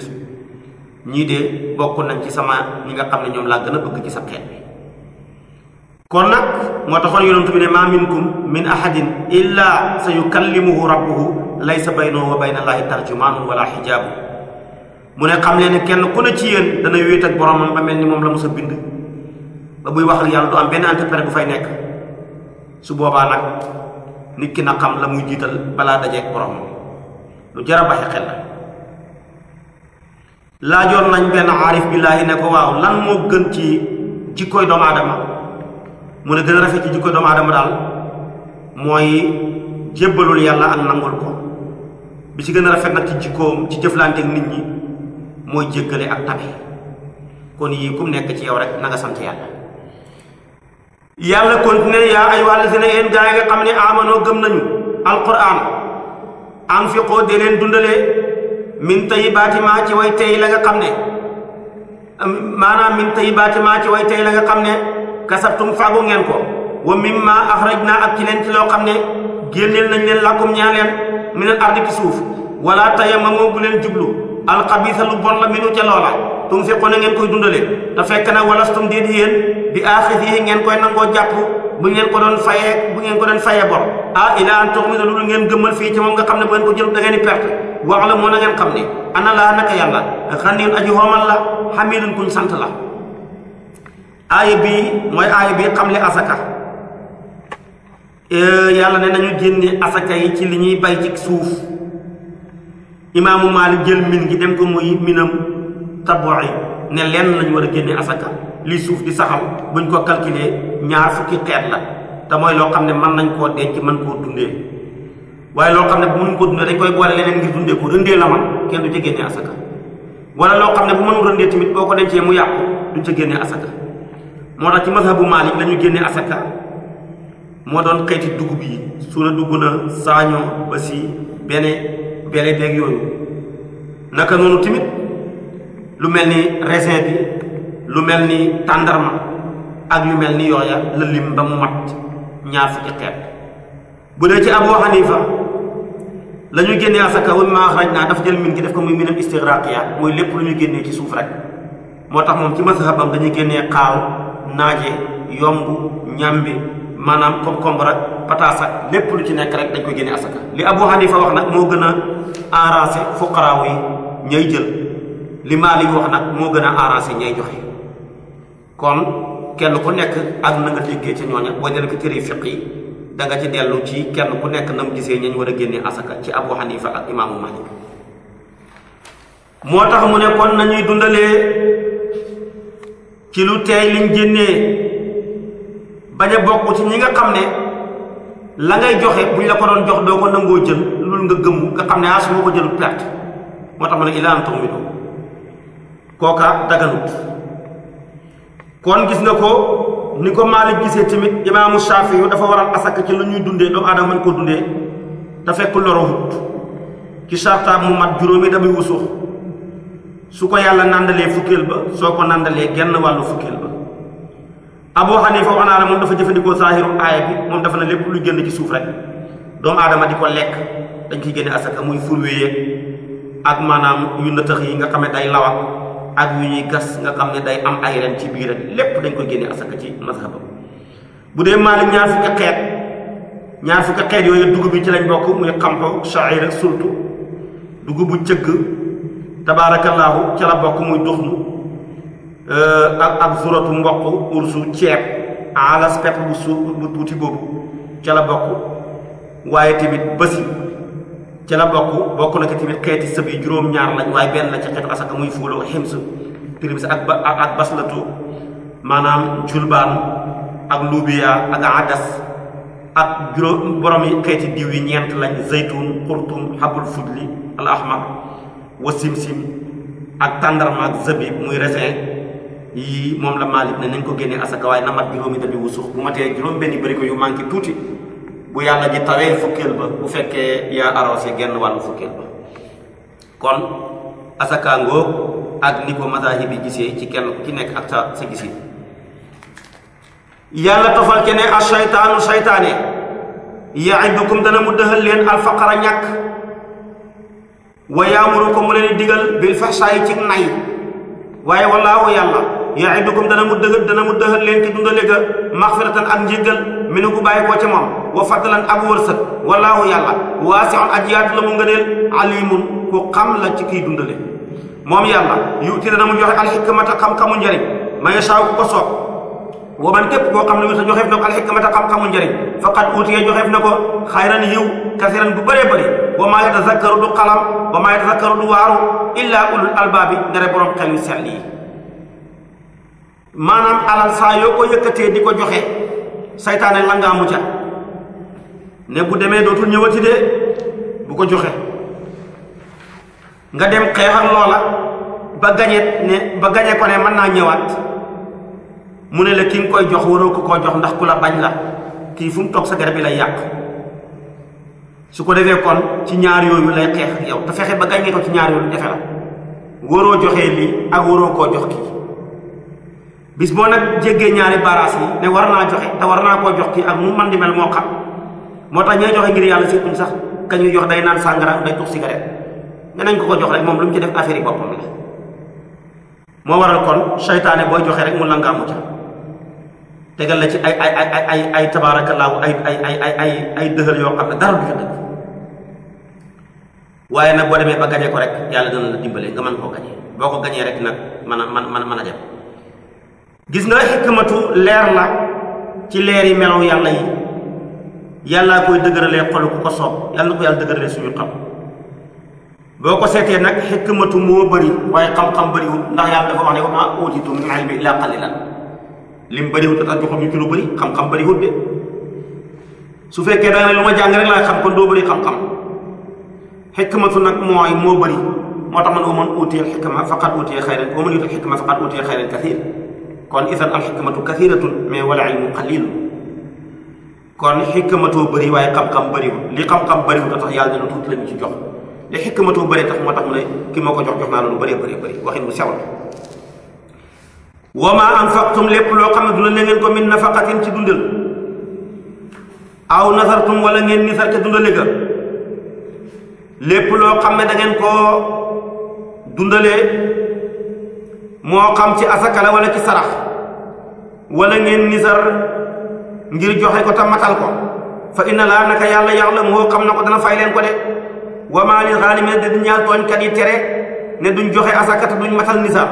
ñii de bokk nañ ci sama ñi nga xam ne ñoom laa gën a bëgg ci sa xeet bi kon nag moo taxoon yonent bi ne maa minkum min ahadin illa sa yukallimuhu rabbuhu laysa baynahu wa bayna allaahi tarjumaanun xijaabu mu ne xam leen ne kenn ku ne ci yéen dana wéet ak boromam ba mel ni moom la mos a bind ba buy wax ak yàlla du am benn interprète bu fay nekk su boobaa nag nit ki na xam la muy jiital balaa dajeeg borom lu jar a bàyyi la laajoon nañ benn aarif billaahi ne ko waaw lan moo gën ci jikkooy doomu mu ne gën a rafet ci jikkooy doomu aadama daal mooy ci gën a rafet nag ci jikkoom ci jëflanteeg nit ñi mooy jéggale ak tabe kon yii kum nekk ci yow rek na nga yàlla yàlla continué yaa ayyuhal lazina yéen gaa yi nga xam ne amanoo gëm nañu alquran anfiqoo dee leen dundalee min tayyibaati maa ci way tey la nga xam ne maanaam min tayyibaati maa ci way tey la nga xam ne kasabtum faagu ngeen ko wa mimma axrajnaa ak ci leen ci loo xam ne génneel nañ leen làkkum ñaa leen minal ardi ci suuf wala tayammamoo bu leen jublu alxabisa lu bon la minu ca loola tunfiqu na ngeen koy dundale te fekk na walastum déet yéen bi axisihi ngeen koy nangoo jàpp bu ngeen ko doon fayee bu ngeen ko doon fayee bor ah ila an tuxminu loolu ngeen gëmmal fii ci moom nga xam ne bu ngeen ko jël da ngeen di perte wax la moo na ngeen xam ne ana laa naka yàlla xaniyun aji xoomal la xamidun kuñ sant la aaya bii mooy aaya bii ne asaka yàlla ne nañu génne asaka yi ci li ñuy bay ci suuf imaamu Maalik jël min gi dem ko muy minam taboxi ne lenn lañu war a génne asaka li suuf di saxal buñ ko calculer ñaar fukki xeet la te mooy loo xam ne man nañ koo denc mën koo dundee waaye loo xam ne bu mënuñ koo dundee dañ koy boole leneen ngir dundee ko rëndee la man kenn du ca génne asaka wala loo xam ne bu mënul rëndee tamit boo ko dencee mu yàqu duñ ca génne asaka moo tax ci mazhabu Maalik la ñu génne asaka moo doon xeeti dugub yi su dugg na saaño ba si bene bele beeg yooyu naka noonu tamit lu mel ni raisin bi lu mel ni tàndarma ak lu mel ni yooya la lim ba mu mat ñaar fukki xeet bu dee ci Abu Hanifa la ñu asaka wun maa xaraj naa daf jël min gi ko muy minam istigraqiya mooy lépp lu ñu génnee ci suuf rek moo tax moom ci mazhabam dañuy génnee xaaw naaje yomb ñambi maanaam concombre ak pataas ak lépp lu ci nekk rek dañ koy génne asaka li Abu Hanifa wax nag moo gën a arrangé fuqaraaw yi ñay jël li Maalik wax nag moo gën a arrangé ñay joxe kon kenn ku nekk ak na nga déggee ca ñooña boo jëlee ko téere fiq ci dellu ci kenn ku nekk na mu gisee ñañ war a génne asaka ci Abu Hanifa ak imaamu Maalik moo tax mu ne kon nañuy dundalee ci lu teey liñ génnee bañ a bokk ci ñi nga xam ne la ngay joxe buñ la ko doon jox doo ko nangoo jël loolu nga gëm nga xam ne ah su ma ko jël perte moo tax ma ne ilaa an tu'minu kooka daganut kon gis nga ko ni ko Maalik gisee tamit imaamu Shaafi yu dafa waral asaka ci lu ñuy dundee doomu aadama mën koo dundee te fekk lorowut ki sartaab mu mat juróomi damuy wusux su ko yàlla nàndalee fukkeel ba soo ko nàndalee genn wàllu fukkeel ba Abu Hanifa wax moom dafa jëfandikoo saahiru aaya bi moom dafa ne lépp lu génn ci suuf rek doomu aadama di ko lekk dañ ciy génne asaka muy furwéyeeg ak maanaam yu nëtëx yi nga xam ne day lawa ak yu ñuy gas nga xam ne day am ay ren ci biir lépp dañ koy génne asaka ci mazhabam bu dee Maalik ñaar fukki xeet ñaar fukki xeet yooyu dugub bi ci lañ bokk muy xampo sha'ira sultu dugub bu cëgg tabaarakallaahu ca la bokk muy duxnu Euh, ak ak zuratu mboq ursu ceeb alas pepp bu boobu ca la bokk waaye tamit bësi ca la bokk bokk na ko tamit xeeti sëb yi juróom-ñaar lañ waaye benn la ci xeetu asaka muy fuuloo xims tribis ak ba baslatu maanaam julbaan ak lubiya ak adas ak juróom borom yi xeeti diw yi ñeent lañ zaytun xurtum xabul fudli al wa simsim ak tàndarma ak zabib muy raisin yii moom la Malick ne nañ ko génne asaka waaye na mat juróomi dabi wu suuf bu matee juróom benn bëri ko yu manqué tuuti bu yàlla ji tawee fukkeel ba bu fekkee yaa arrosé genn wàllu fukkeel ba kon asaka ngoog ak ni ko mazahib yi gisee ci kenn ku ci nekk ak sa sa gisee yàlla tofal ke ne a shaytaanu shaytaane yaidukum dana mu dëxal leen alfaqara ñàkk wa yaamuru ko mu leen digal bil fahsaayi ci nay waaye wallaahu yàlla yaidukum dana mu dëgër dana mu dëxal leen ci dundale ga maxfiratan ak njéggal mi nu ku bàyyi moom wa fadlan ab wërsëg walaahu yàlla waasiun aji la mu ngëneel alimun ku xam la ci kiy dundale moom yàlla yuuti dana mu joxe alxikmata xam-xamu njëriñ ma yasaaw ku ko soob wa man képp koo xam ne wita joxeef na ko alxikmata xam-xamu njëriñ faqad uutiye joxeef na ko xayran yiw kasiran bu bëree bëri wa maa yatazakkaru du xalam wa maa yatazakkaru du waaru illaa yi maanaam alal saa yoo ko yëkkatee di ko joxe saytaane la ngaa mucca ne bu demee dootul ñëwati de bu ko joxe nga dem xeexal loola ba gañe ne ba gañe ko ne mën naa ñëwaat mu ne la ki nga koy jox waroo ko koo jox ndax ku la bañ la kii fu mu toog sa garab bi lay yàq su ko defee kon ci ñaar yooyu lay xeex ak yow te fexe ba gañe ko ci ñaar yooyu defe la waroo joxee lii ak waroo koo jox kii bis moo nag jéggee ñaari baaraas yi ne war naa joxe te war naa koo jox kii ak mu man di mel moo xam moo tax ñooy joxe ngir yàlla si surtout sax ka ñuy jox day naan sàngara day tux cigarette ne nañ ko ko jox rek moom lu ci def affaire yi boppam la moo waral kon seytaane rek mu langaamu ca tegal la ci ay ay ay ay ay tabaarakallaahu ay ay ay ay yoo xam ne dara du ci waaye nag boo demee ba gajee ko rek yàlla dana la dimbale nga mën koo gañee boo ko gañee rek nag mën a mën mën a jàpp gis nga xikmatu leer la ci leer yi melaw yàlla yi yàllaa koy dëgëralee xol ku ko soob yàlla na ko yàlla dëgëralee boo ko seetee nag xikmatu moo bari waaye xam-xam bëriwul bari wut dafa wax ne wa maa uutiitum de su fekkee da nga ma jàng rek laay xam kon doo bëri xam-xam xikmatu nag mooy moo bëri moo tax man wa man uutiya al-xikmata faqad uutiya xayran wa man yuuta al-xikmata faqad uutiya xayran kon isan al xikmatu kathiratun mais wala ilmu qalil kon waaye xam-xam bëriwul li xam-xam bëriwul tax yàlla ne lu tuuti lañu ci jox li xikmatoo bëree tax moo tax mu ne ki ma ko jox jox naa la lu bëree bëri bëri waxin bu sewal wa maa anfaqtum lépp loo xam ne dundal na ngeen ko min nafaqatin ci dundal aw nasartum wala ngeen nisar ca dundale ga lépp loo xam ne da ngeen koo moo xam ci asaka la wala ci sarax wala ngeen nisar ngir joxe ko te matal ko fa inna laa naka yàlla yaxlamu moo xam na ko dana fay leen ko de wa maa lil zaalimiina di ñaal tooñkat yi tere ne duñ joxe asaka te duñ matal nisar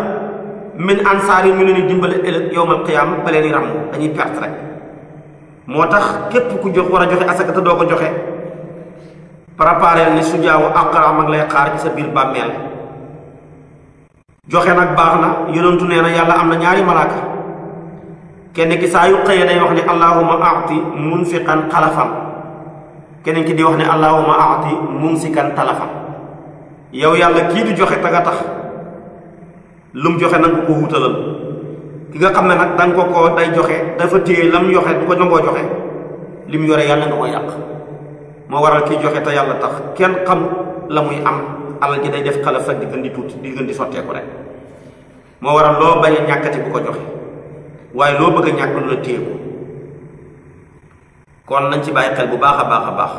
min ansaar yi ñu leen di dimbale ëllëg yawmal ba leen di dañuy perte rek moo tax képp ku jox war a joxe asaka te doo ko joxe prépareel ni su jaawu aqraam ak lay xaar ci sa biir bàmmeel joxe nag baax na tu nee na yàlla am na ñaari malaaka kenn ki saa yu xëyee day wax ne allahuma aati munfiqan xalafan keneen ki di wax ne allahuma aati mumsikan talafan yow yàlla kii di joxe ta nga tax lu mu joxe nanga ko wutalal ki nga xam ne nag danga ko ko day joxe dafa téye lam joxe du ko nangoo joxe li mu yore yàlla nga ko yàq moo waral kiy joxe te yàlla tax kenn xam la muy am alal ji day def xalaf rek di gën di tuuti di gën di sotteeku rek moo waral loo bañ a ñàkkati bu ko joxe waaye loo bëgg a ñàkk lu la téye ko kon nañ ci bàyyi xel bu baax a baax a baax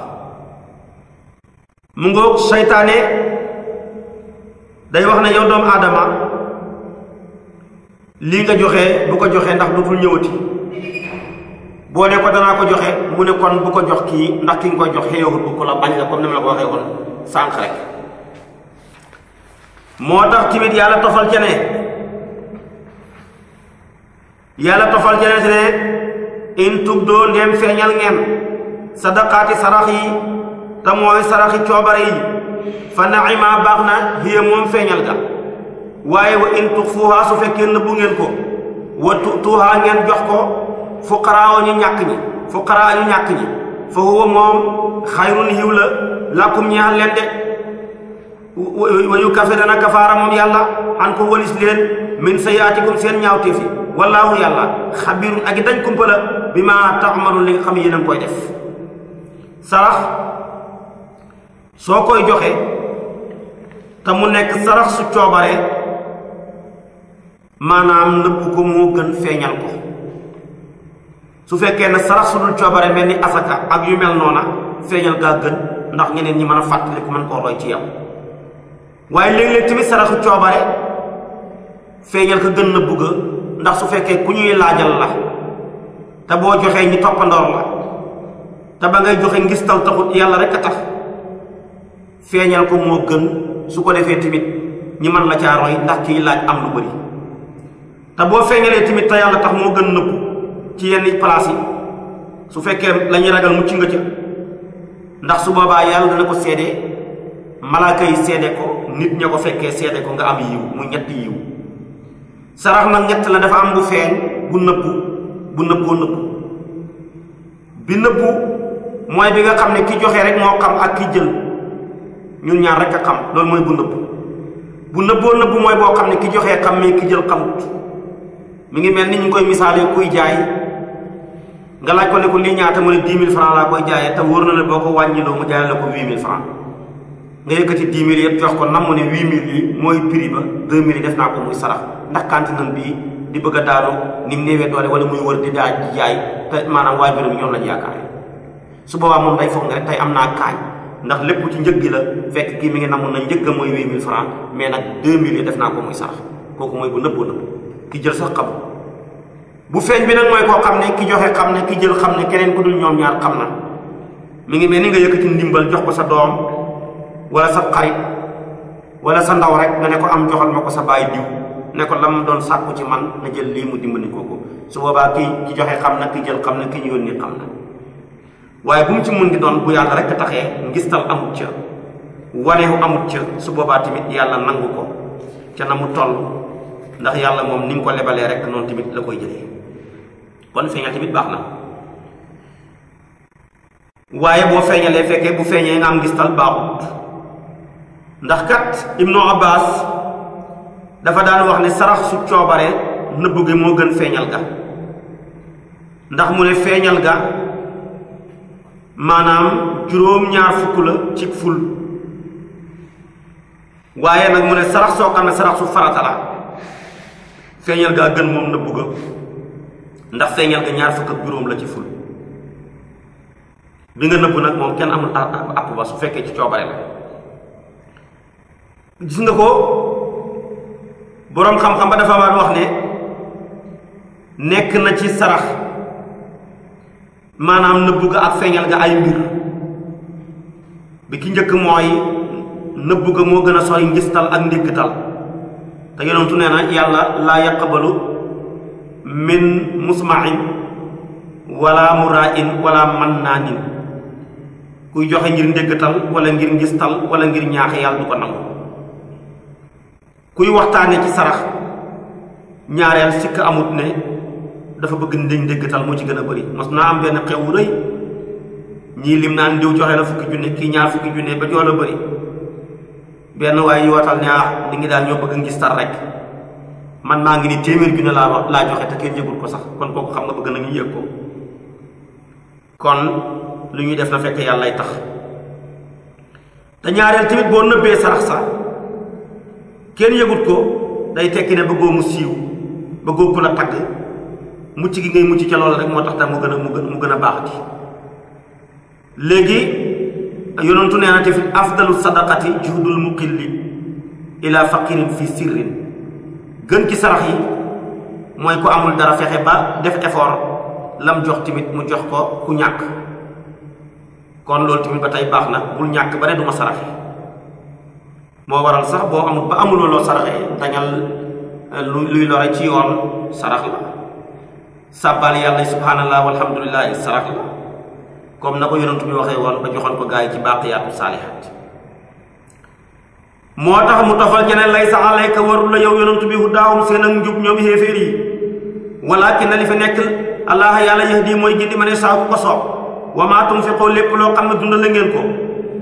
mu ngoog seytaane day wax na yow doomu aadama lii nga joxe bu ko joxee ndax dootul ñëwati boo ne ko danaa ko joxe mu ne kon bu ko jox kii ndax ki nga koy jox xeewut bu ko la bañ la comme ni ma la ko waxee woon sànq rek moo tax tamit yàlla tofal ca ne yàlla tofal ca ne ne in tubdoo feeñal ngeen sadaqaati sarax yi te saraxi coobare yi fa naima baax na hiya moom feeñal ga waaye wa in tuxfuha su fekkee nëbbu ngeen ko wa tuuha ngeen jox ko fuqaraa ñu ñàkk ñi fuqaraa ñu ñàkk ñi fa huwa moom xayrun yiw la lakum ñaar leen de wa yukaffirana kafaara moom yàlla an ko walis leen min sayaatikum seen ñaawteef yi wallaahu yàlla xabirun ak dañ kumpa bi ma taxmalun li nga xam ne koy def sarax soo koy joxee te mu nekk sarax su coobaree maanaam nëbb ko moo gën feeñal ko su fekkee ne sarax su dul coobare mel ni asaka ak yu mel noona feeñal gaa gën ndax ñeneen ñi mën a fàttali ko mën ci yow waaye léeg-léeg tamit saraxu coobare feeñal ko gën na gë ndax su fekkee ku ñuy laajal la te boo joxee ñi toppandoor la te ba ngay joxe ngistal taxut yàlla rek a tax feeñal ko moo gën su ko defee tamit ñi mën la caa roy ndax kiy laaj am lu bëri te boo feeñalee tamit te yàlla tax moo gën nëbbu ci yenn place yi su fekkee la ñuy ragal mucc nga ca ndax su boobaa yàlla dana ko seede malaaka yi seede ko nit ña ko fekkee seede ko nga am yiw mu ñetti yiw sarax nag ñett la dafa am bu feeñ bu nëbbu bu nëbboo nëbbu bi nëbbu mooy bi nga xam ne ki joxe rek moo xam ak ki jël ñun ñaar rek a xam loolu mooy bu nëbbu bu nëbboo nëbbu mooy boo xam ne ki joxee xam mais ki jël xamut mi ngi mel ni ñu koy misaale kuy jaay nga laaj ko ne ko lii ñaata mu ne dix mille francs laa koy jaayee te wóor na ne boo ko wàññiloo mu jaay la ko huit mille francs nga yëkkati dix mille yëpp jox ko namm ne huit mille yi mooy prix ba deux mille yi def naa ko muy sarax ndax kantinam bii di bëgga a daanu ni mu doole wala muy wër di daaj di jaay te maanaam waa biram ñoom lañu yaakaare su boobaa moom day foog ne rek tey am naa kaañ ndax lépp ci njëg gi la fekk kii mi ngi namoon na njëg a mooy huit mille francs mais nag deux mille yi def naa ko muy sarax kooku mooy bu nëbboo nëbb ki jël sax xam bu feeñ bi nag mooy koo xam ne ki joxe xam ne ki jël xam ne keneen ku dul ñoom xam na mi ngi mel ni nga yëkkati jox ko sa doom wala sa xarit wala sa ndaw rek nga ne ko am joxal ma ko sa baay diw ne ko lam doon sàkku ci man na jël lii mu dimbali ko ko su boobaa kii ki joxe xam na ki jël xam na ki ñu yónni xam na waaye bu mu ci mun di doon bu yàlla rek taxee ngistal amut ca waneewu amut ca su boobaa tamit yàlla na mu toll yàlla moom ni mu ko lebalee rek noonu tamit la koy jëlee kon feeñal tamit baax waaye boo feeñalee fekkee bu feeñee nga am ngistal baaxut ndax kat ibnu abbas dafa daan wax ni sarax su coobaree nëbb gi moo gën feeñal ga ndax mu ne feeñal ga maanaam juróom-ñaar fukk la ci ful waaye nag mu ne sarax soo xam ne sarax su farata la feeñal ga gën moom nëbb ga ndax feeñal ga ñaar fukk ak juróom la ci ful bi nga nëbb nag moom kenn amul àpp ba su fekkee ci coobare la gis nga ko boroom xam-xam ba dafa maan wax ne nekk na ci sarax maanaam nëbbu ga ak feeñal ga ay mbir bi ki njëkk mooy nëbbu ga moo gën a sori ngistal ak ndéggtal te yonentu nee na yàlla laa yaqbalu min musmain wala murain wala mannaanin kuy joxe ngir ndéggtal wala ngir ngistal wala ngir ñaax yàlla du ko nangu kuy waxtaane ci sarax ñaareel sikk amut ne dafa bëgg ndéñ ndéggatal moo ci gën a bari mos naa am benn xewu rëy ñii lim naan diw joxe na fukki junne kii ñaar fukki junne ba jox la benn waaye ñu watal ne ah li ngi daal ñoo bëgg ngistal rek man maa ngi ni téeméer junne laa wax laa joxe te kenn yëgul ko sax kon kooku xam nga bëgg na ñu yëg kon lu ñuy def na fekk yàllay tax te ñaareel tamit boo nëbbee sarax sa kenn yëgut ko day tekki ne bëggoo mu siiw bëggoo ku la tagg mucc gi ngay mucc ca loola rek moo tax tam mu gën a mu gën mu gën a baaxati léegi yonentu nee na tamit afdalu sadaqati juhdul muqilli ila faqirin fi sirrin gën ci sarax yi mooy ku amul dara fexe ba def effort lam jox tamit mu jox ko ku ñàkk kon loolu tamit ba tey baax na bul ñàkk ba ne du saraxe moo waral sax boo amul ba amuloo loo saraxee dañal eh, lu luy lore ci yoon sarax la sàbbaal yàlla subhaanallah walhamdulilahi sarax la comme na ko yonent bi waxee woon ba joxoon ko gars yi ci baaqiyaatu saalihaat moo tax mu tofal jeneen lay sa alayka warul la yow yonent bi hudaahum seen ak njub ñoom xéeféer yi walaakin na li fi nekk allah yàlla yahdi mooy gindi ma ne saa ku ko soob wa maa tunfiqoo lépp loo xam ne dundal la ko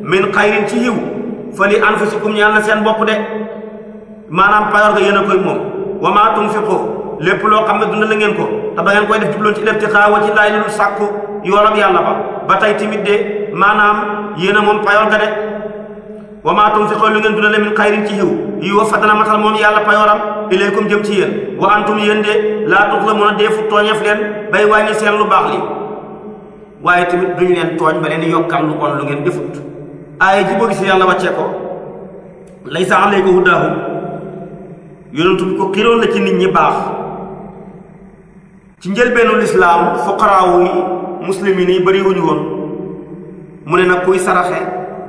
min xayrin ci yiw fali anfusikum ñaan na seen bopp de maanaam payoor ga yéen a koy moom wa maa tunfiqu lépp loo xam ne dundal na ngeen ko te da ngeen koy def jubloon ci ibtigaa wajhi llaahi lu sàkku yàlla ba ba tey tamit de maanaam yéen a moom payoor ga de wa maa tunfiqu lu ngeen dundale min xayrin ci yiw yiw wa fa dana matal moom yàlla payooram ilaykum jëm ci yéen wa antum yéen de laa tuzlamuuna deefu tooñeef leen bay wàññi seen lu baax li waaye tamit duñu leen tooñ ba leen yokkal lu bon lu ngeen defut aaya ji boo yàlla wàccee ko laysa alayka hudaahum yonentu bi ko xiroon na ci nit ñi baax ci njëlbeenu lislaam fuqaraawu yi muslimin yi bëri woon mu ne nag kuy saraxe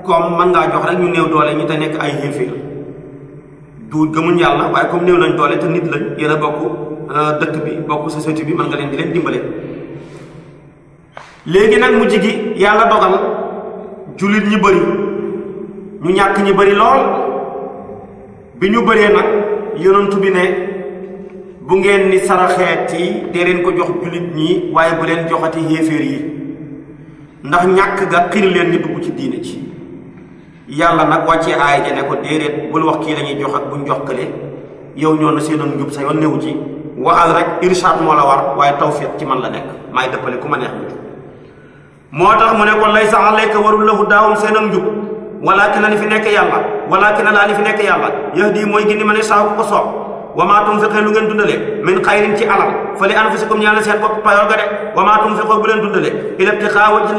comme mën ngaa jox rek ñu néew doole ñu te nekk ay xéeféer du gëmuñ yàlla waaye comme néew lañ doole te nit lañ yéen bokk euh, dëkk bi bokk société bi mën nga leen di leen dimbale léegi nag mu jigi yàlla dogal jullit ñi bëri ñu ñàkk ñi bari lool bi ñu bëree nag yonent bi ne bu ngeen ni saraxeet yi dee leen ko jox jullit ñi waaye bu leen joxati xéeféer yi ndax ñàkk ga xir leen ni dugg ci diine ci yàlla nag wàccee aay ja ne ko déedéet bul wax kii lañuy jox ak buñ jox kële yow ñoo na seenoon njub sa yoon néew ci waxal rek irsaad moo la war waaye tawfiq ci man la nekk maay dëppale ku ma neex moo tax mu ne ko laysa alayka warul lahu daawum seen ak njub walaakin la fi nekk yàlla walaakin laa ni fi nekk yàlla yahdi mooy gindi ma ne saa ku ko soob wa maa tunfiqu lu ngeen dundale min xayrin ci alal fa li anfusikum ñaanal seen bopp ga de wa maa tunfiqu bu leen dundale ila ibtiqaa wajhi